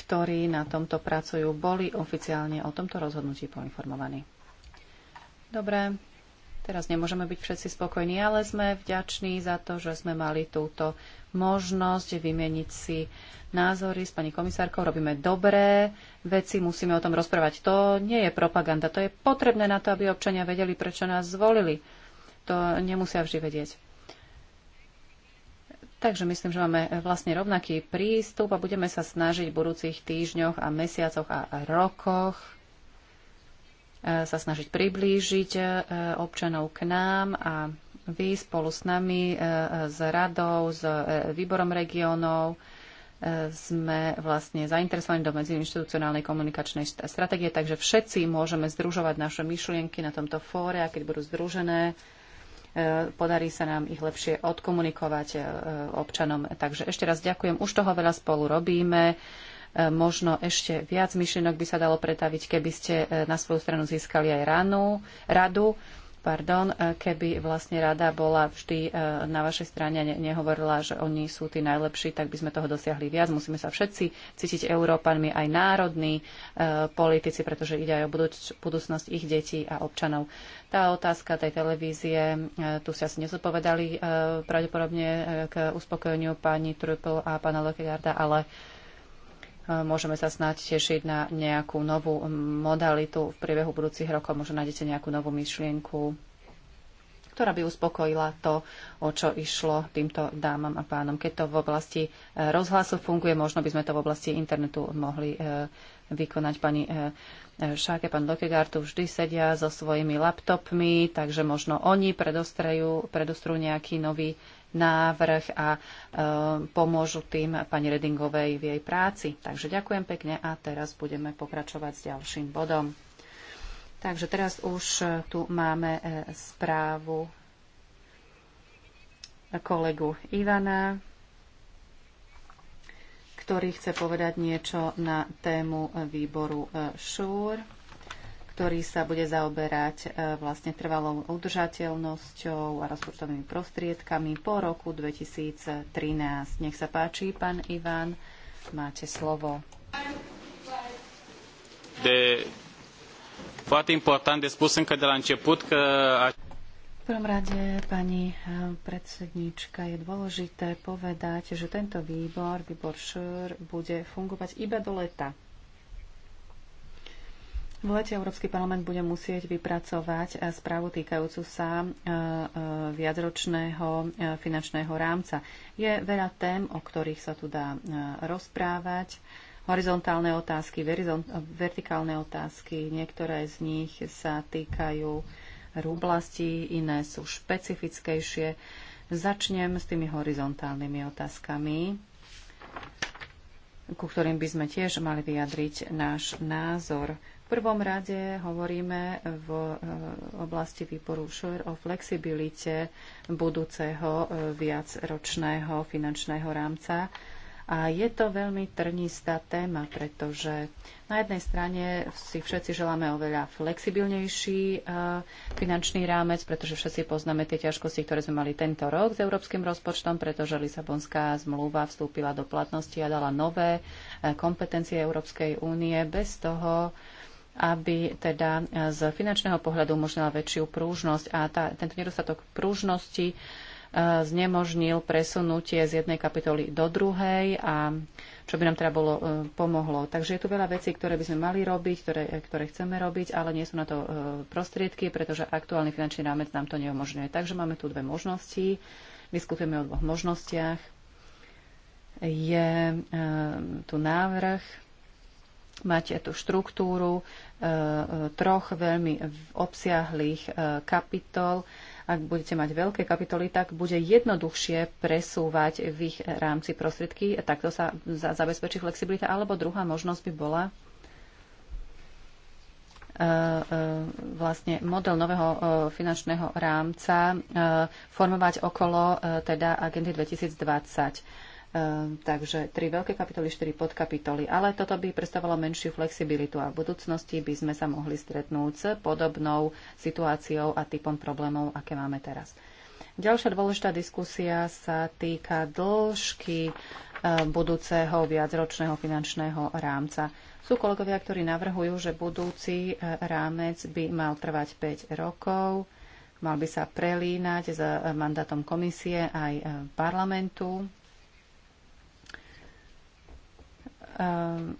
ktorí na tomto pracujú, boli oficiálne o tomto rozhodnutí poinformovaní. Dobre, Teraz nemôžeme byť všetci spokojní, ale sme vďační za to, že sme mali túto možnosť vymeniť si názory s pani komisárkou. Robíme dobré veci, musíme o tom rozprávať. To nie je propaganda, to je potrebné na to, aby občania vedeli, prečo nás zvolili. To nemusia vždy vedieť. Takže myslím, že máme vlastne rovnaký prístup a budeme sa snažiť v budúcich týždňoch a mesiacoch a rokoch E, sa snažiť priblížiť e, občanov k nám a vy spolu s nami, e, s radou, s výborom regiónov sme vlastne zainteresovaní do medziinstitucionálnej komunikačnej stratégie, takže všetci môžeme združovať naše myšlienky na tomto fóre a keď budú združené, podarí sa nám ich lepšie odkomunikovať občanom. Takže ešte raz ďakujem, už toho veľa spolu robíme E, možno ešte viac myšlienok by sa dalo pretaviť, keby ste e, na svoju stranu získali aj ranu, radu, pardon, e, keby vlastne rada bola vždy na vašej strane a nehovorila, že oni sú tí najlepší, tak by sme toho dosiahli viac. Musíme sa všetci cítiť Európanmi, aj národní politici, pretože ide aj o budúcnosť ich detí a občanov. Tá otázka tej televízie, tu si asi nezodpovedali pravdepodobne k uspokojeniu pani Trupel a pána Lokegarda, ale Eh, môžeme sa snáď tešiť na nejakú novú modalitu v priebehu budúcich rokov. Možno nájdete nejakú novú myšlienku, ktorá by uspokojila to, o čo išlo týmto dámam a pánom. Keď to v oblasti eh, rozhlasu funguje, možno by sme to v oblasti internetu mohli eh, vykonať. Pani Šáke, pán Dokegár tu vždy sedia so svojimi laptopmi, takže možno oni predostrejú, predostrú nejaký nový návrh a e, pomôžu tým pani Redingovej v jej práci. Takže ďakujem pekne a teraz budeme pokračovať s ďalším bodom. Takže teraz už e, tu máme e, správu kolegu Ivana, ktorý chce povedať niečo na tému výboru ŠUR ktorý sa bude zaoberať e, vlastne trvalou udržateľnosťou a rozpočtovými prostriedkami po roku 2013. Nech sa páči, pán Ivan, máte slovo. De... Foarte important de spus încă de la început că... V prvom rade, pani e, predsednička, je dôležité povedať, že tento výbor, výbor ŠUR, bude fungovať iba do leta v lete Európsky parlament bude musieť vypracovať eh, správu týkajúcu sa eh, eh, viacročného finančného rámca. Je veľa tém, o ktorých sa tu dá rozprávať. Horizontálne otázky, vertikálne otázky, niektoré z nich sa týkajú rúblasti, iné sú špecifickejšie. Začnem s tými horizontálnymi otázkami, ku ktorým by sme tiež mali vyjadriť náš názor prvom rade hovoríme v e, oblasti výboru ŠOR o flexibilite budúceho e, viacročného finančného rámca. A je to veľmi trnistá téma, pretože na jednej strane si všetci želáme oveľa flexibilnejší e, finančný rámec, pretože všetci poznáme tie ťažkosti, ktoré sme mali tento rok s európskym rozpočtom, pretože Lisabonská zmluva vstúpila do platnosti a dala nové kompetencie Európskej únie bez toho, aby teda e, z finančného pohľadu umožnila väčšiu prúžnosť a tá, tento nedostatok prúžnosti e, znemožnil presunutie z jednej kapitoly do druhej a čo by nám teda bolo, e, pomohlo. Takže je tu veľa vecí, ktoré by sme mali robiť, ktoré, ktoré chceme robiť, ale nie sú na to prostriedky, pretože aktuálny finančný rámec nám to neumožňuje. Takže máme tu dve možnosti. Diskutujeme o dvoch možnostiach. Je tu návrh Máte tú štruktúru e, e, troch veľmi obsiahlých e, kapitol. Ak budete mať veľké kapitoly, tak bude jednoduchšie presúvať v ich rámci prostriedky. Takto sa zabezpečí flexibilita. Alebo druhá možnosť by bola vlastne model nového finančného rámca formovať okolo teda agendy 2020 Ehm, takže tri veľké kapitoly, štyri podkapitoly. Ale toto by predstavovalo menšiu flexibilitu a v budúcnosti by sme sa mohli stretnúť s podobnou situáciou a typom problémov, aké máme teraz. Ďalšia dôležitá diskusia sa týka dĺžky ehm, budúceho viacročného finančného rámca. Sú kolegovia, ktorí navrhujú, že budúci e, rámec by mal trvať 5 rokov, mal by sa prelínať s e, mandátom komisie aj e, parlamentu Ehm,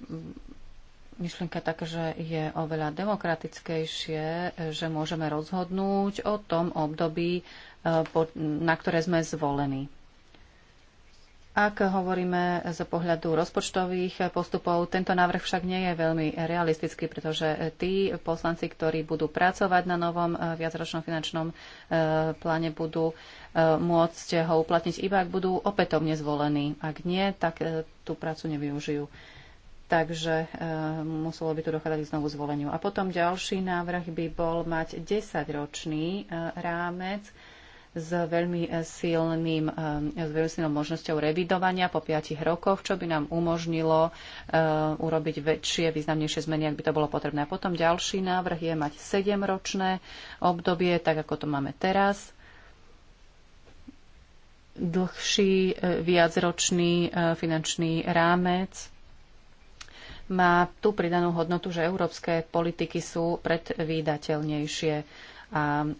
myšlienka taká, že je oveľa demokratickejšie, že môžeme rozhodnúť o tom období, eh, na ktoré sme zvolení. Ak hovoríme z pohľadu rozpočtových postupov, tento návrh však nie je veľmi realistický, pretože tí poslanci, ktorí budú pracovať na novom eh, viacročnom finančnom eh, pláne, budú eh, môcť ho uplatniť iba, ak budú opätovne zvolení. Ak nie, tak tú prácu nevyužijú. Takže muselo by tu dochádzať znovu zvoleniu. A potom ďalší návrh by bol mať 10-ročný rámec s veľmi e, silným, e, s veľmi silnou možnosťou revidovania po 5 rokoch, čo by nám umožnilo e, urobiť väčšie, významnejšie zmeny, ak by to bolo potrebné. A potom ďalší návrh je mať 7-ročné obdobie, tak ako to máme teraz dlhší viacročný finančný rámec má tú pridanú hodnotu, že európske politiky sú predvídateľnejšie a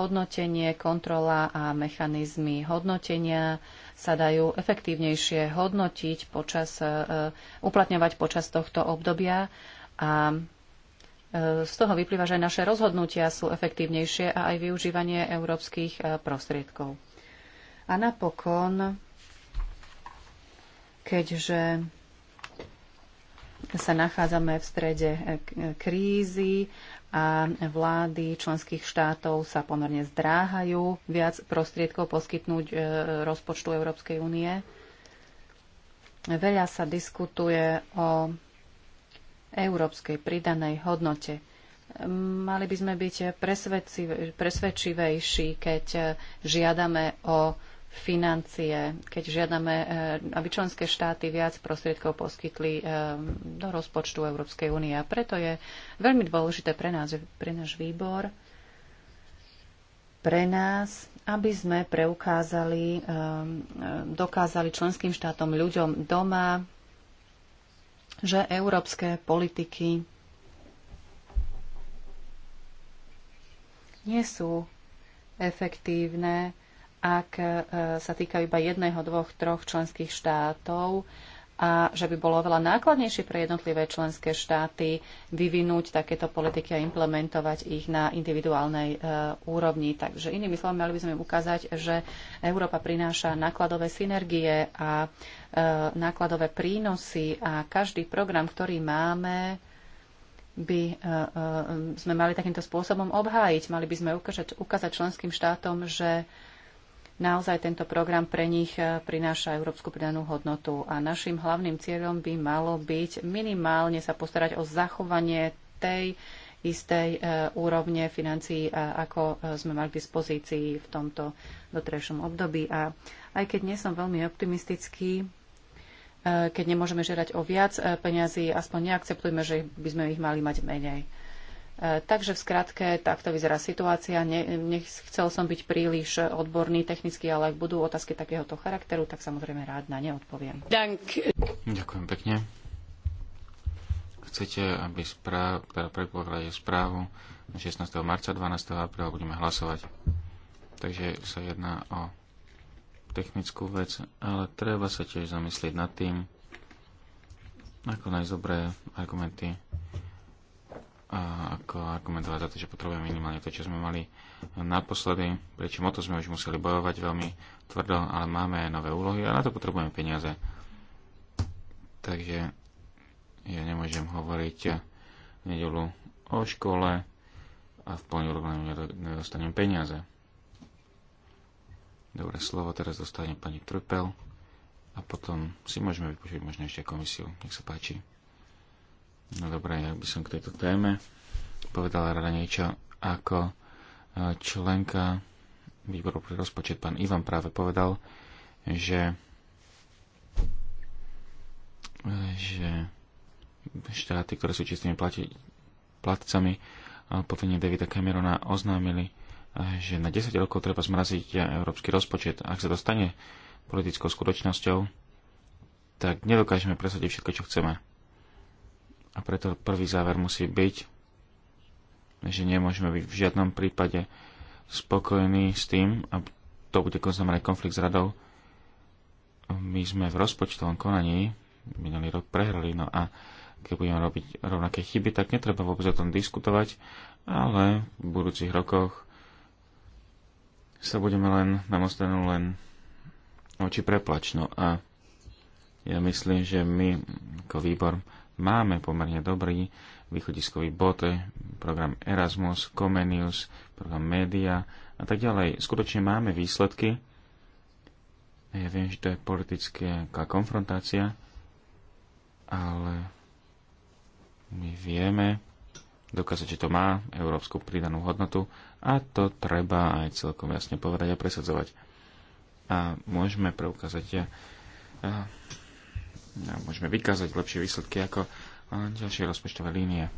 hodnotenie, kontrola a mechanizmy hodnotenia sa dajú efektívnejšie hodnotiť počas, e, uplatňovať počas tohto obdobia a e, z toho vyplýva, že naše rozhodnutia sú efektívnejšie a aj využívanie európskych e, prostriedkov. A napokon, keďže sa nachádzame v strede krízy, a vlády členských štátov sa pomerne zdráhajú viac prostriedkov poskytnúť e, rozpočtu Európskej únie. Veľa sa diskutuje o európskej pridanej hodnote. Mali by sme byť presvedčivejší, keď e, žiadame o financie, keď žiadame, eh, aby členské štáty viac prostriedkov poskytli eh, do rozpočtu Európskej únie. A preto je veľmi dôležité pre nás, pre náš výbor, pre nás, aby sme preukázali, eh, dokázali členským štátom, ľuďom doma, že európske politiky nie sú efektívne ak e, sa týka iba jedného, dvoch, troch členských štátov a že by bolo oveľa nákladnejšie pre jednotlivé členské štáty vyvinúť takéto politiky a implementovať ich na individuálnej e, úrovni. Takže inými slovami, mali by sme ukázať, že Európa prináša nákladové synergie a e, nákladové prínosy a každý program, ktorý máme, by e, e, sme mali takýmto spôsobom obhájiť. Mali by sme ukázať, ukázať členským štátom, že naozaj tento program pre nich e, prináša európsku pridanú hodnotu. A našim hlavným cieľom by malo byť minimálne sa postarať o zachovanie tej istej e, úrovne financií, ako e, sme mali k dispozícii v tomto doterajšom období. A aj keď nie som veľmi optimistický, keď nemôžeme žiadať o viac peňazí, aspoň neakceptujme, že by sme ich mali mať menej. E, takže v skratke, takto vyzerá situácia. Ne, nechcel som byť príliš odborný technicky, ale ak budú otázky takéhoto charakteru, tak samozrejme rád na ne odpoviem. Dank. Ďakujem pekne. Chcete, aby správ, teda správu 16. marca, 12. apríla budeme hlasovať. Takže sa jedná o technickú vec, ale treba sa tiež zamyslieť nad tým, ako nájsť dobré argumenty ako argumentovať za to, že potrebujeme minimálne to, čo sme mali naposledy, prečo o to sme už museli bojovať veľmi tvrdo, ale máme aj nové úlohy a na to potrebujeme peniaze. Takže ja nemôžem hovoriť v nedelu o škole a v plný úrovni nedostanem peniaze. Dobre, slovo teraz dostane pani Trpel a potom si môžeme vypočuť možno ešte komisiu. Nech sa páči. No dobré, ja by som k tejto téme povedala rada niečo ako e, členka výboru pre rozpočet. Pán Ivan práve povedal, že, že štáty, ktoré sú čistými plati, platcami e, povinne Davida Camerona oznámili, e, že na 10 rokov treba zmraziť európsky rozpočet. Ak sa dostane politickou skutočnosťou, tak nedokážeme presadiť všetko, čo chceme a preto prvý záver musí byť, že nemôžeme byť v žiadnom prípade spokojní s tým, a to bude znamená konflikt s radou, my sme v rozpočtovom konaní minulý rok prehrali, no a keď budeme robiť rovnaké chyby, tak netreba vôbec o tom diskutovať, ale v budúcich rokoch sa budeme len, na mostenu len oči preplačnú no a ja myslím, že my ako výbor máme pomerne dobrý východiskový bod, eh, program Erasmus, Comenius, program Media a tak ďalej. Skutočne máme výsledky. Ja viem, že to je politická konfrontácia, ale my vieme dokázať, že to má európsku pridanú hodnotu a to treba aj celkom jasne povedať a presadzovať. A môžeme preukázať eh, no, môžeme vykázať lepšie výsledky ako ďalšie rozpočtové línie.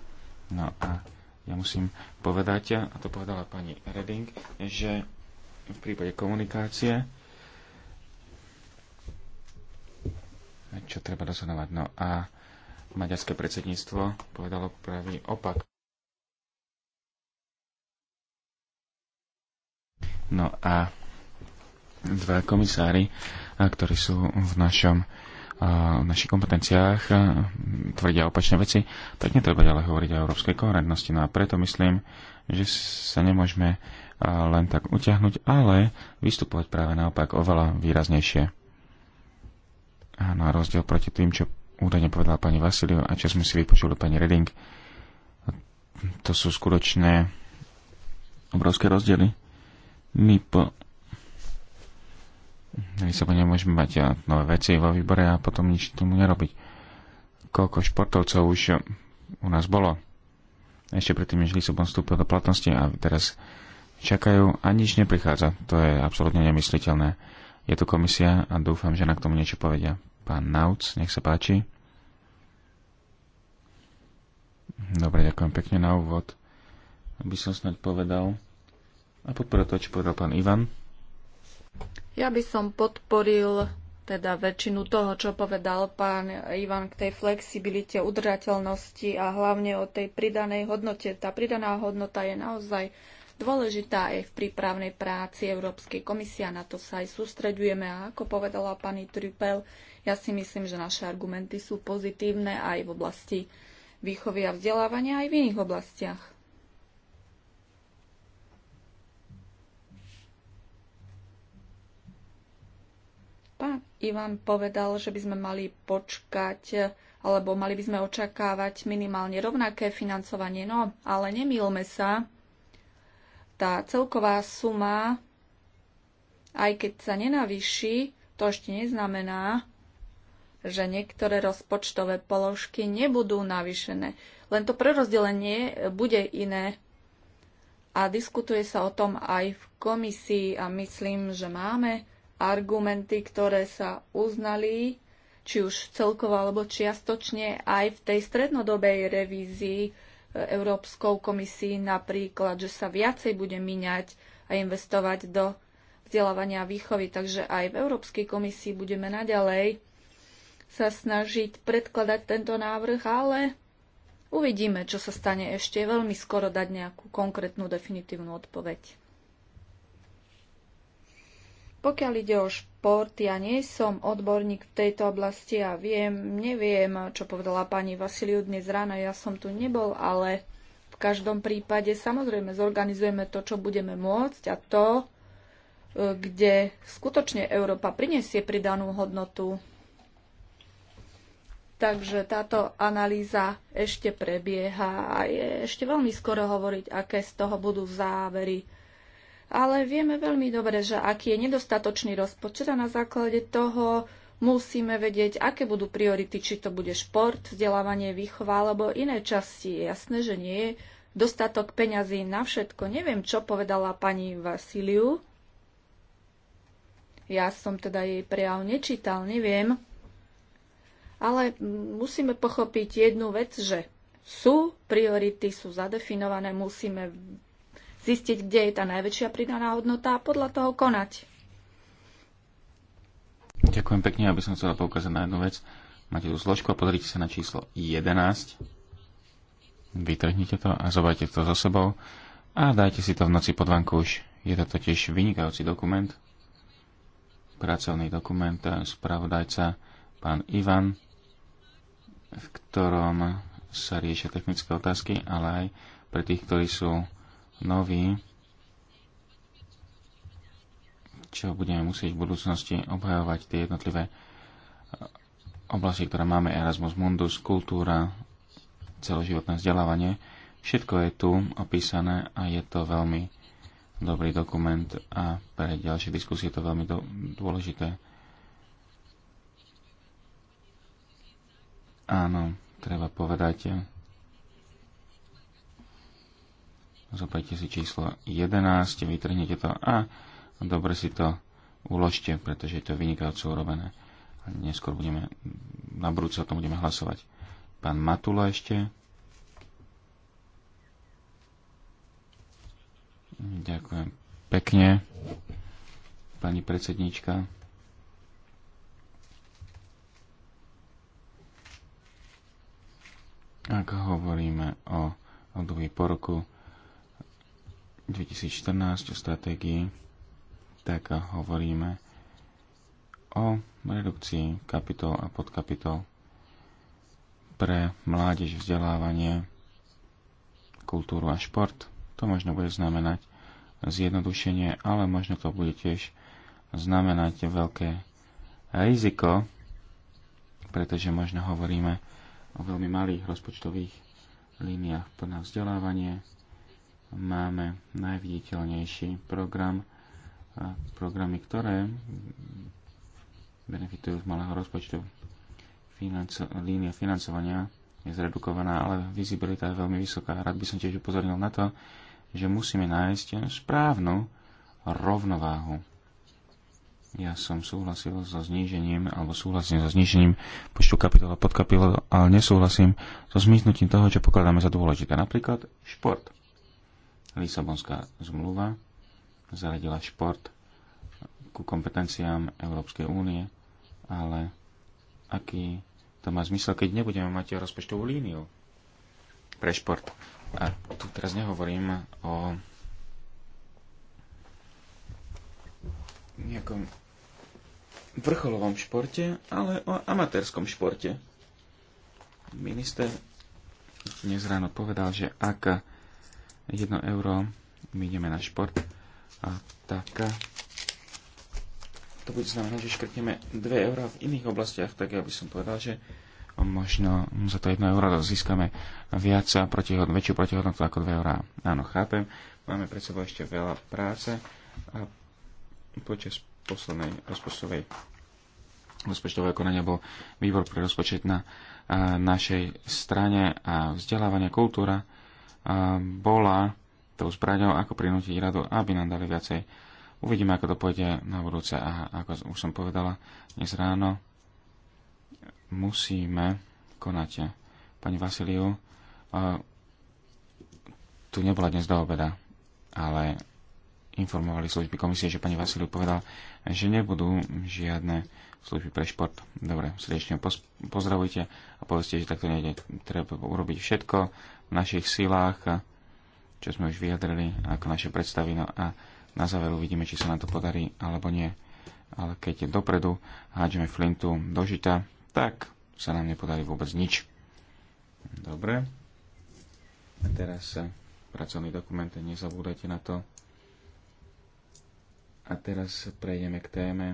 No a ja musím povedať, a to povedala pani Reding, že v prípade komunikácie čo treba dosanovať. No a maďarské predsedníctvo povedalo pravý opak. No a dva komisári, ktorí sú v našom v našich kompetenciách e, tvrdia opačné veci, tak netreba ďalej hovoriť o európskej koherentnosti. No a preto myslím, že sa nemôžeme e, len tak utiahnuť, ale vystupovať práve naopak oveľa výraznejšie. A na rozdiel proti tým, čo údajne povedala pani Vasiliu a čo sme si vypočuli pani Reding, to sú skutočné obrovské rozdiely. My po Lisabone môžeme mať eh, nové veci vo výbore a potom nič tomu nerobiť. Koľko športovcov už eh, u nás bolo ešte predtým, než Lisabon vstúpil do platnosti a teraz čakajú a nič neprichádza. To je absolútne nemysliteľné. Je tu komisia a dúfam, že na k tomu niečo povedia. Pán Nauc, nech sa páči. Dobre, ďakujem pekne na úvod. aby som snad povedal a podporil to, čo povedal pán Ivan. Ja by som podporil teda väčšinu toho, čo povedal pán Ivan k tej flexibilite, udržateľnosti a hlavne o tej pridanej hodnote. Tá pridaná hodnota je naozaj dôležitá aj v prípravnej práci Európskej komisie a na to sa aj sústreďujeme. A ako povedala pani Trupel, ja si myslím, že naše argumenty sú pozitívne aj v oblasti výchovy a vzdelávania, aj v iných oblastiach. Pán Ivan povedal, že by sme mali počkať alebo mali by sme očakávať minimálne rovnaké financovanie. No, ale nemýlme sa, tá celková suma, aj keď sa nenavýši, to ešte neznamená, že niektoré rozpočtové položky nebudú navýšené. Len to prerozdelenie bude iné. A diskutuje sa o tom aj v komisii a myslím, že máme argumenty, ktoré sa uznali, či už celkovo alebo čiastočne aj v tej strednodobej revízii e, Európskou komisii napríklad, že sa viacej bude miňať a investovať do vzdelávania a výchovy. Takže aj v Európskej komisii budeme naďalej sa snažiť predkladať tento návrh, ale uvidíme, čo sa stane ešte. Veľmi skoro dať nejakú konkrétnu definitívnu odpoveď. Pokiaľ ide o šport, ja nie som odborník v tejto oblasti a viem, neviem, čo povedala pani Vasiliu dnes ráno, ja som tu nebol, ale v každom prípade samozrejme zorganizujeme to, čo budeme môcť a to, e, kde skutočne Európa prinesie pridanú hodnotu. Takže táto analýza ešte prebieha a je ešte veľmi skoro hovoriť, aké z toho budú závery ale vieme veľmi dobre, že aký je nedostatočný rozpočet a na základe toho musíme vedieť, aké budú priority, či to bude šport, vzdelávanie, výchova alebo iné časti. Je jasné, že nie je dostatok peňazí na všetko. Neviem, čo povedala pani Vasiliu. Ja som teda jej prejav nečítal, neviem. Ale musíme pochopiť jednu vec, že sú priority, sú zadefinované, musíme zistiť, kde je tá najväčšia pridaná hodnota a podľa toho konať. Ďakujem pekne, aby som chcela poukázať na jednu vec. Máte tú zložku a pozrite sa na číslo 11. Vytrhnite to a zobajte to so sebou a dajte si to v noci pod vankúš. Je to totiž vynikajúci dokument, pracovný dokument eh, spravodajca pán Ivan, v ktorom sa riešia technické otázky, ale aj pre tých, ktorí sú nový, čo budeme musieť v budúcnosti obhajovať tie jednotlivé eh, oblasti, ktoré máme, Erasmus Mundus, kultúra, celoživotné vzdelávanie. Všetko je tu opísané a je to veľmi dobrý dokument a pre ďalšie diskusie je to veľmi dôležité. Áno, treba povedať, zopajte si číslo 11, vytrhnete to a dobre si to uložte, pretože je to vynikajúco urobené. A neskôr budeme, na budúce o tom budeme hlasovať. Pán Matula ešte. Ďakujem pekne, pani predsednička. Ak hovoríme o období po roku, 2014 o stratégii, tak hovoríme o redukcii kapitol a podkapitol pre mládež, vzdelávanie, kultúru a šport. To možno bude znamenať zjednodušenie, ale možno to bude tiež znamenať veľké riziko, pretože možno hovoríme o veľmi malých rozpočtových líniách na vzdelávanie, máme najviditeľnejší program, programy, ktoré benefitujú z malého rozpočtu. Financo, línia financovania je zredukovaná, ale vizibilita je veľmi vysoká. Rád by som tiež upozornil na to, že musíme nájsť správnu rovnováhu. Ja som súhlasil so znížením, alebo súhlasím so znížením počtu kapitol a podkapitol, ale nesúhlasím so zmiznutím toho, čo pokladáme za dôležité. Napríklad šport Lisabonská zmluva zaradila šport ku kompetenciám Európskej únie, ale aký to má zmysel, keď nebudeme mať rozpočtovú líniu pre šport. A tu teraz nehovorím o nejakom vrcholovom športe, ale o amatérskom športe. Minister dnes ráno povedal, že ak 1 euro, my ideme na šport a tak to bude znamená, že škrtneme 2 eurá v iných oblastiach, tak ja by som povedal, že možno za to 1 euro získame viac a protihod, väčšiu protihodnotu ako 2 eurá. Áno, chápem, máme pred sebou ešte veľa práce a počas poslednej rozpočtovej rozpočtového konania bol výbor pre rozpočet na našej strane a vzdelávanie kultúra bola tou zbraňou, ako prinútiť radu, aby nám dali viacej. Uvidíme, ako to pôjde na budúce a ako už som povedala dnes ráno, musíme konať. Pani Vasiliu, tu nebola dnes do obeda, ale informovali služby komisie, že pani Vasiliu povedal, že nebudú žiadne služby pre šport. Dobre, srdečne pozdravujte a povedzte, že takto nejde. Treba urobiť všetko, v našich silách, čo sme už vyjadrili ako naše predstavy no a na záver uvidíme, či sa nám to podarí alebo nie. Ale keď dopredu hádžeme flintu do žita, tak sa nám nepodarí vôbec nič. Dobre. A teraz eh, pracovný dokument, nezabúdajte na to. A teraz prejdeme k téme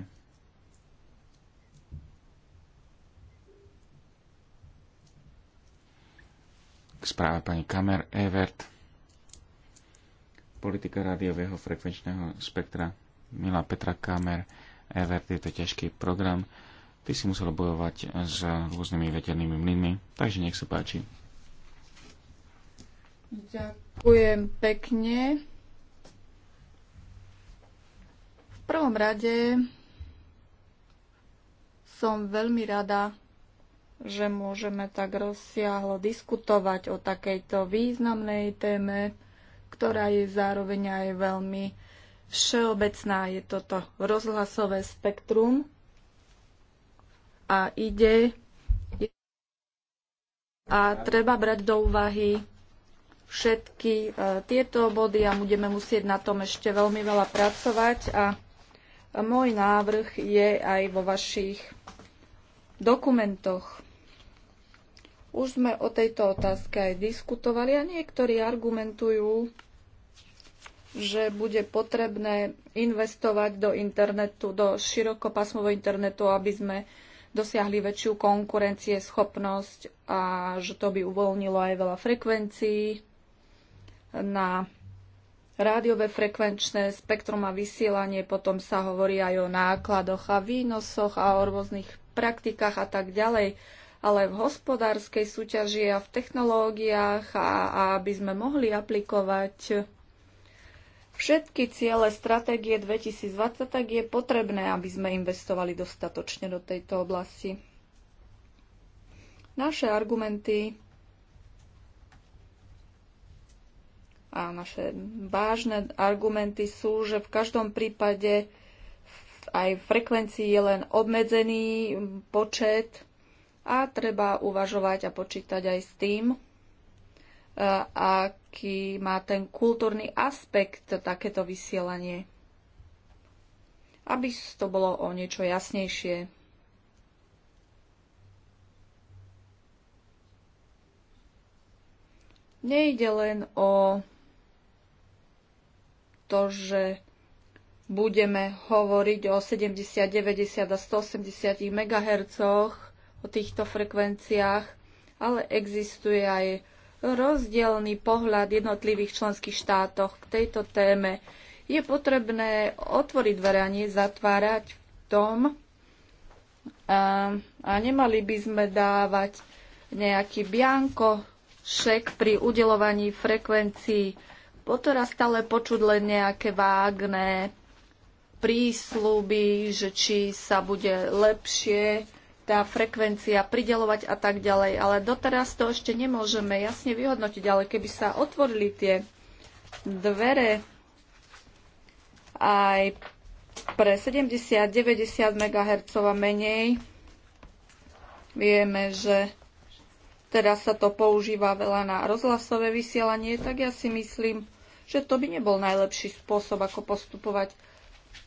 k správe pani Kamer Evert. Politika rádiového frekvenčného spektra. Milá Petra Kamer Evert, je to ťažký program. Ty si musel bojovať s rôznymi veternými mlynmi, takže nech sa páči. Ďakujem pekne. V prvom rade som veľmi rada, že môžeme tak rozsiahlo diskutovať o takejto významnej téme, ktorá je zároveň aj veľmi všeobecná. Je toto rozhlasové spektrum a ide a treba brať do úvahy všetky e, tieto body a budeme musieť na tom ešte veľmi veľa pracovať a môj návrh je aj vo vašich dokumentoch. Už sme o tejto otázke aj diskutovali a niektorí argumentujú, že bude potrebné investovať do internetu, do širokopásmového internetu, aby sme dosiahli väčšiu konkurencie, schopnosť a že to by uvoľnilo aj veľa frekvencií na rádiové frekvenčné spektrum a vysielanie. Potom sa hovorí aj o nákladoch a výnosoch a o rôznych praktikách a tak ďalej ale v hospodárskej súťaži a v technológiách a, a aby sme mohli aplikovať všetky ciele stratégie 2020, tak je potrebné, aby sme investovali dostatočne do tejto oblasti. Naše argumenty a naše vážne argumenty sú, že v každom prípade aj frekvencii je len obmedzený počet a treba uvažovať a počítať aj s tým, e, aký má ten kultúrny aspekt takéto vysielanie. Aby to bolo o niečo jasnejšie. Nejde len o to, že budeme hovoriť o 70, 90 a 180 MHz, o týchto frekvenciách, ale existuje aj rozdielný pohľad jednotlivých členských štátoch k tejto téme. Je potrebné otvoriť dvere a nie zatvárať v tom a, a nemali by sme dávať nejaký bianko šek pri udelovaní frekvencií. Poteraz stále počuť len nejaké vágné prísluby, že či sa bude lepšie tá frekvencia pridelovať a tak ďalej. Ale doteraz to ešte nemôžeme jasne vyhodnotiť, ale keby sa otvorili tie dvere aj pre 70-90 MHz a menej, vieme, že teraz sa to používa veľa na rozhlasové vysielanie, tak ja si myslím, že to by nebol najlepší spôsob, ako postupovať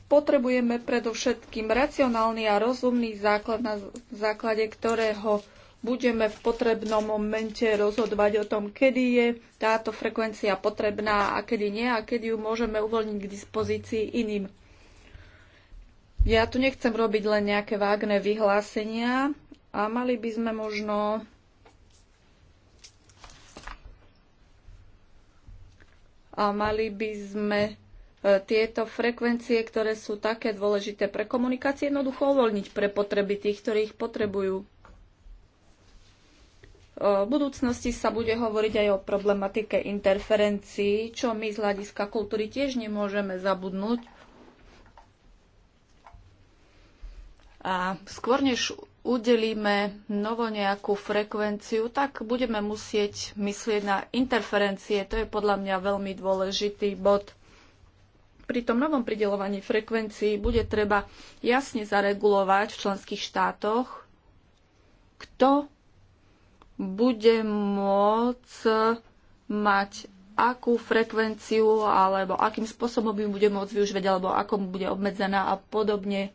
potrebujeme predovšetkým racionálny a rozumný základ, na základe ktorého budeme v potrebnom momente rozhodovať o tom, kedy je táto frekvencia potrebná a kedy nie a kedy ju môžeme uvoľniť k dispozícii iným. Ja tu nechcem robiť len nejaké vágne vyhlásenia a mali by sme možno a mali by sme tieto frekvencie, ktoré sú také dôležité pre komunikácie, jednoducho uvoľniť pre potreby tých, ktorí ich potrebujú. V budúcnosti sa bude hovoriť aj o problematike interferencií, čo my z hľadiska kultúry tiež nemôžeme zabudnúť. A skôr než udelíme novo nejakú frekvenciu, tak budeme musieť myslieť na interferencie. To je podľa mňa veľmi dôležitý bod pri tom novom pridelovaní frekvencií bude treba jasne zaregulovať v členských štátoch, kto bude môcť mať akú frekvenciu alebo akým spôsobom ju bude môcť využívať alebo ako bude obmedzená a podobne.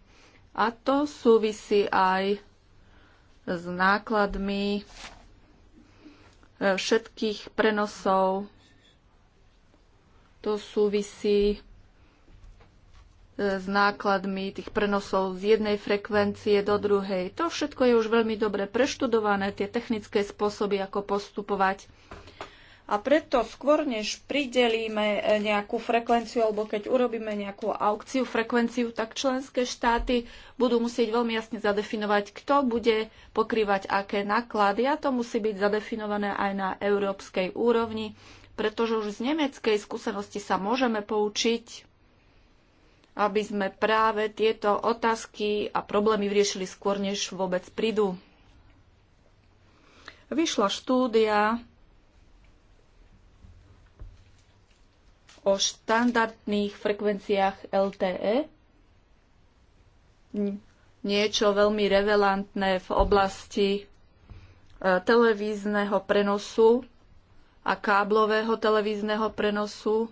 A to súvisí aj s nákladmi e, všetkých prenosov. To súvisí E, s nákladmi tých prenosov z jednej frekvencie do druhej. To všetko je už veľmi dobre preštudované, tie technické spôsoby, ako postupovať. A preto skôr, než pridelíme e, nejakú frekvenciu alebo keď urobíme nejakú aukciu frekvenciu, tak členské štáty budú musieť veľmi jasne zadefinovať, kto bude pokrývať aké náklady a to musí byť zadefinované aj na európskej úrovni, pretože už z nemeckej skúsenosti sa môžeme poučiť aby sme práve tieto otázky a problémy vyriešili skôr, než vôbec prídu. Vyšla štúdia o štandardných frekvenciách LTE. Niečo veľmi revelantné v oblasti e, televízneho prenosu a káblového televízneho prenosu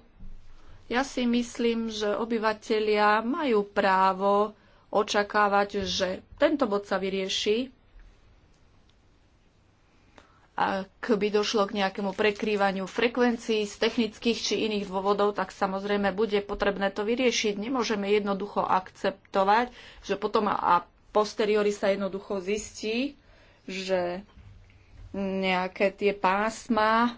ja si myslím, že obyvatelia majú právo očakávať, že tento bod sa vyrieši, ak by došlo k nejakému prekrývaniu frekvencií z technických či iných dôvodov, tak samozrejme bude potrebné to vyriešiť. Nemôžeme jednoducho akceptovať, že potom a posteriori sa jednoducho zistí, že nejaké tie pásma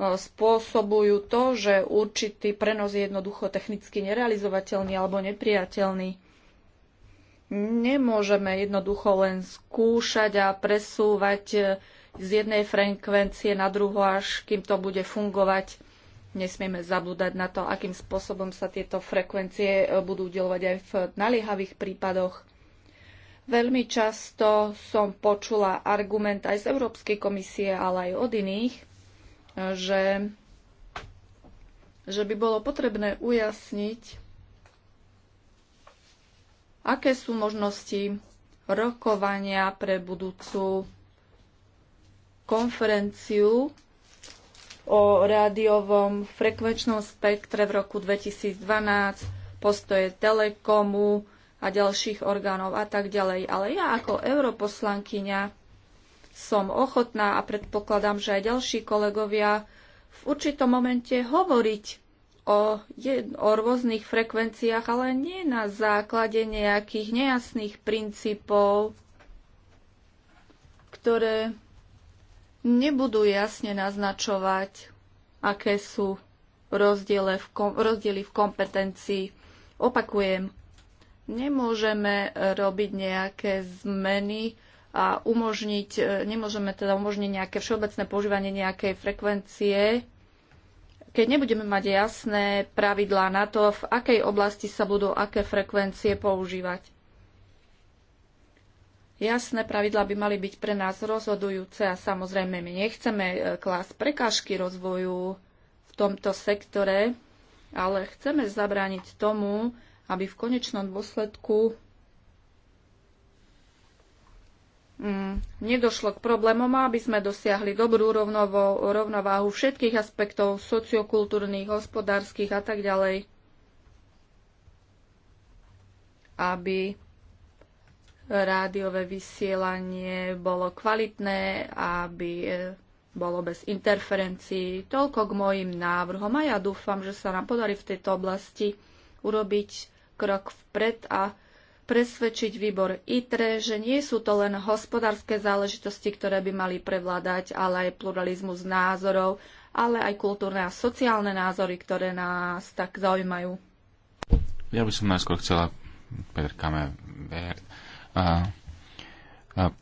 E, spôsobujú to, že určitý prenos je jednoducho technicky nerealizovateľný alebo nepriateľný. Nemôžeme jednoducho len skúšať a presúvať e, z jednej frekvencie na druhú, až kým to bude fungovať. Nesmieme zabúdať na to, akým spôsobom sa tieto frekvencie e, budú udelovať aj v naliehavých prípadoch. Veľmi často som počula argument aj z Európskej komisie, ale aj od iných, že, že by bolo potrebné ujasniť, aké sú možnosti rokovania pre budúcu konferenciu o rádiovom frekvenčnom spektre v roku 2012, postoje Telekomu a ďalších orgánov a tak ďalej. Ale ja ako europoslankyňa som ochotná a predpokladám, že aj ďalší kolegovia v určitom momente hovoriť o, o rôznych frekvenciách, ale nie na základe nejakých nejasných princípov, ktoré nebudú jasne naznačovať, aké sú rozdiely v, kom- rozdiely v kompetencii. Opakujem, nemôžeme robiť nejaké zmeny, a umožniť, e, nemôžeme teda umožniť nejaké všeobecné používanie nejakej frekvencie, keď nebudeme mať jasné pravidlá na to, v akej oblasti sa budú aké frekvencie používať. Jasné pravidlá by mali byť pre nás rozhodujúce a samozrejme my nechceme e, klásť prekážky rozvoju v tomto sektore, ale chceme zabrániť tomu, aby v konečnom dôsledku Mm, nedošlo k problémom, aby sme dosiahli dobrú rovnováhu všetkých aspektov sociokultúrnych, hospodárskych a tak ďalej, aby rádiové vysielanie bolo kvalitné, aby e, bolo bez interferencií. Toľko k mojim návrhom a ja dúfam, že sa nám podarí v tejto oblasti urobiť krok vpred a presvedčiť výbor ITRE, že nie sú to len hospodárske záležitosti, ktoré by mali prevládať, ale aj pluralizmus názorov, ale aj kultúrne a sociálne názory, ktoré nás tak zaujímajú. Ja by som najskôr chcela, Peter Kame, a, a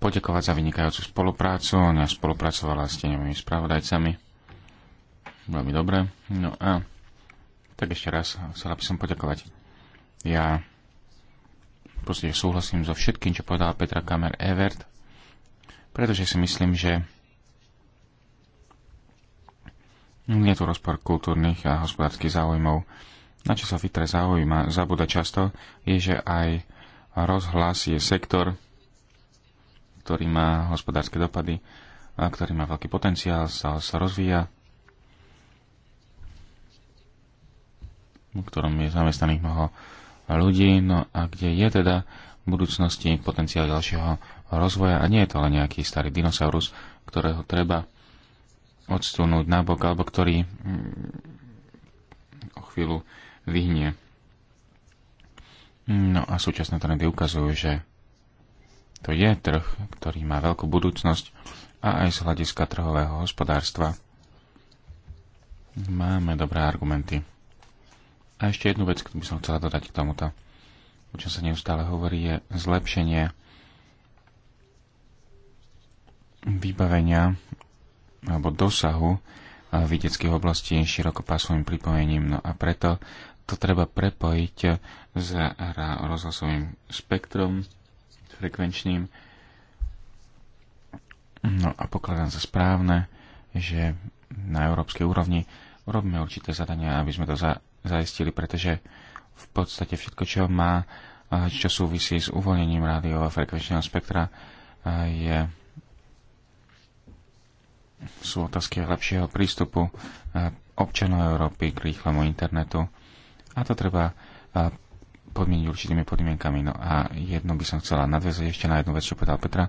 poďakovať za vynikajúcu spoluprácu. Ona spolupracovala s tenovými spravodajcami. Veľmi dobre. No a tak ešte raz chcela by som poďakovať. Ja podstate súhlasím so všetkým, čo povedala Petra Kamer Evert, pretože si myslím, že nie je tu rozpor kultúrnych a hospodárskych záujmov. Na čo sa Fitre zaujíma, zabúda často, je, že aj rozhlas je sektor, ktorý má hospodárske dopady, a ktorý má veľký potenciál, sa, sa rozvíja, v ktorom je zamestnaných mnoho ľudí, no a kde je teda v budúcnosti potenciál ďalšieho rozvoja a nie je to len nejaký starý dinosaurus, ktorého treba odstúnuť nabok alebo ktorý mm, o chvíľu vyhnie. No a súčasné trendy ukazujú, že to je trh, ktorý má veľkú budúcnosť a aj z hľadiska trhového hospodárstva. Máme dobré argumenty. A ešte jednu vec, ktorú by som chcela dodať k tomuto, o čom sa neustále hovorí, je zlepšenie vybavenia alebo dosahu videckých oblastí širokopásovým pripojením. No a preto to treba prepojiť s rozhlasovým spektrom frekvenčným. No a pokladám za správne, že na európskej úrovni robíme určité zadania, aby sme to za, zaistili, pretože v podstate všetko, čo má, čo súvisí s uvoľnením rádiového frekvenčného spektra, je sú otázky lepšieho prístupu občanov Európy k rýchlemu internetu. A to treba podmieniť určitými podmienkami. No a jednu by som chcela nadväzať ešte na jednu vec, čo povedal Petra,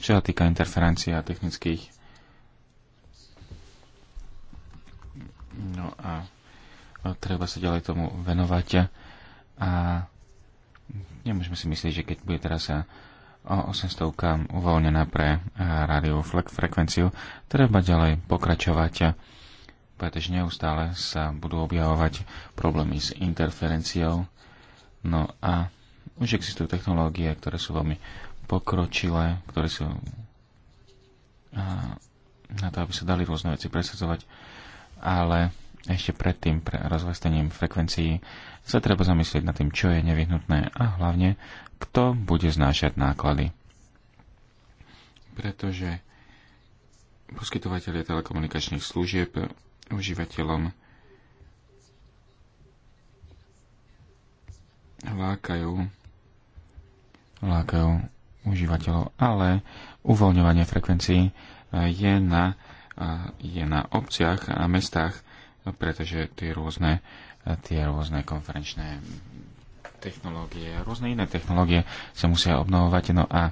čo sa týka interferencií a technických. No a treba sa ďalej tomu venovať a nemôžeme si myslieť, že keď bude teraz o 800 uvoľnená pre eh, rádiovú frekvenciu, treba ďalej pokračovať, pretože neustále sa budú objavovať problémy s interferenciou. No a už existujú technológie, ktoré sú veľmi pokročilé, ktoré sú eh, na to, aby sa dali rôzne veci presadzovať, ale ešte predtým, pre rozvrstením frekvencií, sa treba zamyslieť nad tým, čo je nevyhnutné a hlavne, kto bude znášať náklady. Pretože poskytovateľe telekomunikačných služieb užívateľom lákajú, lákajú užívateľov, ale uvoľňovanie frekvencií eh, je na, eh, je na obciach a mestách, pretože tie rôzne, tie rôzne konferenčné technológie a rôzne iné technológie sa musia obnovovať. No a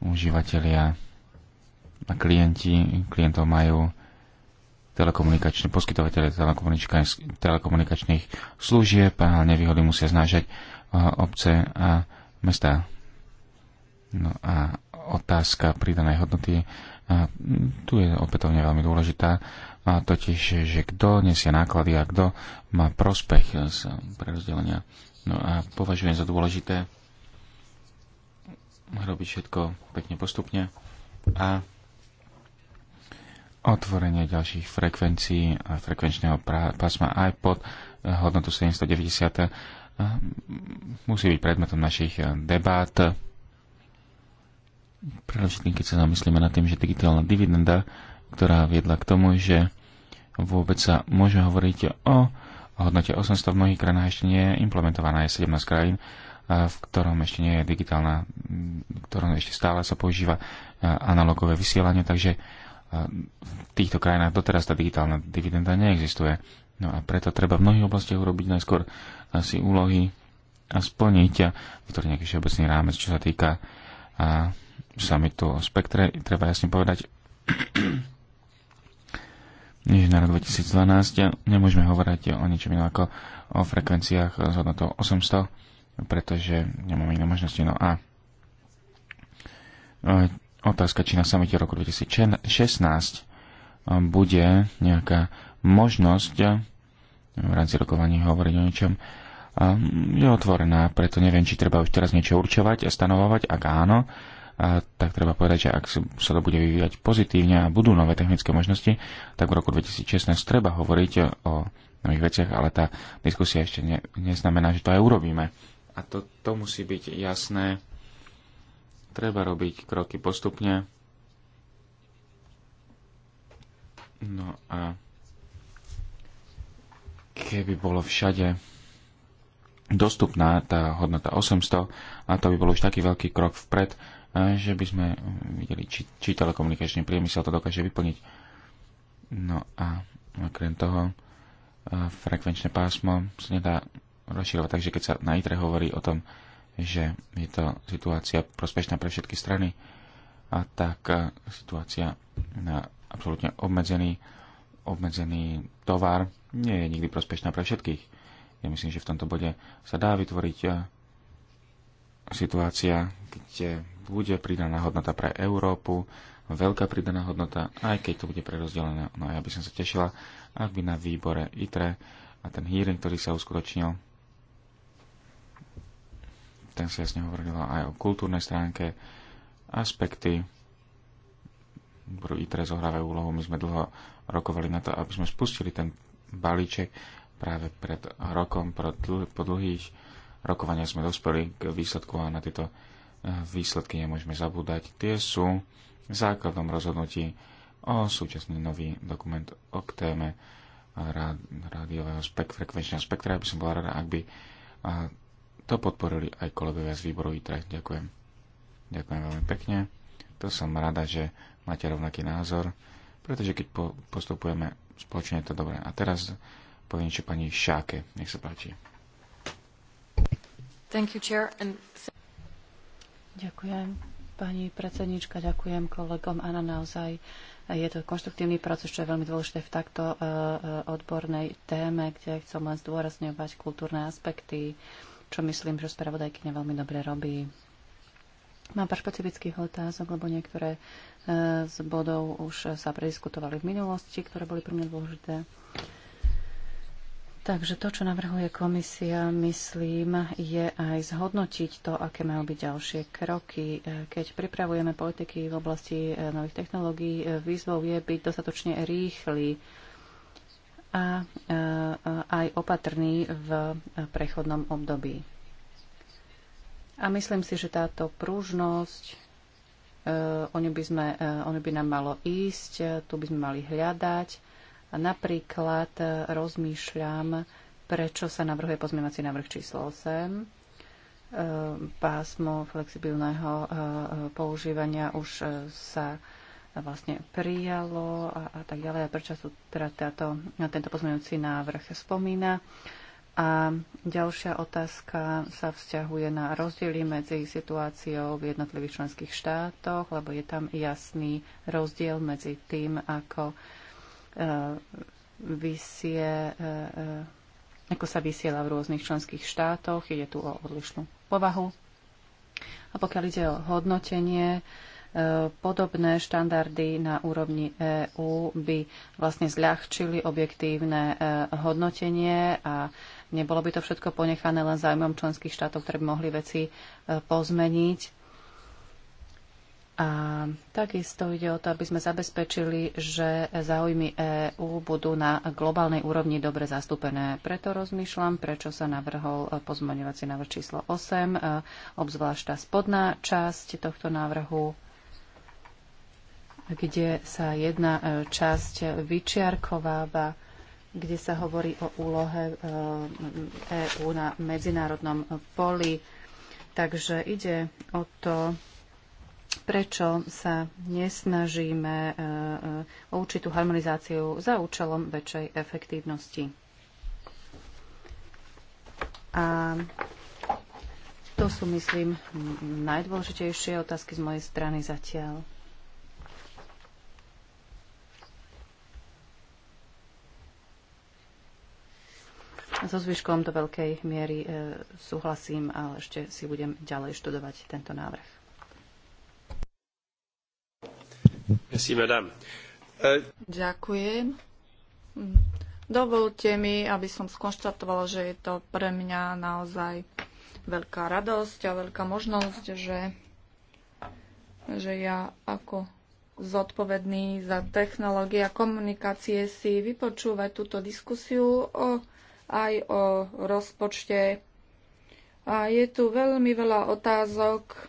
užívateľia a klienti, klientov majú telekomunikačné poskytovateľe telekomunikačných služieb a nevýhody musia znášať obce a mesta. No a otázka pridanej hodnoty a tu je opätovne veľmi dôležitá a totiž, že kto nesie náklady a kto má prospech z prerozdelenia. No a považujem za dôležité robiť všetko pekne postupne a otvorenie ďalších frekvencií a frekvenčného pásma iPod hodnotu 790 musí byť predmetom našich debát. Predovšetkým, keď sa zamyslíme nad tým, že digitálna dividenda ktorá viedla k tomu, že vôbec sa môže hovoriť o hodnote 800 v mnohých krajinách ešte nie je implementovaná, je 17 krajín, v ktorom ešte nie je digitálna, v ktorom ešte stále sa používa analogové vysielanie, takže v týchto krajinách doteraz tá digitálna dividenda neexistuje. No a preto treba v mnohých oblastiach urobiť najskôr si úlohy a splniť a vytvoriť nejaký všeobecný rámec, čo sa týka samitu o spektre. Treba jasne povedať, nie, na rok 2012. Nemôžeme hovoriť o ničom inom ako o frekvenciách s hodnotou 800, pretože nemáme iné možnosti. No a e, otázka, či na samite roku 2016 e, bude nejaká možnosť e, v rámci rokovaní hovoriť o ničom, je otvorená, preto neviem, či treba už teraz niečo určovať a stanovovať, ak áno, tak treba povedať, že ak sa to bude vyvíjať pozitívne a budú nové technické možnosti, tak v roku 2016 treba hovoriť o nových veciach, ale tá diskusia ešte ne, neznamená, že to aj urobíme. A to, to musí byť jasné. Treba robiť kroky postupne. No a keby bolo všade dostupná tá hodnota 800, a to by bol už taký veľký krok vpred, že by sme videli, či, či telekomunikačný priemysel to dokáže vyplniť. No a okrem toho frekvenčné pásmo sa nedá rozširovať, takže keď sa na ITRE hovorí o tom, že je to situácia prospešná pre všetky strany, a tak situácia na absolútne obmedzený, obmedzený tovar nie je nikdy prospešná pre všetkých. Ja myslím, že v tomto bode sa dá vytvoriť situácia, kde bude pridaná hodnota pre Európu, veľká pridaná hodnota, aj keď to bude prerozdelené. No a ja by som sa tešila, ak by na výbore ITRE a ten hearing, ktorý sa uskutočnil, ten sa jasne hovorilo aj o kultúrnej stránke, aspekty, ktorú ITRE zohrávajú úlohu. My sme dlho rokovali na to, aby sme spustili ten balíček práve pred rokom po dlhých rokovania sme dospeli k výsledku a na tieto e, výsledky nemôžeme zabúdať. Tie sú základom rozhodnutí o súčasný nový dokument o téme rádiového spek- frekvenčného spektra. By som bola rada, ak by e, to podporili aj kolegovia z výboru ITRE. Ďakujem. Ďakujem veľmi pekne. To som rada, že máte rovnaký názor, pretože keď po- postupujeme spoločne, je to dobré. A teraz poviem, čo pani Šáke. Nech sa páči. Ďakujem, pani predsednička, ďakujem kolegom. Áno, naozaj eh, je to konštruktívny proces, čo je veľmi dôležité v takto eh, eh, odbornej téme, kde chcem len zdôrazňovať kultúrne aspekty, čo myslím, že spravodajkyňa veľmi dobre robí. Mám pár špecifických otázok, lebo niektoré z bodov už sa prediskutovali v minulosti, ktoré boli pre mňa dôležité. Takže to, čo navrhuje komisia, myslím, je aj zhodnotiť to, aké majú byť ďalšie kroky. Keď pripravujeme politiky v oblasti eh, nových technológií, eh, výzvou je byť dostatočne rýchly a eh, aj opatrný v prechodnom období. A myslím si, že táto prúžnosť, o by, sme, o by nám malo ísť, tu by sme mali hľadať Napríklad e, rozmýšľam, prečo sa navrhuje pozmeňovací návrh číslo 8 e, pásmo flexibilného e, používania už sa vlastne prijalo a, a tak ďalej. A prečo sú teda táto, tento pozmeňujúci návrh spomína. A ďalšia otázka sa vzťahuje na rozdiely medzi situáciou v jednotlivých členských štátoch, lebo je tam jasný rozdiel medzi tým, ako Eh, vysie, eh, eh, ako sa vysiela v rôznych členských štátoch. Ide tu o odlišnú povahu. A pokiaľ ide o hodnotenie, podobné štandardy na úrovni EÚ by vlastne zľahčili objektívne hodnotenie a nebolo by to všetko ponechané len záujmom členských štátov, ktoré by mohli veci pozmeniť a takisto ide o to, aby sme zabezpečili, že záujmy EÚ budú na globálnej úrovni dobre zastúpené. Preto rozmýšľam, prečo sa navrhol pozmaňovací návrh číslo 8, e, obzvlášť tá spodná časť tohto návrhu, kde sa jedna e, časť vyčiarkováva, kde sa hovorí o úlohe EÚ e na medzinárodnom poli. Takže ide o to, prečo sa nesnažíme e, e, o určitú harmonizáciu za účelom väčšej efektívnosti. A to sú, myslím, najdôležitejšie otázky z mojej strany zatiaľ. So zvyškom do veľkej miery e, súhlasím, ale ešte si budem ďalej študovať tento návrh. Merci, madame. Euh, Ďakujem. Dovolte mi, aby som skonštatovala, že je to pre mňa naozaj veľká radosť a veľká možnosť, že, že ja ako zodpovedný za technológie a komunikácie si vypočúvať túto diskusiu o, aj o rozpočte. A je tu veľmi veľa otázok,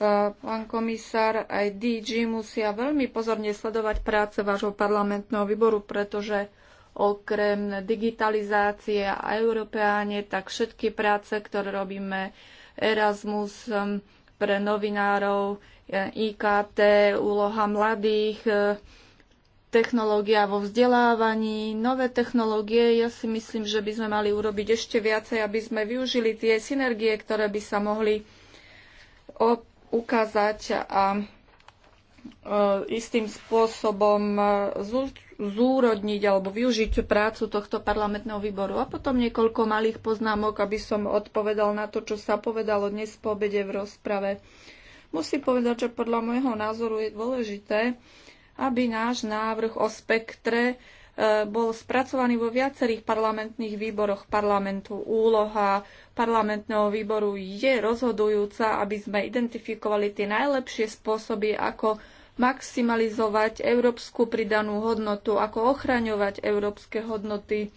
E, pán komisár, aj DG musia veľmi pozorne sledovať práce vášho parlamentného výboru, pretože okrem digitalizácie a Európeáne, tak všetky práce, ktoré robíme, Erasmus e, pre novinárov, e, IKT, úloha mladých, technológia vo vzdelávaní, nové technológie. Ja si myslím, že by sme mali urobiť ešte viacej, aby sme využili tie synergie, ktoré by sa mohli ukázať a e, istým spôsobom e, zúrodniť alebo využiť prácu tohto parlamentného výboru. A potom niekoľko malých poznámok, aby som odpovedal na to, čo sa povedalo dnes po obede v rozprave. Musím povedať, že podľa môjho názoru je dôležité, aby náš návrh o spektre bol spracovaný vo viacerých parlamentných výboroch parlamentu. Úloha parlamentného výboru je rozhodujúca, aby sme identifikovali tie najlepšie spôsoby, ako maximalizovať európsku pridanú hodnotu, ako ochraňovať európske hodnoty.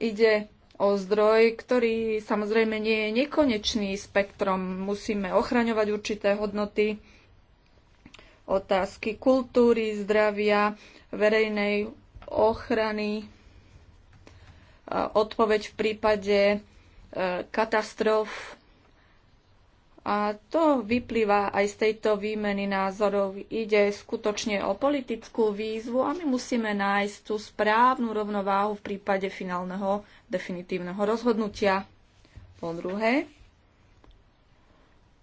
Ide o zdroj, ktorý samozrejme nie je nekonečný spektrom. Musíme ochraňovať určité hodnoty, otázky kultúry, zdravia, verejnej ochrany, odpoveď v prípade e, katastrof. A to vyplýva aj z tejto výmeny názorov. Ide skutočne o politickú výzvu a my musíme nájsť tú správnu rovnováhu v prípade finálneho definitívneho rozhodnutia. Po druhé,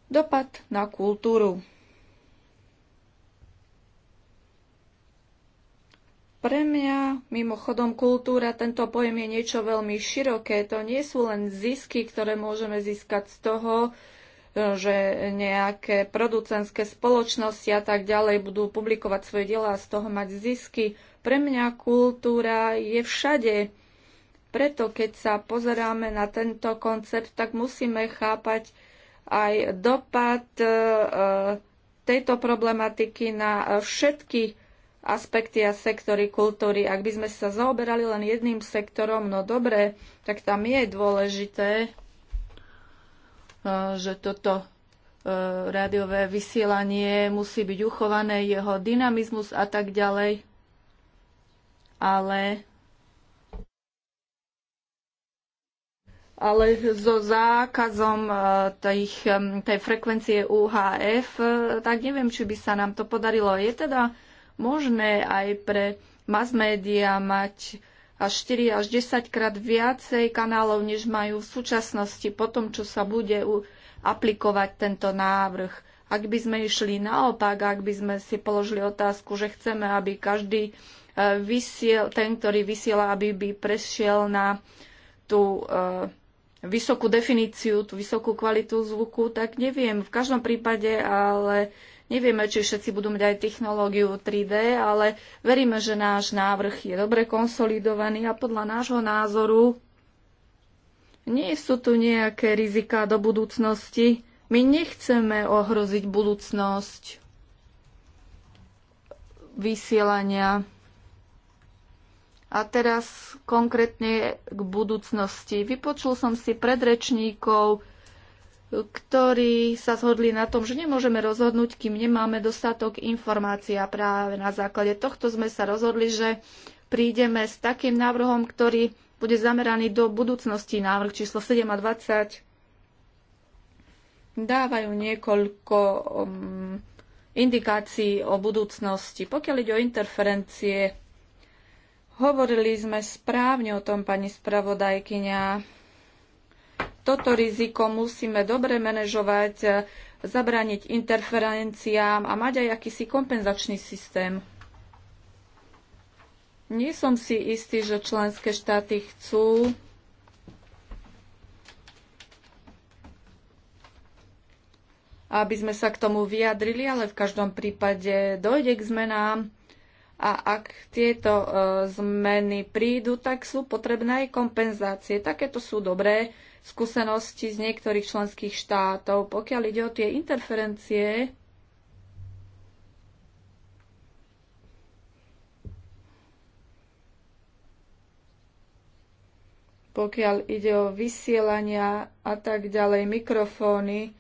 dopad na kultúru. Pre mňa, mimochodom, kultúra, tento pojem je niečo veľmi široké. To nie sú len zisky, ktoré môžeme získať z toho, e, že nejaké producentské spoločnosti a tak ďalej budú publikovať svoje diela a z toho mať zisky. Pre mňa kultúra je všade. Preto keď sa pozeráme na tento koncept, tak musíme chápať aj dopad e, e, tejto problematiky na všetky aspekty a sektory kultúry. Ak by sme sa zaoberali len jedným sektorom, no dobre, tak tam je dôležité, e, že toto e, rádiové vysielanie musí byť uchované, jeho dynamizmus a tak ďalej. Ale ale so zákazom e, tých, tej frekvencie UHF, tak neviem, či by sa nám to podarilo. Je teda možné aj pre mass media mať až 4 až 10 krát viacej kanálov, než majú v súčasnosti po tom, čo sa bude aplikovať tento návrh. Ak by sme išli naopak, ak by sme si položili otázku, že chceme, aby každý e, vysiel, ten, ktorý vysiela, aby by prešiel na tú e, vysokú definíciu, tú vysokú kvalitu zvuku, tak neviem. V každom prípade ale Nevieme, či všetci budú mať aj technológiu 3D, ale veríme, že náš návrh je dobre konsolidovaný a podľa nášho názoru nie sú tu nejaké riziká do budúcnosti. My nechceme ohroziť budúcnosť vysielania. A teraz konkrétne k budúcnosti. Vypočul som si predrečníkov, ktorí sa zhodli na tom, že nemôžeme rozhodnúť, kým nemáme dostatok informácií. A práve na základe tohto sme sa rozhodli, že prídeme s takým návrhom, ktorý bude zameraný do budúcnosti. Návrh číslo 27 dávajú niekoľko um, indikácií o budúcnosti. Pokiaľ ide o interferencie, hovorili sme správne o tom, pani spravodajkyňa toto riziko musíme dobre manažovať, e, zabrániť interferenciám a mať aj akýsi kompenzačný systém. Nie som si istý, že členské štáty chcú aby sme sa k tomu vyjadrili, ale v každom prípade dojde k zmenám a ak tieto e, zmeny prídu, tak sú potrebné aj kompenzácie. Takéto sú dobré, skúsenosti z niektorých členských štátov. Pokiaľ ide o tie interferencie, pokiaľ ide o vysielania a tak ďalej, mikrofóny, e,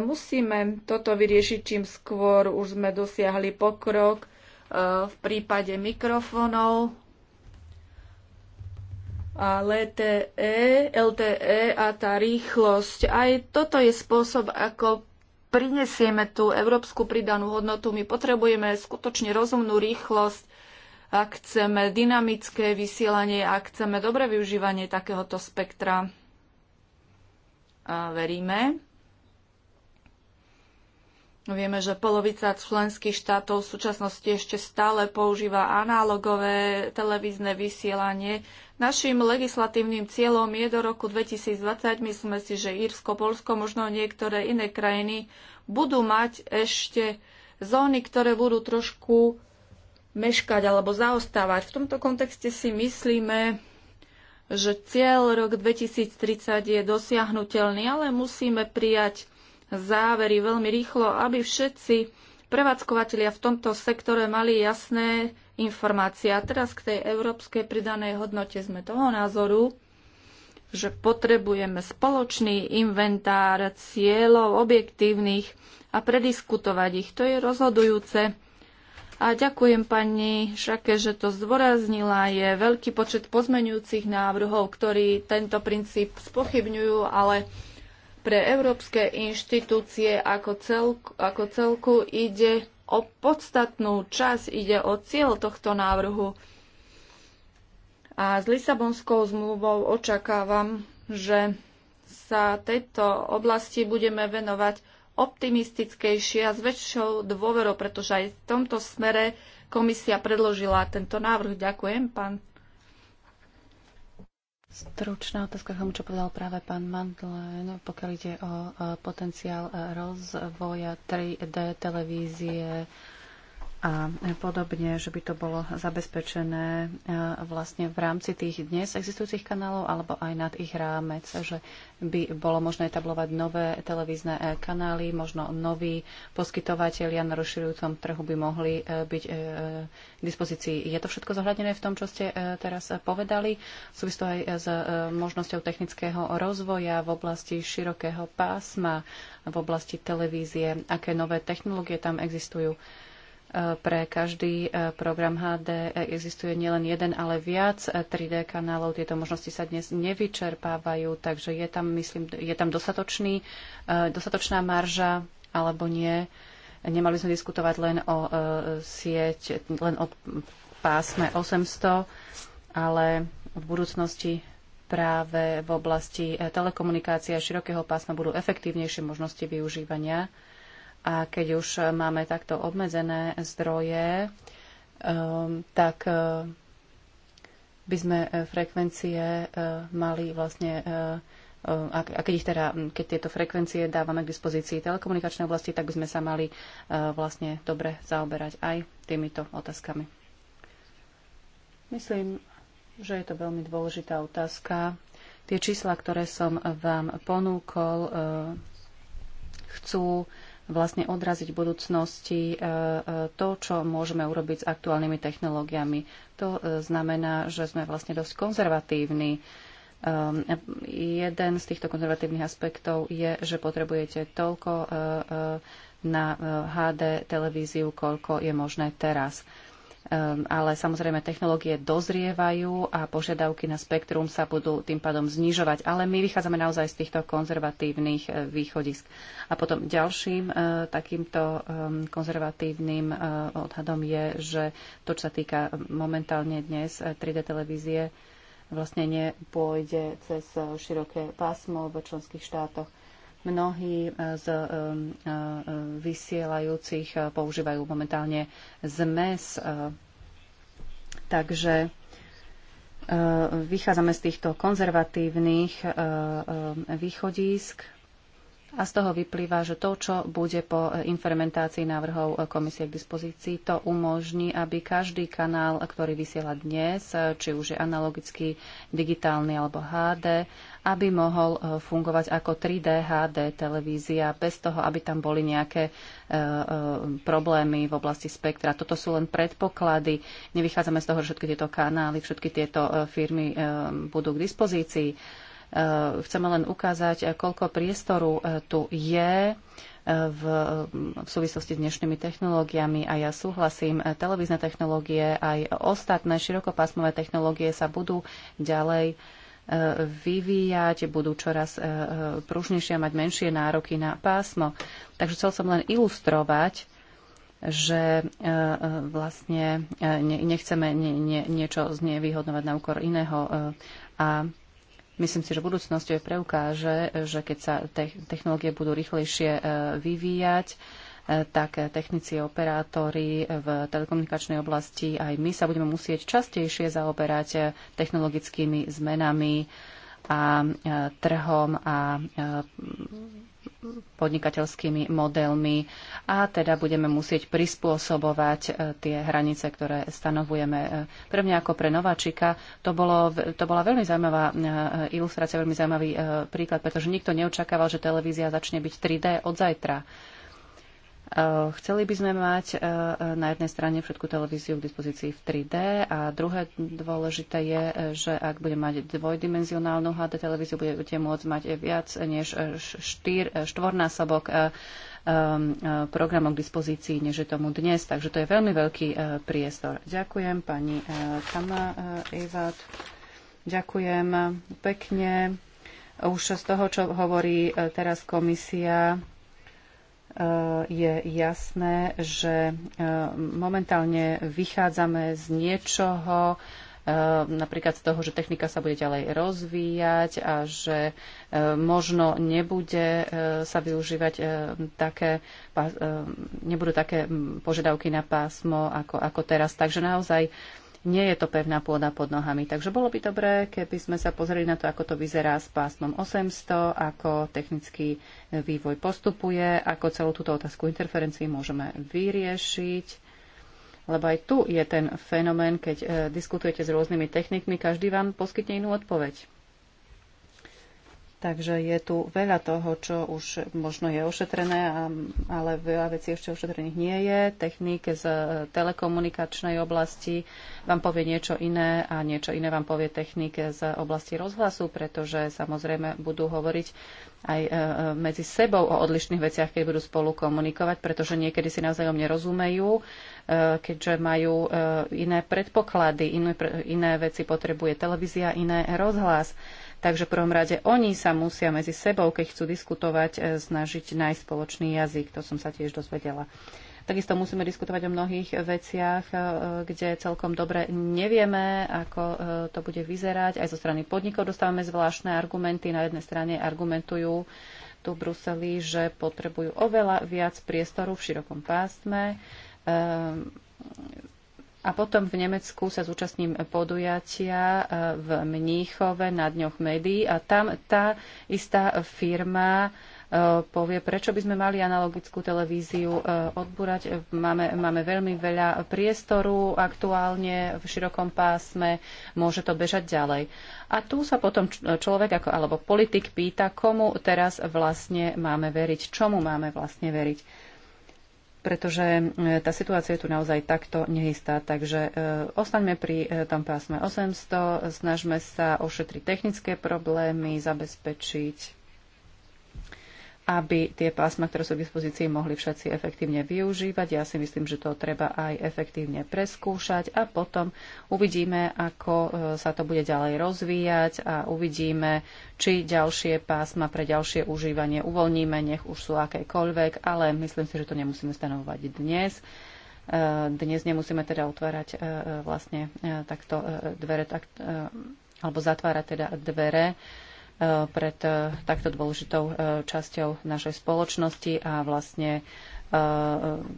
musíme toto vyriešiť čím skôr. Už sme dosiahli pokrok e, v prípade mikrofónov a LTE, LTE a tá rýchlosť. Aj toto je spôsob, ako prinesieme tú európsku pridanú hodnotu. My potrebujeme skutočne rozumnú rýchlosť, ak chceme dynamické vysielanie, ak chceme dobre využívanie takéhoto spektra. A veríme, Vieme, že polovica členských štátov v súčasnosti ešte stále používa analogové televízne vysielanie. Našim legislatívnym cieľom je do roku 2020, myslíme si, že Írsko, Polsko, možno niektoré iné krajiny budú mať ešte zóny, ktoré budú trošku meškať alebo zaostávať. V tomto kontexte si myslíme, že cieľ rok 2030 je dosiahnutelný, ale musíme prijať závery veľmi rýchlo, aby všetci prevádzkovateľia v tomto sektore mali jasné informácie. A teraz k tej európskej pridanej hodnote sme toho názoru, že potrebujeme spoločný inventár cieľov objektívnych a prediskutovať ich. To je rozhodujúce. A ďakujem pani Šake, že to zdôraznila. Je veľký počet pozmenujúcich návrhov, ktorí tento princíp spochybňujú, ale pre európske inštitúcie ako celku, ako celku ide o podstatnú časť, ide o cieľ tohto návrhu. A s Lisabonskou zmluvou očakávam, že sa tejto oblasti budeme venovať optimistickejšie a s väčšou dôverou, pretože aj v tomto smere komisia predložila tento návrh. Ďakujem, pán Stručná otázka k tomu, čo povedal práve pán Mandlen, pokiaľ ide o e, potenciál e, rozvoja 3D televízie, a podobne, že by to bolo zabezpečené e, vlastne v rámci tých dnes existujúcich kanálov alebo aj nad ich rámec, že by bolo možné etablovať nové televízne e, kanály, možno noví poskytovateľia na rozširujúcom trhu by mohli e, byť k dispozícii. Je to všetko zohľadené v tom, čo ste teraz povedali? Súvisí to aj s možnosťou technického rozvoja v oblasti širokého pásma, v oblasti televízie, aké nové technológie tam existujú. Pre každý e, program HD existuje nielen jeden, ale viac 3D e, kanálov. Tieto možnosti sa dnes nevyčerpávajú, takže je tam, myslím, je tam dostatočný, e, dostatočná marža alebo nie. Nemali sme diskutovať len o sieť, len o pásme 800, ale v budúcnosti práve v oblasti telekomunikácie a širokého pásma budú efektívnejšie možnosti využívania a keď už máme takto obmedzené zdroje, ehm, tak eh, by sme eh, frekvencie eh, mali vlastne a keď, ich teda, keď tieto frekvencie dávame k dispozícii telekomunikačnej oblasti, tak by sme sa mali vlastne dobre zaoberať aj týmito otázkami. Myslím, že je to veľmi dôležitá otázka. Tie čísla, ktoré som vám ponúkol, chcú vlastne odraziť v budúcnosti e, e, to, čo môžeme urobiť s aktuálnymi technológiami. To e, znamená, že sme vlastne dosť konzervatívni. Ehm, jeden z týchto konzervatívnych aspektov je, že potrebujete toľko na HD televíziu, koľko je možné teraz. Ehm, ale samozrejme technológie dozrievajú a požiadavky na spektrum sa budú tým pádom znižovať. Ale my vychádzame naozaj z týchto konzervatívnych e, východisk. A potom ďalším e, takýmto ehm, konzervatívnym e, odhadom je, že to, čo sa týka momentálne dnes 3D televízie, vlastne nepôjde cez široké pásmo v členských štátoch. Mnohí eh, z eh, eh, vysielajúcich používajú momentálne zmes, takže vychádzame z týchto konzervatívnych východísk a z toho vyplýva, že to, čo bude po e, infermentácii návrhov e, komisie k dispozícii, to umožní, aby každý kanál, ktorý vysiela dnes, e, či už je analogický, digitálny alebo HD, aby mohol fungovať ako 3D HD televízia bez toho, aby tam boli nejaké e, e, problémy v oblasti spektra. Toto sú len predpoklady. Nevychádzame z toho, že všetky tieto kanály, všetky tieto firmy e, budú k dispozícii Eh, chceme len ukázať, eh, koľko priestoru eh, tu je v, v súvislosti s dnešnými technológiami a ja súhlasím, televízne technológie aj ostatné širokopásmové technológie sa budú ďalej vyvíjať, budú čoraz pružnejšie a mať menšie nároky na pásmo. Takže chcel som len ilustrovať, že vlastne nechceme niečo znevýhodnovať na úkor iného a Myslím si, že budúcnosť preukáže, že keď sa technológie budú rýchlejšie e, vyvíjať, e, tak technici, operátori v telekomunikačnej oblasti aj my sa budeme musieť častejšie zaoberať e, technologickými zmenami a trhom a podnikateľskými modelmi a teda budeme musieť prispôsobovať e, tie hranice, ktoré stanovujeme. E, pre mňa ako pre nováčika to, bolo, to bola veľmi zaujímavá e, ilustrácia, veľmi zaujímavý príklad, pretože nikto neočakával, že televízia začne byť 3D od zajtra. Eh, chceli by sme mať eh, eh, na jednej strane všetku televíziu k dispozícii v 3D a druhé dôležité je, že ak bude mať dvojdimenzionálnu HD televíziu, budete môcť mať viac než štyr, štvornásobok programov k dispozícii, než je tomu dnes. Takže to je veľmi veľký priestor. Ďakujem pani Kama Evad. Ďakujem pekne. Už z toho, čo hovorí teraz komisia, E, je jasné, že e, momentálne vychádzame z niečoho, e, napríklad z toho, že technika sa bude ďalej rozvíjať a že možno nebude sa využívať také, nebudú také požiadavky na pásmo ako, ako teraz. Takže naozaj nie je to pevná pôda pod nohami. Takže bolo by dobré, keby sme sa pozreli na to, ako to vyzerá s pásmom 800, ako technický vývoj postupuje, ako celú túto otázku interferencií môžeme vyriešiť. Lebo aj tu je ten fenomén, keď eh, diskutujete s rôznymi technikmi, každý vám poskytne inú odpoveď. Takže je tu veľa toho, čo už možno je ošetrené, ale veľa vecí ešte ošetrených nie je. Technik z e, telekomunikačnej oblasti vám povie niečo iné a niečo iné vám povie technik z oblasti rozhlasu, pretože samozrejme budú hovoriť aj e, e, medzi sebou o odlišných veciach, keď budú spolu komunikovať, pretože niekedy si navzájom nerozumejú, keďže majú iné predpoklady, iné, iné veci potrebuje televízia, iné rozhlas. Takže v prvom rade oni sa musia medzi sebou, keď chcú diskutovať, e, snažiť nájsť spoločný jazyk. To som sa tiež dozvedela. Takisto musíme diskutovať o mnohých veciach, e, kde celkom dobre nevieme, ako e, to bude vyzerať. Aj zo strany podnikov dostávame zvláštne argumenty. Na jednej strane argumentujú tu v Bruseli, že potrebujú oveľa viac priestoru v širokom pásme. Ehm, a potom v Nemecku sa zúčastním podujatia e, v Mníchove na dňoch médií a tam tá istá firma e, povie, prečo by sme mali analogickú televíziu e, odbúrať. Máme, máme veľmi veľa priestoru aktuálne v širokom pásme, môže to bežať ďalej. A tu sa potom človek ako, alebo politik pýta, komu teraz vlastne máme veriť, čomu máme vlastne veriť pretože e, tá situácia je tu naozaj takto neistá. Takže e, ostaňme pri e, tom pásme 800, snažme sa ošetriť technické problémy, zabezpečiť aby tie pásma, ktoré sú v dispozícii, mohli všetci efektívne využívať. Ja si myslím, že to treba aj efektívne preskúšať a potom uvidíme, ako e, sa to bude ďalej rozvíjať a uvidíme, či ďalšie pásma pre ďalšie užívanie uvoľníme, nech už sú akékoľvek, ale myslím si, že to nemusíme stanovovať dnes. E, dnes nemusíme teda otvárať e, vlastne takto dvere, tak, alebo zatvárať teda dvere E, pred e, takto dôležitou e, časťou našej spoločnosti a vlastne,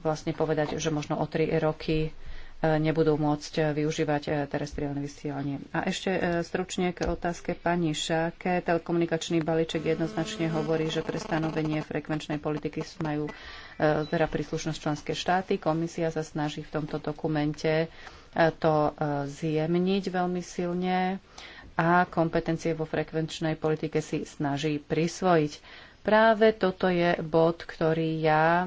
vlastne povedať, že možno o tri roky nebudú môcť využívať terestriálne vysielanie. A ešte stručne k otázke pani Šáke. Telekomunikačný balíček jednoznačne hovorí, že pre stanovenie frekvenčnej politiky majú teda príslušnosť členské štáty. Komisia sa snaží v tomto dokumente to zjemniť veľmi silne a kompetencie vo frekvenčnej politike si snaží prisvojiť. Práve toto je bod, ktorý ja e,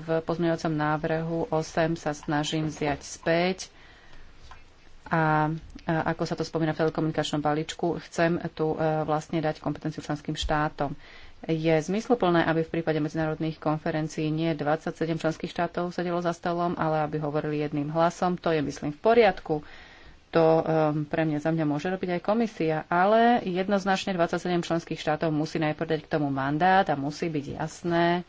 v pozmeňovacom návrhu 8 sa snažím vziať späť a ako sa to spomína v telekomunikačnom balíčku, chcem tu e, vlastne dať kompetenciu členským štátom. Je zmysluplné, aby v prípade medzinárodných konferencií nie 27 členských štátov sedelo za stolom, ale aby hovorili jedným hlasom. To je, myslím, v poriadku to ehm, pre mňa, za mňa môže robiť aj komisia, ale jednoznačne 27 členských štátov musí najprv dať k tomu mandát a musí byť jasné,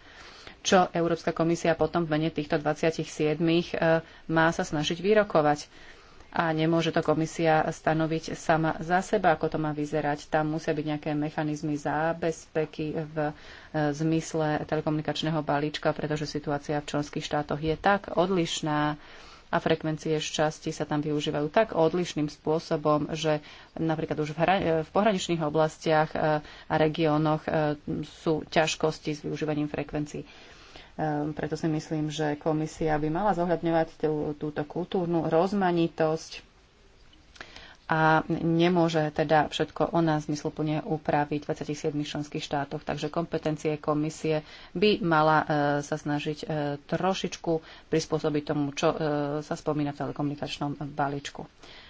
čo Európska komisia potom v mene týchto 27 ehm, má sa snažiť vyrokovať. A nemôže to komisia stanoviť sama za seba, ako to má vyzerať. Tam musia byť nejaké mechanizmy zábezpeky v e, zmysle telekomunikačného balíčka, pretože situácia v členských štátoch je tak odlišná, a frekvencie šťastí sa tam využívajú tak odlišným spôsobom, že napríklad už v, hra- v pohraničných oblastiach e, a regiónoch e, sú ťažkosti s využívaním frekvencií. Ehm, preto si myslím, že komisia by mala zohľadňovať tú, túto kultúrnu rozmanitosť a nemôže teda všetko nás zmysluplne upraviť v 27 členských štátoch. Takže kompetencie komisie by mala e, sa snažiť e, trošičku prispôsobiť tomu, čo e, sa spomína v telekomunikačnom balíčku.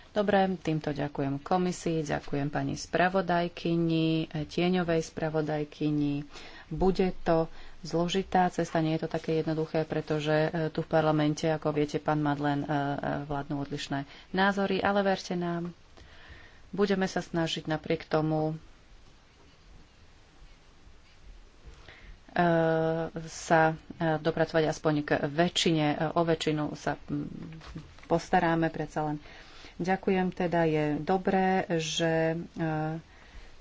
Dobre, týmto ďakujem komisii, ďakujem pani spravodajkyni, tieňovej spravodajkyni. Bude to zložitá cesta, nie je to také jednoduché, pretože tu v parlamente, ako viete, pán Madlen vládnu odlišné názory, ale verte nám, Budeme sa snažiť napriek tomu e, sa e, dopracovať aspoň k väčšine, e, o väčšinu sa postaráme predsa len. Ďakujem teda, je dobré, že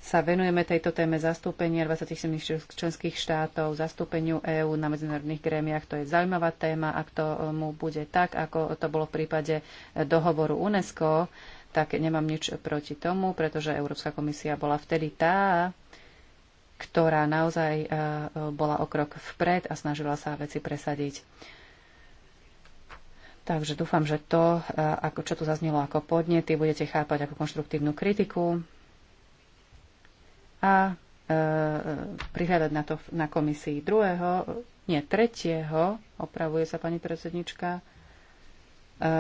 sa venujeme tejto téme zastúpenia 27 členských štátov, zastúpeniu EÚ na medzinárodných grémiach. To je zaujímavá téma, ak to mu bude tak, ako to bolo v prípade dohovoru UNESCO tak nemám nič proti tomu, pretože Európska komisia bola vtedy tá, ktorá naozaj e, bola o krok vpred a snažila sa veci presadiť. Takže dúfam, že to, e, ako, čo tu zaznelo ako podnety, budete chápať ako konštruktívnu kritiku a e, prihľadať na to na komisii druhého, nie tretieho, opravuje sa pani predsednička, E,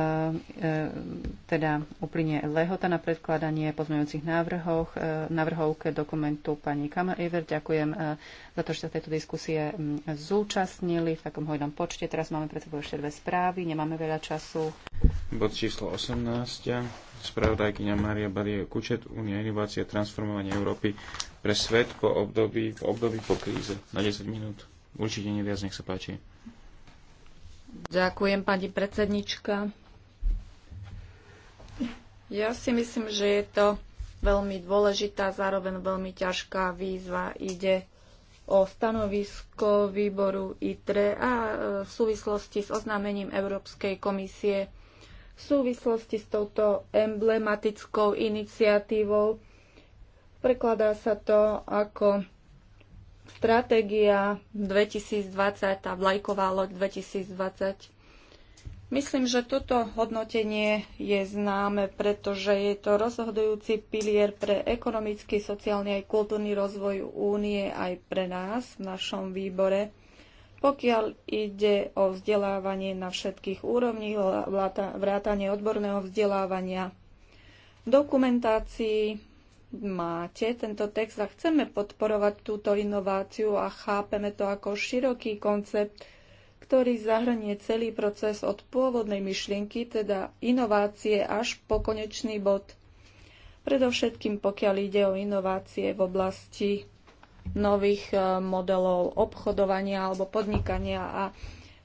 e, teda uplynie lehota na predkladanie pozmeňujúcich návrhoch, e, návrhov k dokumentu pani Kama ever Ďakujem za to, že sa tejto diskusie zúčastnili v takom hojnom počte. Teraz máme pred sebou ešte dve správy, nemáme veľa času. Bod číslo 18. Spravodajkyňa Maria Badie Kučet, Unia inovácie a transformovanie Európy pre svet po období, po období po kríze. Na 10 minút. Určite neviac, nech sa páči. Ďakujem, pani predsednička. Ja si myslím, že je to veľmi dôležitá, zároveň veľmi ťažká výzva. Ide o stanovisko výboru ITRE a e, v súvislosti s oznámením Európskej komisie v súvislosti s touto emblematickou iniciatívou. Prekladá sa to ako stratégia 2020, tá vlajková loď 2020. Myslím, že toto hodnotenie je známe, pretože je to rozhodujúci pilier pre ekonomický, sociálny aj kultúrny rozvoj únie aj pre nás v našom výbore. Pokiaľ ide o vzdelávanie na všetkých úrovni, vrátanie odborného vzdelávania, dokumentácii máte tento text a chceme podporovať túto inováciu a chápeme to ako široký koncept, ktorý zahrnie celý proces od pôvodnej myšlienky, teda inovácie až po konečný bod. Predovšetkým pokiaľ ide o inovácie v oblasti nových e, modelov obchodovania alebo podnikania a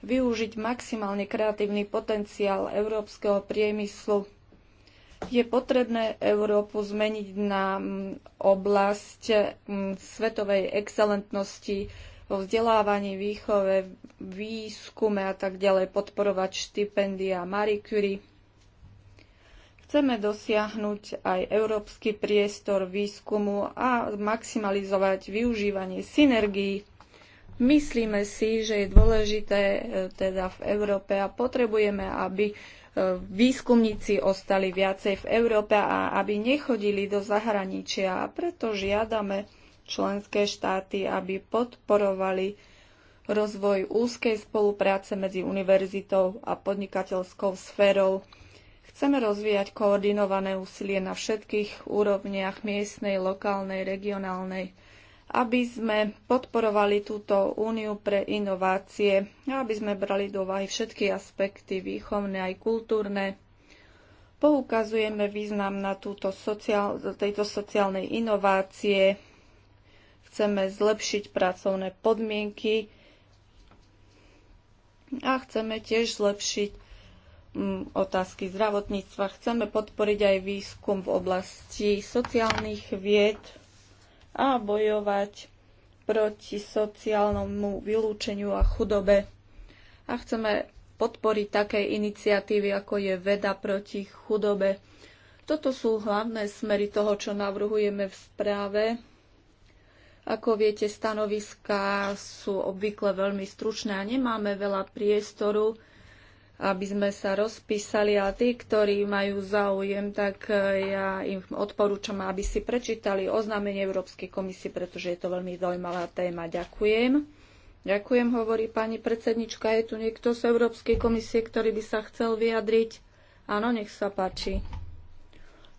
využiť maximálne kreatívny potenciál európskeho priemyslu je potrebné Európu zmeniť na mm, oblasť mm, svetovej excelentnosti vo vzdelávaní, výchove, výskume a tak ďalej, podporovať štipendia Marie Curie. Chceme dosiahnuť aj európsky priestor výskumu a maximalizovať využívanie synergií Myslíme si, že je dôležité e, teda v Európe a potrebujeme, aby výskumníci ostali viacej v Európe a aby nechodili do zahraničia. A preto žiadame členské štáty, aby podporovali rozvoj úzkej spolupráce medzi univerzitou a podnikateľskou sférou. Chceme rozvíjať koordinované úsilie na všetkých úrovniach miestnej, lokálnej, regionálnej aby sme podporovali túto úniu pre inovácie a aby sme brali do úvahy všetky aspekty výchovné aj kultúrne. Poukazujeme význam na túto sociál, tejto sociálnej inovácie. Chceme zlepšiť pracovné podmienky a chceme tiež zlepšiť mm, otázky zdravotníctva. Chceme podporiť aj výskum v oblasti sociálnych vied a bojovať proti sociálnemu vylúčeniu a chudobe. A chceme podporiť také iniciatívy, ako je veda proti chudobe. Toto sú hlavné smery toho, čo navrhujeme v správe. Ako viete, stanoviská sú obvykle veľmi stručné a nemáme veľa priestoru aby sme sa rozpísali a tí, ktorí majú záujem, tak e, ja im odporúčam, aby si prečítali oznámenie Európskej komisie, pretože je to veľmi zaujímavá téma. Ďakujem. Ďakujem, hovorí pani predsednička. Je tu niekto z Európskej komisie, ktorý by sa chcel vyjadriť? Áno, nech sa páči.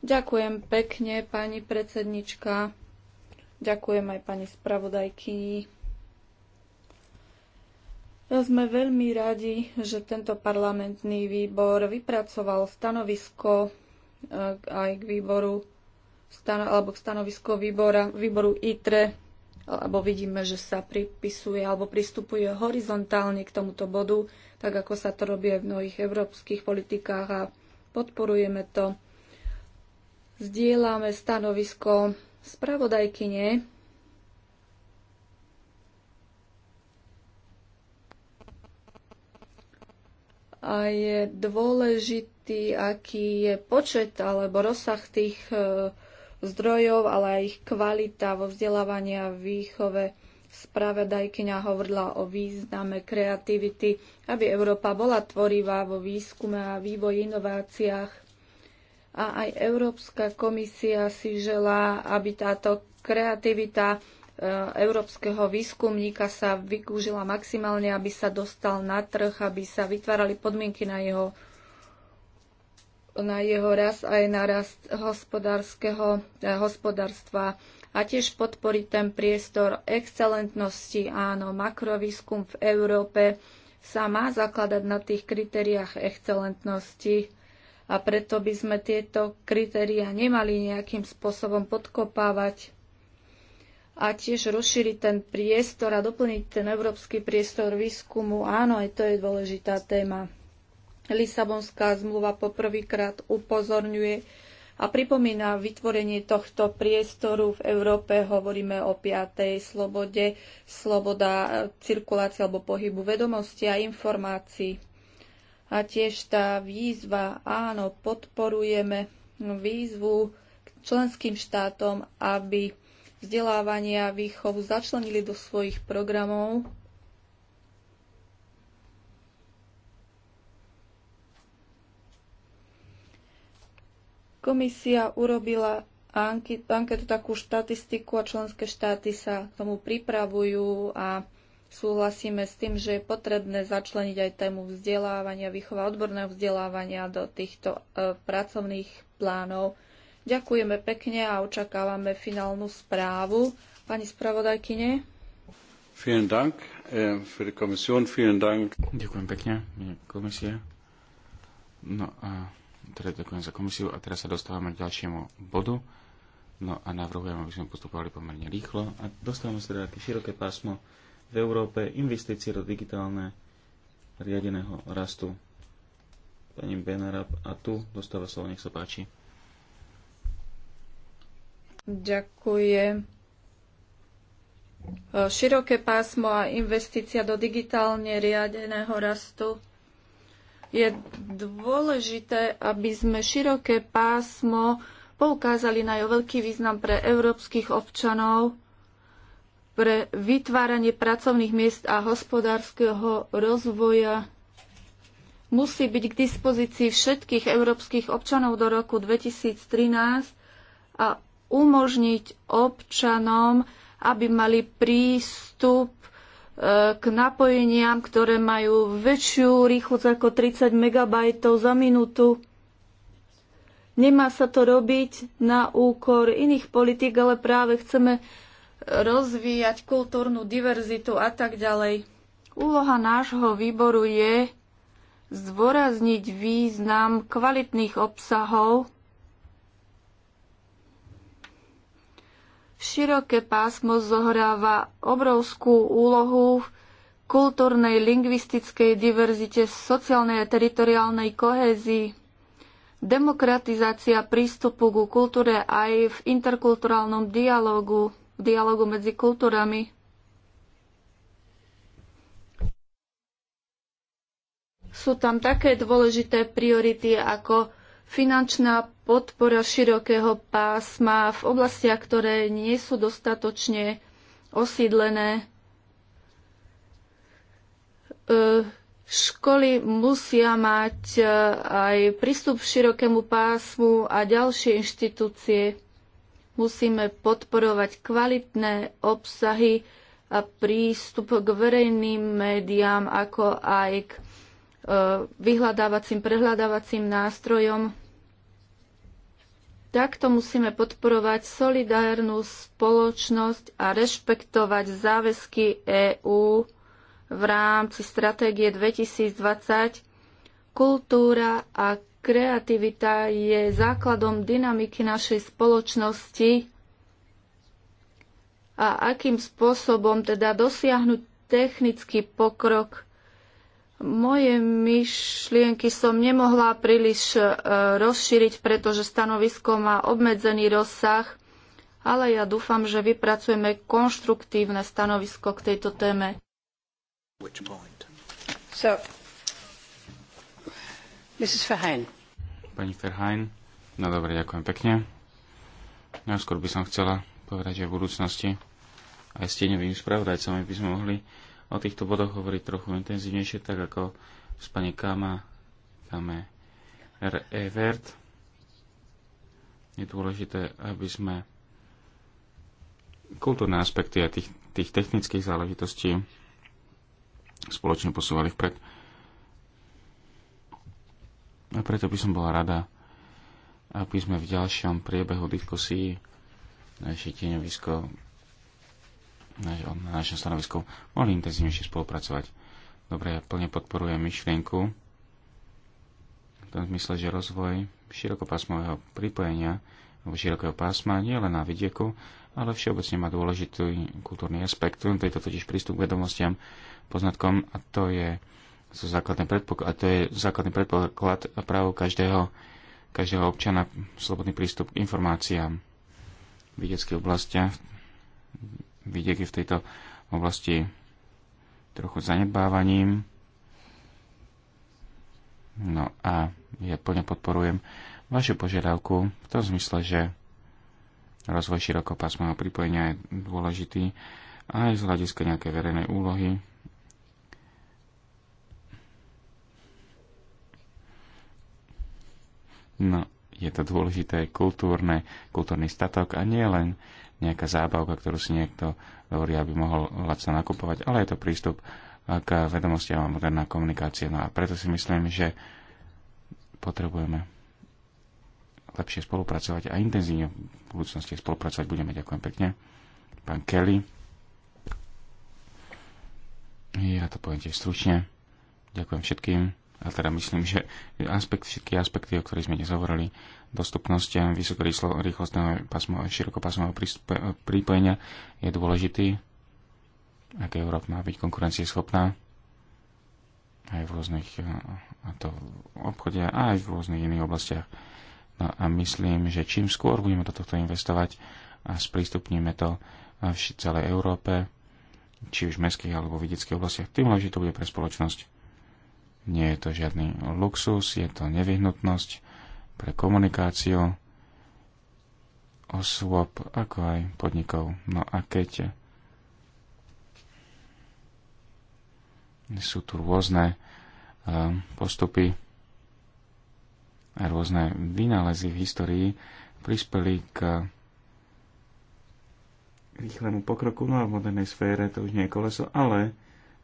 Ďakujem pekne, pani predsednička. Ďakujem aj pani spravodajkyni. Sme veľmi radi, že tento parlamentný výbor vypracoval stanovisko eh, aj k výboru stano, alebo k stanovisko výbora, výboru ITRE, alebo vidíme, že sa pripisuje alebo pristupuje horizontálne k tomuto bodu, tak ako sa to robí aj v mnohých európskych politikách a podporujeme to. Zdieľame stanovisko spravodajkyne, a je dôležitý, aký je počet alebo rozsah tých e, zdrojov, ale aj ich kvalita vo vzdelávaní a výchove. Spravedajkyňa hovorila o význame kreativity, aby Európa bola tvorivá vo výskume a vývoji inováciách. A aj Európska komisia si želá, aby táto kreativita E, európskeho výskumníka sa vykúžila maximálne, aby sa dostal na trh, aby sa vytvárali podmienky na jeho, na jeho rast aj na rast hospodárskeho eh, hospodárstva a tiež podporí ten priestor excelentnosti. Áno, makrovýskum v Európe sa má zakladať na tých kritériách excelentnosti a preto by sme tieto kritéria nemali nejakým spôsobom podkopávať a tiež rozšíriť ten priestor a doplniť ten európsky priestor výskumu. Áno, aj to je dôležitá téma. Lisabonská zmluva poprvýkrát upozorňuje a pripomína vytvorenie tohto priestoru v Európe. Hovoríme o piatej slobode, sloboda cirkulácie alebo pohybu vedomosti a informácií. A tiež tá výzva, áno, podporujeme výzvu členským štátom, aby vzdelávania a výchovu začlenili do svojich programov. Komisia urobila anketu, takú štatistiku a členské štáty sa k tomu pripravujú a súhlasíme s tým, že je potrebné začleniť aj tému vzdelávania, výchova odborného vzdelávania do týchto e, pracovných plánov. Ďakujeme pekne a očakávame finálnu správu. Pani spravodajkyne. Vielen Dank eh, für die Kommission, vielen Dank. Ďakujem pekne, komisia. No a teda ďakujem za komisiu a teraz sa dostávame k ďalšiemu bodu. No a navrhujem, aby sme postupovali pomerne rýchlo a dostávame sa teda také široké pásmo v Európe investície do digitálne riadeného rastu. Pani Benarab a tu dostáva slovo, nech sa páči. Ďakujem. E, široké pásmo a investícia do digitálne riadeného rastu je dôležité, aby sme široké pásmo poukázali na jeho veľký význam pre európskych občanov, pre vytváranie pracovných miest a hospodárskeho rozvoja. Musí byť k dispozícii všetkých európskych občanov do roku 2013 a umožniť občanom, aby mali prístup e, k napojeniam, ktoré majú väčšiu rýchlosť ako 30 MB za minútu. Nemá sa to robiť na úkor iných politik, ale práve chceme rozvíjať kultúrnu diverzitu a tak ďalej. Úloha nášho výboru je zdôrazniť význam kvalitných obsahov Široké pásmo zohráva obrovskú úlohu v kultúrnej, lingvistickej diverzite, sociálnej a teritoriálnej kohézii. Demokratizácia prístupu ku kultúre aj v interkulturálnom dialogu, dialogu medzi kultúrami. Sú tam také dôležité priority ako finančná podpora širokého pásma v oblastiach, ktoré nie sú dostatočne osídlené. E, školy musia mať e, aj prístup k širokému pásmu a ďalšie inštitúcie. Musíme podporovať kvalitné obsahy a prístup k verejným médiám, ako aj k vyhľadávacím, prehľadávacím nástrojom. Takto musíme podporovať solidárnu spoločnosť a rešpektovať záväzky EÚ v rámci stratégie 2020. Kultúra a kreativita je základom dynamiky našej spoločnosti a akým spôsobom teda dosiahnuť technický pokrok moje myšlienky som nemohla príliš e, rozšíriť, pretože stanovisko má obmedzený rozsah, ale ja dúfam, že vypracujeme konštruktívne stanovisko k tejto téme. So, Mrs. Verheyen. Pani Verheyen, no dobre, ďakujem pekne. Najskôr no, by som chcela povedať, že v budúcnosti aj s tieňovým spravodajcami by sme mohli o týchto bodoch hovoriť trochu intenzívnejšie, tak ako s pani Kama, Kame R. Evert. Je dôležité, aby sme kultúrne aspekty a tých, tých technických záležitostí spoločne posúvali vpred. A preto by som bola rada, aby sme v ďalšom priebehu diskusí na tieňovisko na našom stanovisku mohli intenzívnejšie spolupracovať. Dobre, ja plne podporujem myšlienku v tom zmysle, že rozvoj širokopásmového pripojenia alebo širokého pásma nie len na vidieku, ale všeobecne má dôležitý kultúrny aspekt. To je to totiž prístup k vedomostiam, poznatkom a to je, základný, predpoklad, a to je základný predpoklad a právo každého, každého občana slobodný prístup k informáciám v vidieckých oblastiach vidieky v tejto oblasti trochu zanedbávaním. No a ja plne podporujem vašu požiadavku v tom zmysle, že rozvoj širokopásmového pripojenia je dôležitý aj z hľadiska nejakej verejnej úlohy. No, je to dôležité kultúrne, kultúrny statok a nie len nejaká zábavka, ktorú si niekto hovorí, aby mohol lacno nakupovať, ale je to prístup k vedomostiam a moderná komunikácia. No a preto si myslím, že potrebujeme lepšie spolupracovať a intenzívne v budúcnosti spolupracovať budeme. Ďakujem pekne. Pán Kelly. Ja to poviem tiež stručne. Ďakujem všetkým a teda myslím, že aspekt, všetky aspekty, o ktorých sme dnes hovorili, dostupnosť eh, vysokorýchlostného pásmo, širokopásmového eh, prípojenia je dôležitý, ak Európa má byť konkurencieschopná aj v rôznych eh, a to v obchode a aj v rôznych iných oblastiach. No a myslím, že čím skôr budeme do tohto investovať a sprístupníme to v celej Európe, či už v mestských alebo v vidieckých oblastiach, tým lepšie to bude pre spoločnosť. Nie je to žiadny luxus, je to nevyhnutnosť pre komunikáciu osôb, ako aj podnikov. No a keď sú tu rôzne eh, postupy a rôzne vynálezy v histórii prispeli k rýchlemu pokroku, no a v modernej sfére to už nie je koleso, ale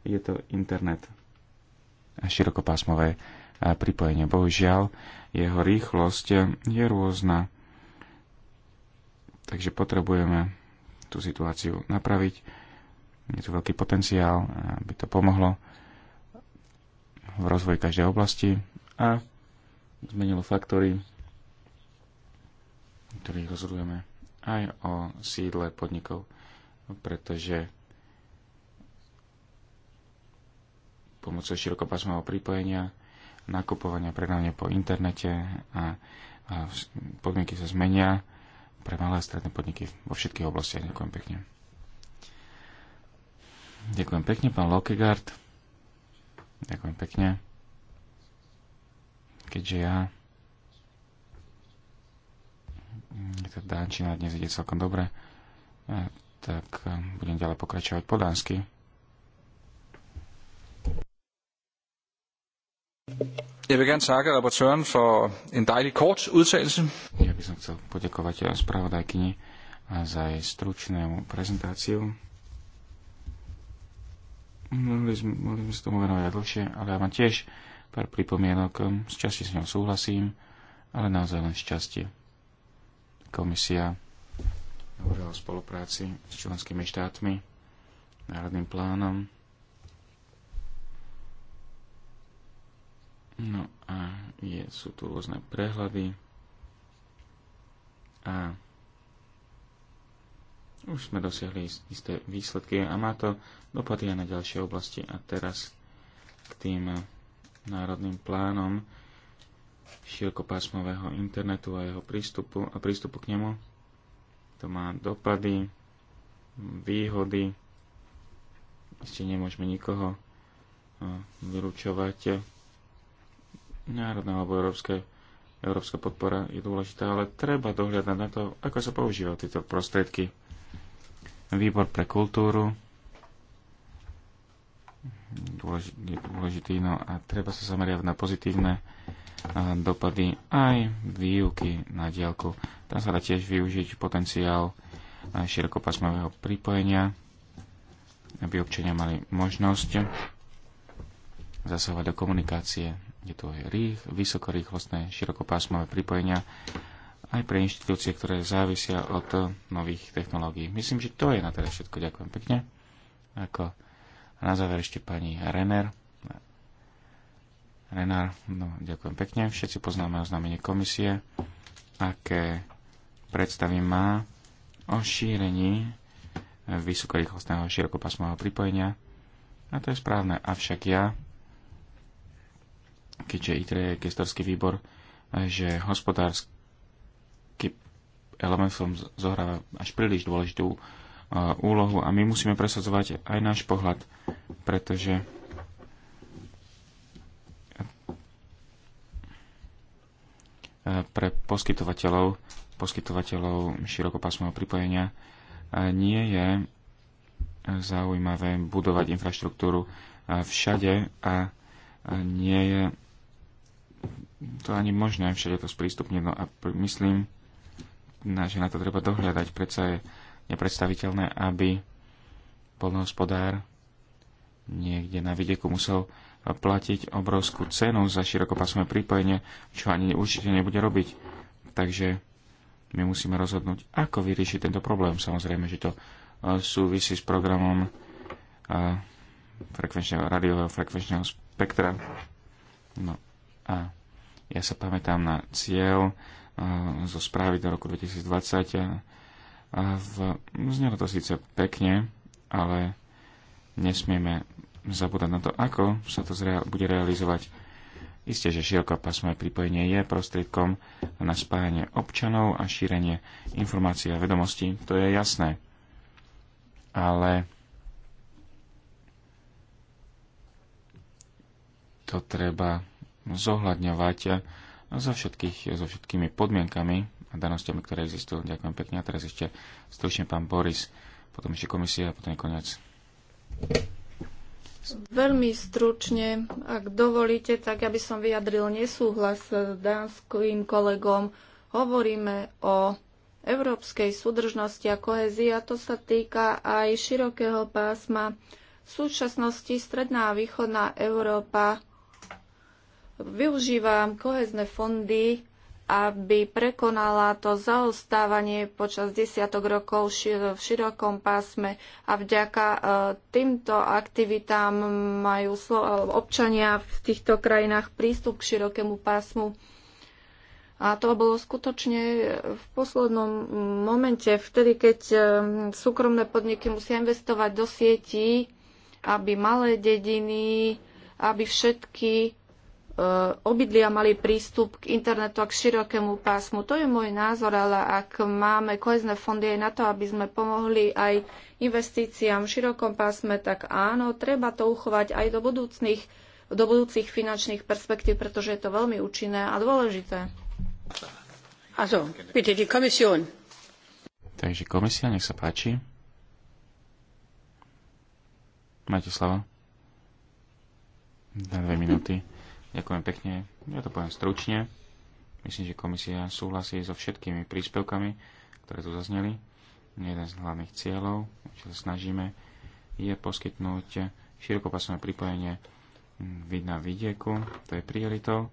je to internet širokopásmové pripojenie. Bohužiaľ, jeho rýchlosť je rôzna, takže potrebujeme tú situáciu napraviť. Je tu veľký potenciál, aby to pomohlo v rozvoji každej oblasti a zmenilo faktory, ktorých rozhodujeme aj o sídle podnikov, pretože pomocou širokopásmového pripojenia, nakupovania, predávania po internete a, a podmienky sa zmenia pre malé a stredné podniky vo všetkých oblastiach. Ďakujem pekne. Ďakujem pekne, pán Lokegard. Ďakujem pekne. Keďže ja tá dánčina dnes ide celkom dobre, eh, tak eh, budem ďalej pokračovať po dánsky. Ja by som chcel poďakovať ja eh, spravodajkyni eh, za jej stručnú prezentáciu. Mohli sme, sme sa tomu venovať dlhšie, ale ja mám tiež pár pripomienok. s časti s ňou súhlasím, ale naozaj len šťastie. Komisia hovorila o spolupráci s členskými štátmi, národným plánom, No a je, sú tu rôzne prehľady. A už sme dosiahli isté výsledky a má to dopady aj na ďalšie oblasti. A teraz k tým národným plánom širokopásmového internetu a jeho prístupu a prístupu k nemu. To má dopady, výhody. Ešte nemôžeme nikoho eh, vylúčovať národná alebo európske, európska podpora je dôležitá, ale treba dohľadať na to, ako sa používajú tieto prostriedky. Výbor pre kultúru je dôležitý no a treba sa zameriavať na pozitívne dopady aj výuky na diálku. Tam sa dá tiež využiť potenciál širokopasmového pripojenia, aby občania mali možnosť zasahovať do komunikácie je tu aj rých, vysokorýchlostné širokopásmové pripojenia aj pre inštitúcie, ktoré závisia od nových technológií. Myslím, že to je na teraz všetko. Ďakujem pekne. Ako na záver ešte pani Renner. Renár, no, ďakujem pekne. Všetci poznáme oznámenie komisie, aké predstavy má o šírení vysokorýchlostného širokopásmového pripojenia. A to je správne. Avšak ja keďže ITRE je gestorský výbor, že hospodársky element som zohráva až príliš dôležitú e, úlohu a my musíme presadzovať aj náš pohľad, pretože pre poskytovateľov, poskytovateľov širokopásmového pripojenia e, nie je zaujímavé budovať infraštruktúru e, všade a nie je to ani možné všade to sprístupniť. No a myslím, že na to treba dohľadať. Predsa je nepredstaviteľné, aby polnohospodár niekde na videku musel platiť obrovskú cenu za širokopásmové pripojenie, čo ani určite nebude robiť. Takže my musíme rozhodnúť, ako vyriešiť tento problém. Samozrejme, že to e, súvisí s programom e, frekvenčného, radiového frekvenčného spektra. No, a ja sa pamätám na cieľ e, zo správy do roku 2020. A v, znelo to síce pekne, ale nesmieme zabúdať na to, ako sa to zreal, bude realizovať. Isté, že širokopásmové pripojenie je prostriedkom na spájanie občanov a šírenie informácií a vedomostí, to je jasné. Ale to treba zohľadňovať so, všetkých, so všetkými podmienkami a danostiami, ktoré existujú. Ďakujem pekne. A teraz ešte stručne pán Boris, potom ešte komisia a potom je koniec. Veľmi stručne, ak dovolíte, tak ja by som vyjadril nesúhlas s dánskym kolegom. Hovoríme o európskej súdržnosti a kohezii a to sa týka aj širokého pásma. V súčasnosti stredná a východná Európa využívam kohezné fondy, aby prekonala to zaostávanie počas desiatok rokov v širokom pásme a vďaka e, týmto aktivitám majú e, občania v týchto krajinách prístup k širokému pásmu. A to bolo skutočne v poslednom momente, vtedy, keď e, súkromné podniky musia investovať do sietí, aby malé dediny, aby všetky Eh, obidlia mali prístup k internetu a k širokému pásmu. To je môj názor, ale ak máme kohezné fondy aj na to, aby sme pomohli aj investíciám v širokom pásme, tak áno, treba to uchovať aj do budúcich, do budúcich finančných perspektív, pretože je to veľmi účinné a dôležité. Also, bitte die Kommission. Takže komisia, nech sa páči. Máte slovo. Na dve minúty. Ďakujem pekne. Ja to poviem stručne. Myslím, že komisia súhlasí so všetkými príspevkami, ktoré tu zazneli. Jeden z hlavných cieľov, čo sa snažíme, je poskytnúť širokopasové pripojenie na vidieku, to je prioritou.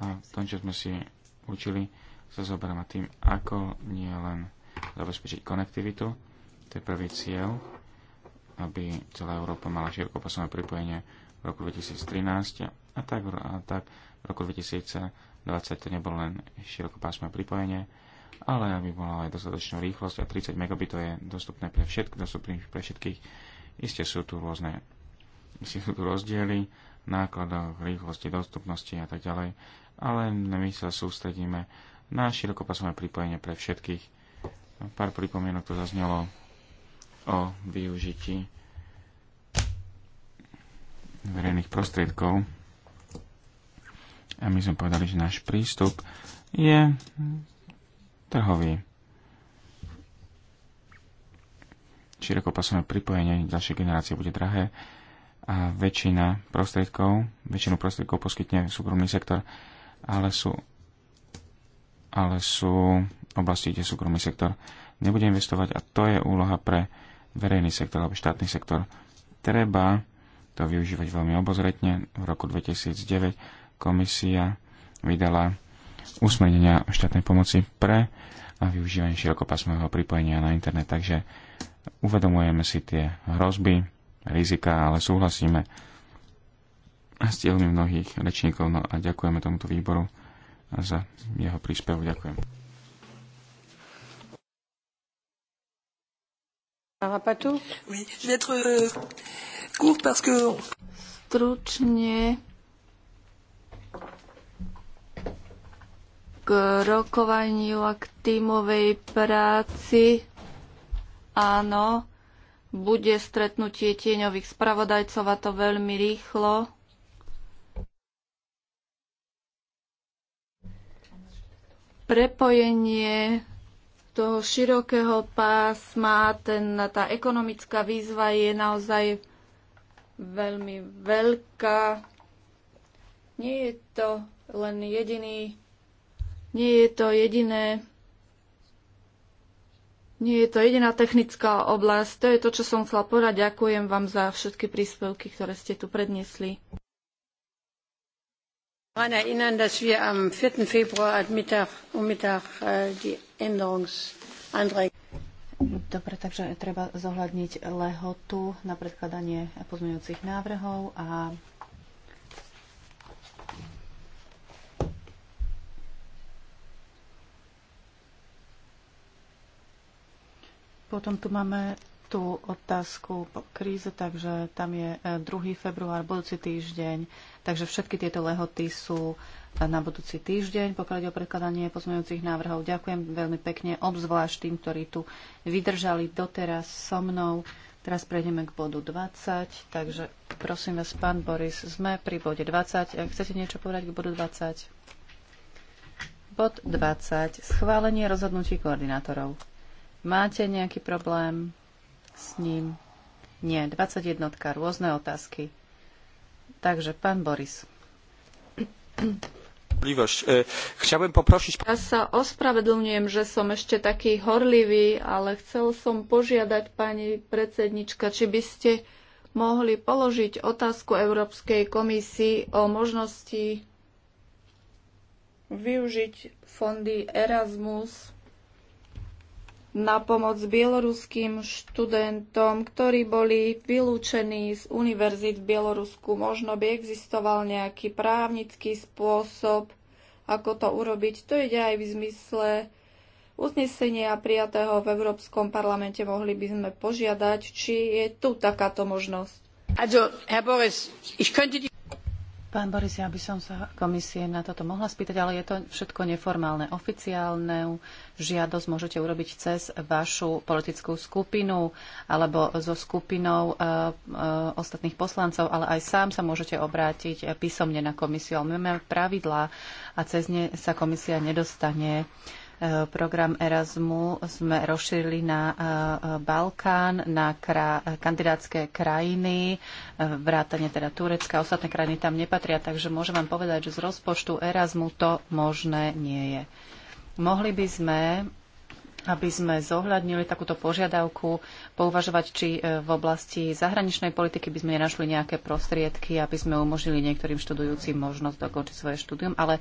A v tom, čo sme si učili, sa zoberáme tým, ako nie len zabezpečiť konektivitu, to je prvý cieľ, aby celá Európa mala širokopasové pripojenie v roku 2013 a tak, a tak v roku 2020 to nebolo len širokopásme pripojenie, ale aby bola aj dostatočná rýchlosť a 30 megabit je dostupné pre, všetk, dostupné pre všetkých. Isté sú tu rôzne isté sú tu rozdiely, nákladoch, rýchlosti, dostupnosti a tak ďalej, ale my sa sústredíme na širokopásmové pripojenie pre všetkých. Pár pripomienok to zaznelo o využití verejných prostriedkov a my sme povedali, že náš prístup je trhový. Širokopasové pripojenie ďalšej generácie bude drahé a väčšina prostriedkov, väčšinu prostriedkov poskytne súkromný sektor, ale sú, ale sú oblasti, kde súkromný sektor nebude investovať a to je úloha pre verejný sektor alebo štátny sektor. Treba to využívať veľmi obozretne. V roku 2009 komisia vydala usmernenia štátnej pomoci pre a využívanie širokopásmového pripojenia na internet. Takže uvedomujeme si tie hrozby, rizika, ale súhlasíme s cieľmi mnohých rečníkov no a ďakujeme tomuto výboru za jeho príspevok. Ďakujem. Euh, Stručne k rokovaniu a k tímovej práci. Áno, bude stretnutie tieňových spravodajcov a to veľmi rýchlo. Prepojenie toho širokého pásma, ten, tá ekonomická výzva je naozaj veľmi veľká. Nie je to len jediný nie je to jediné nie je to jediná technická oblasť. To je to, čo som chcela povedať. Ďakujem vám za všetky príspevky, ktoré ste tu predniesli. Daran erinnern, dass wir am 4. Februar Mittag, um Mittag äh, die Änderungsanträge. Dobre, takže treba zohľadniť lehotu na predkladanie pozmeňujúcich návrhov a Potom tu máme tú otázku po kríze, takže tam je 2. E, február, budúci týždeň. Takže všetky tieto lehoty sú e, na budúci týždeň, pokiaľ ide o predkladanie pozmeňujúcich návrhov. Ďakujem veľmi pekne, obzvlášť tým, ktorí tu vydržali doteraz so mnou. Teraz prejdeme k bodu 20, takže prosím vás, pán Boris, sme pri bode 20. E, chcete niečo povedať k bodu 20? Bod 20. Schválenie rozhodnutí koordinátorov. Máte nejaký problém s ním? Nie. 21. Rôzne otázky. Takže pán Boris. E, chciałbym poprosić... Ja sa ospravedlňujem, že som ešte taký horlivý, ale chcel som požiadať pani predsednička, či by ste mohli položiť otázku Európskej komisii o možnosti využiť fondy Erasmus na pomoc bieloruským študentom, ktorí boli vylúčení z univerzit v Bielorusku. Možno by existoval nejaký právnický spôsob, ako to urobiť. To ide aj v zmysle uznesenia prijatého v Európskom parlamente. Mohli by sme požiadať, či je tu takáto možnosť. Also, Herr Boris, ich könnte die... Pán Boris, ja by som sa komisie na toto mohla spýtať, ale je to všetko neformálne. Oficiálnu žiadosť môžete urobiť cez vašu politickú skupinu alebo so skupinou e, e, ostatných poslancov, ale aj sám sa môžete obrátiť e, písomne na komisiu. Ale my máme pravidlá a cez ne sa komisia nedostane. E, Program Erasmu sme rozšírili na eh, Balkán, na kra- kandidátske krajiny, eh, vrátane teda Turecka. Ostatné krajiny tam nepatria, takže môžem vám povedať, že z rozpočtu Erasmu to možné nie je. Mohli by sme aby sme zohľadnili takúto požiadavku, pouvažovať, či e, v oblasti zahraničnej politiky by sme nenašli nejaké prostriedky, aby sme umožnili niektorým študujúcim možnosť dokončiť svoje štúdium, ale e,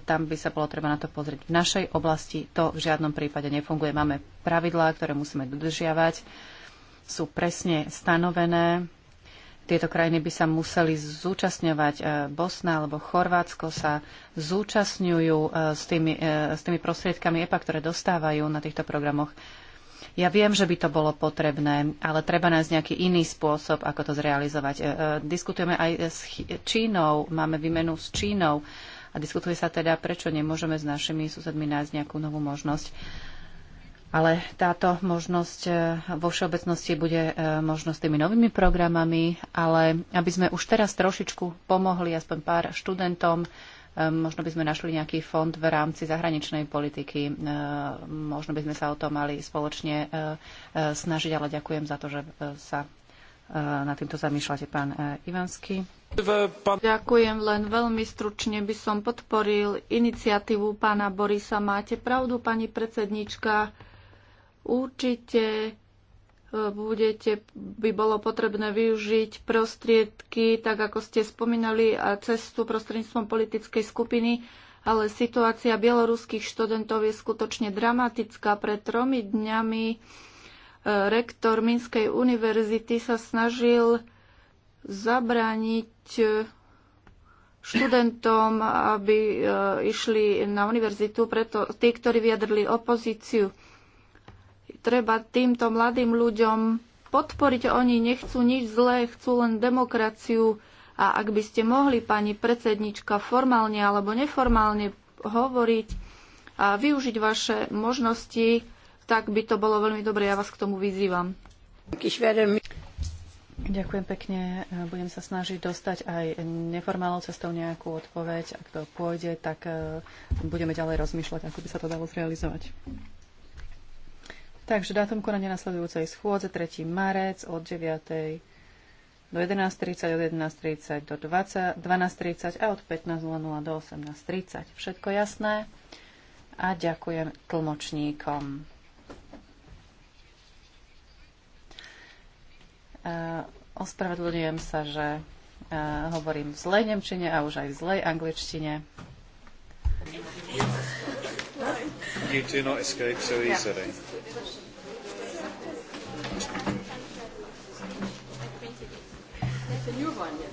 tam by sa bolo treba na to pozrieť. V našej oblasti to v žiadnom prípade nefunguje. Máme pravidlá, ktoré musíme dodržiavať, sú presne stanovené tieto krajiny by sa museli zúčastňovať. E, Bosna alebo Chorvátsko sa zúčastňujú e, s tými, e, s tými prostriedkami EPA, ktoré dostávajú na týchto programoch. Ja viem, že by to bolo potrebné, ale treba nájsť nejaký iný spôsob, ako to zrealizovať. diskutujeme aj s Čínou, máme výmenu s Čínou a diskutuje sa teda, prečo nemôžeme s našimi susedmi nájsť nejakú novú možnosť. Ale táto možnosť e, vo všeobecnosti bude e, možnosť tými novými programami, ale aby sme už teraz trošičku pomohli aspoň pár študentom, e, možno by sme našli nejaký fond v rámci zahraničnej politiky. Možno by sme sa o to mali spoločne snažiť, ale ďakujem za to, že sa na týmto zamýšľate, pán Ivanský. Ďakujem, len veľmi stručne by som podporil iniciatívu pána Borisa. Máte pravdu, pani predsednička Určite e, budete, by bolo potrebné využiť prostriedky, tak ako ste spomínali, a cestu prostredníctvom politickej skupiny, ale situácia bieloruských študentov je skutočne dramatická. Pred tromi dňami e, rektor Minskej univerzity sa snažil zabrániť e, študentom, aby išli na univerzitu, preto tí, ktorí vyjadrili opozíciu treba týmto mladým ľuďom podporiť. Oni nechcú nič zlé, chcú len demokraciu. A ak by ste mohli, pani predsednička, formálne alebo neformálne hovoriť a využiť vaše možnosti, tak by to bolo veľmi dobre. Ja vás k tomu vyzývam. Ďakujem pekne. Budem sa snažiť dostať aj neformálnou cestou nejakú odpoveď. Ak to pôjde, tak budeme ďalej rozmýšľať, ako by sa to dalo zrealizovať. Takže dátum konania nasledujúcej schôdze 3. marec od 9. do 11.30, od 11.30 do 20, 12.30 a od 15.00 do 18.30. Všetko jasné? A ďakujem tlmočníkom. E, ospravedlňujem sa, že e, hovorím v zlej nemčine a už aj v zlej angličtine. You do not escape so easily. Yeah. That's a new one, yes.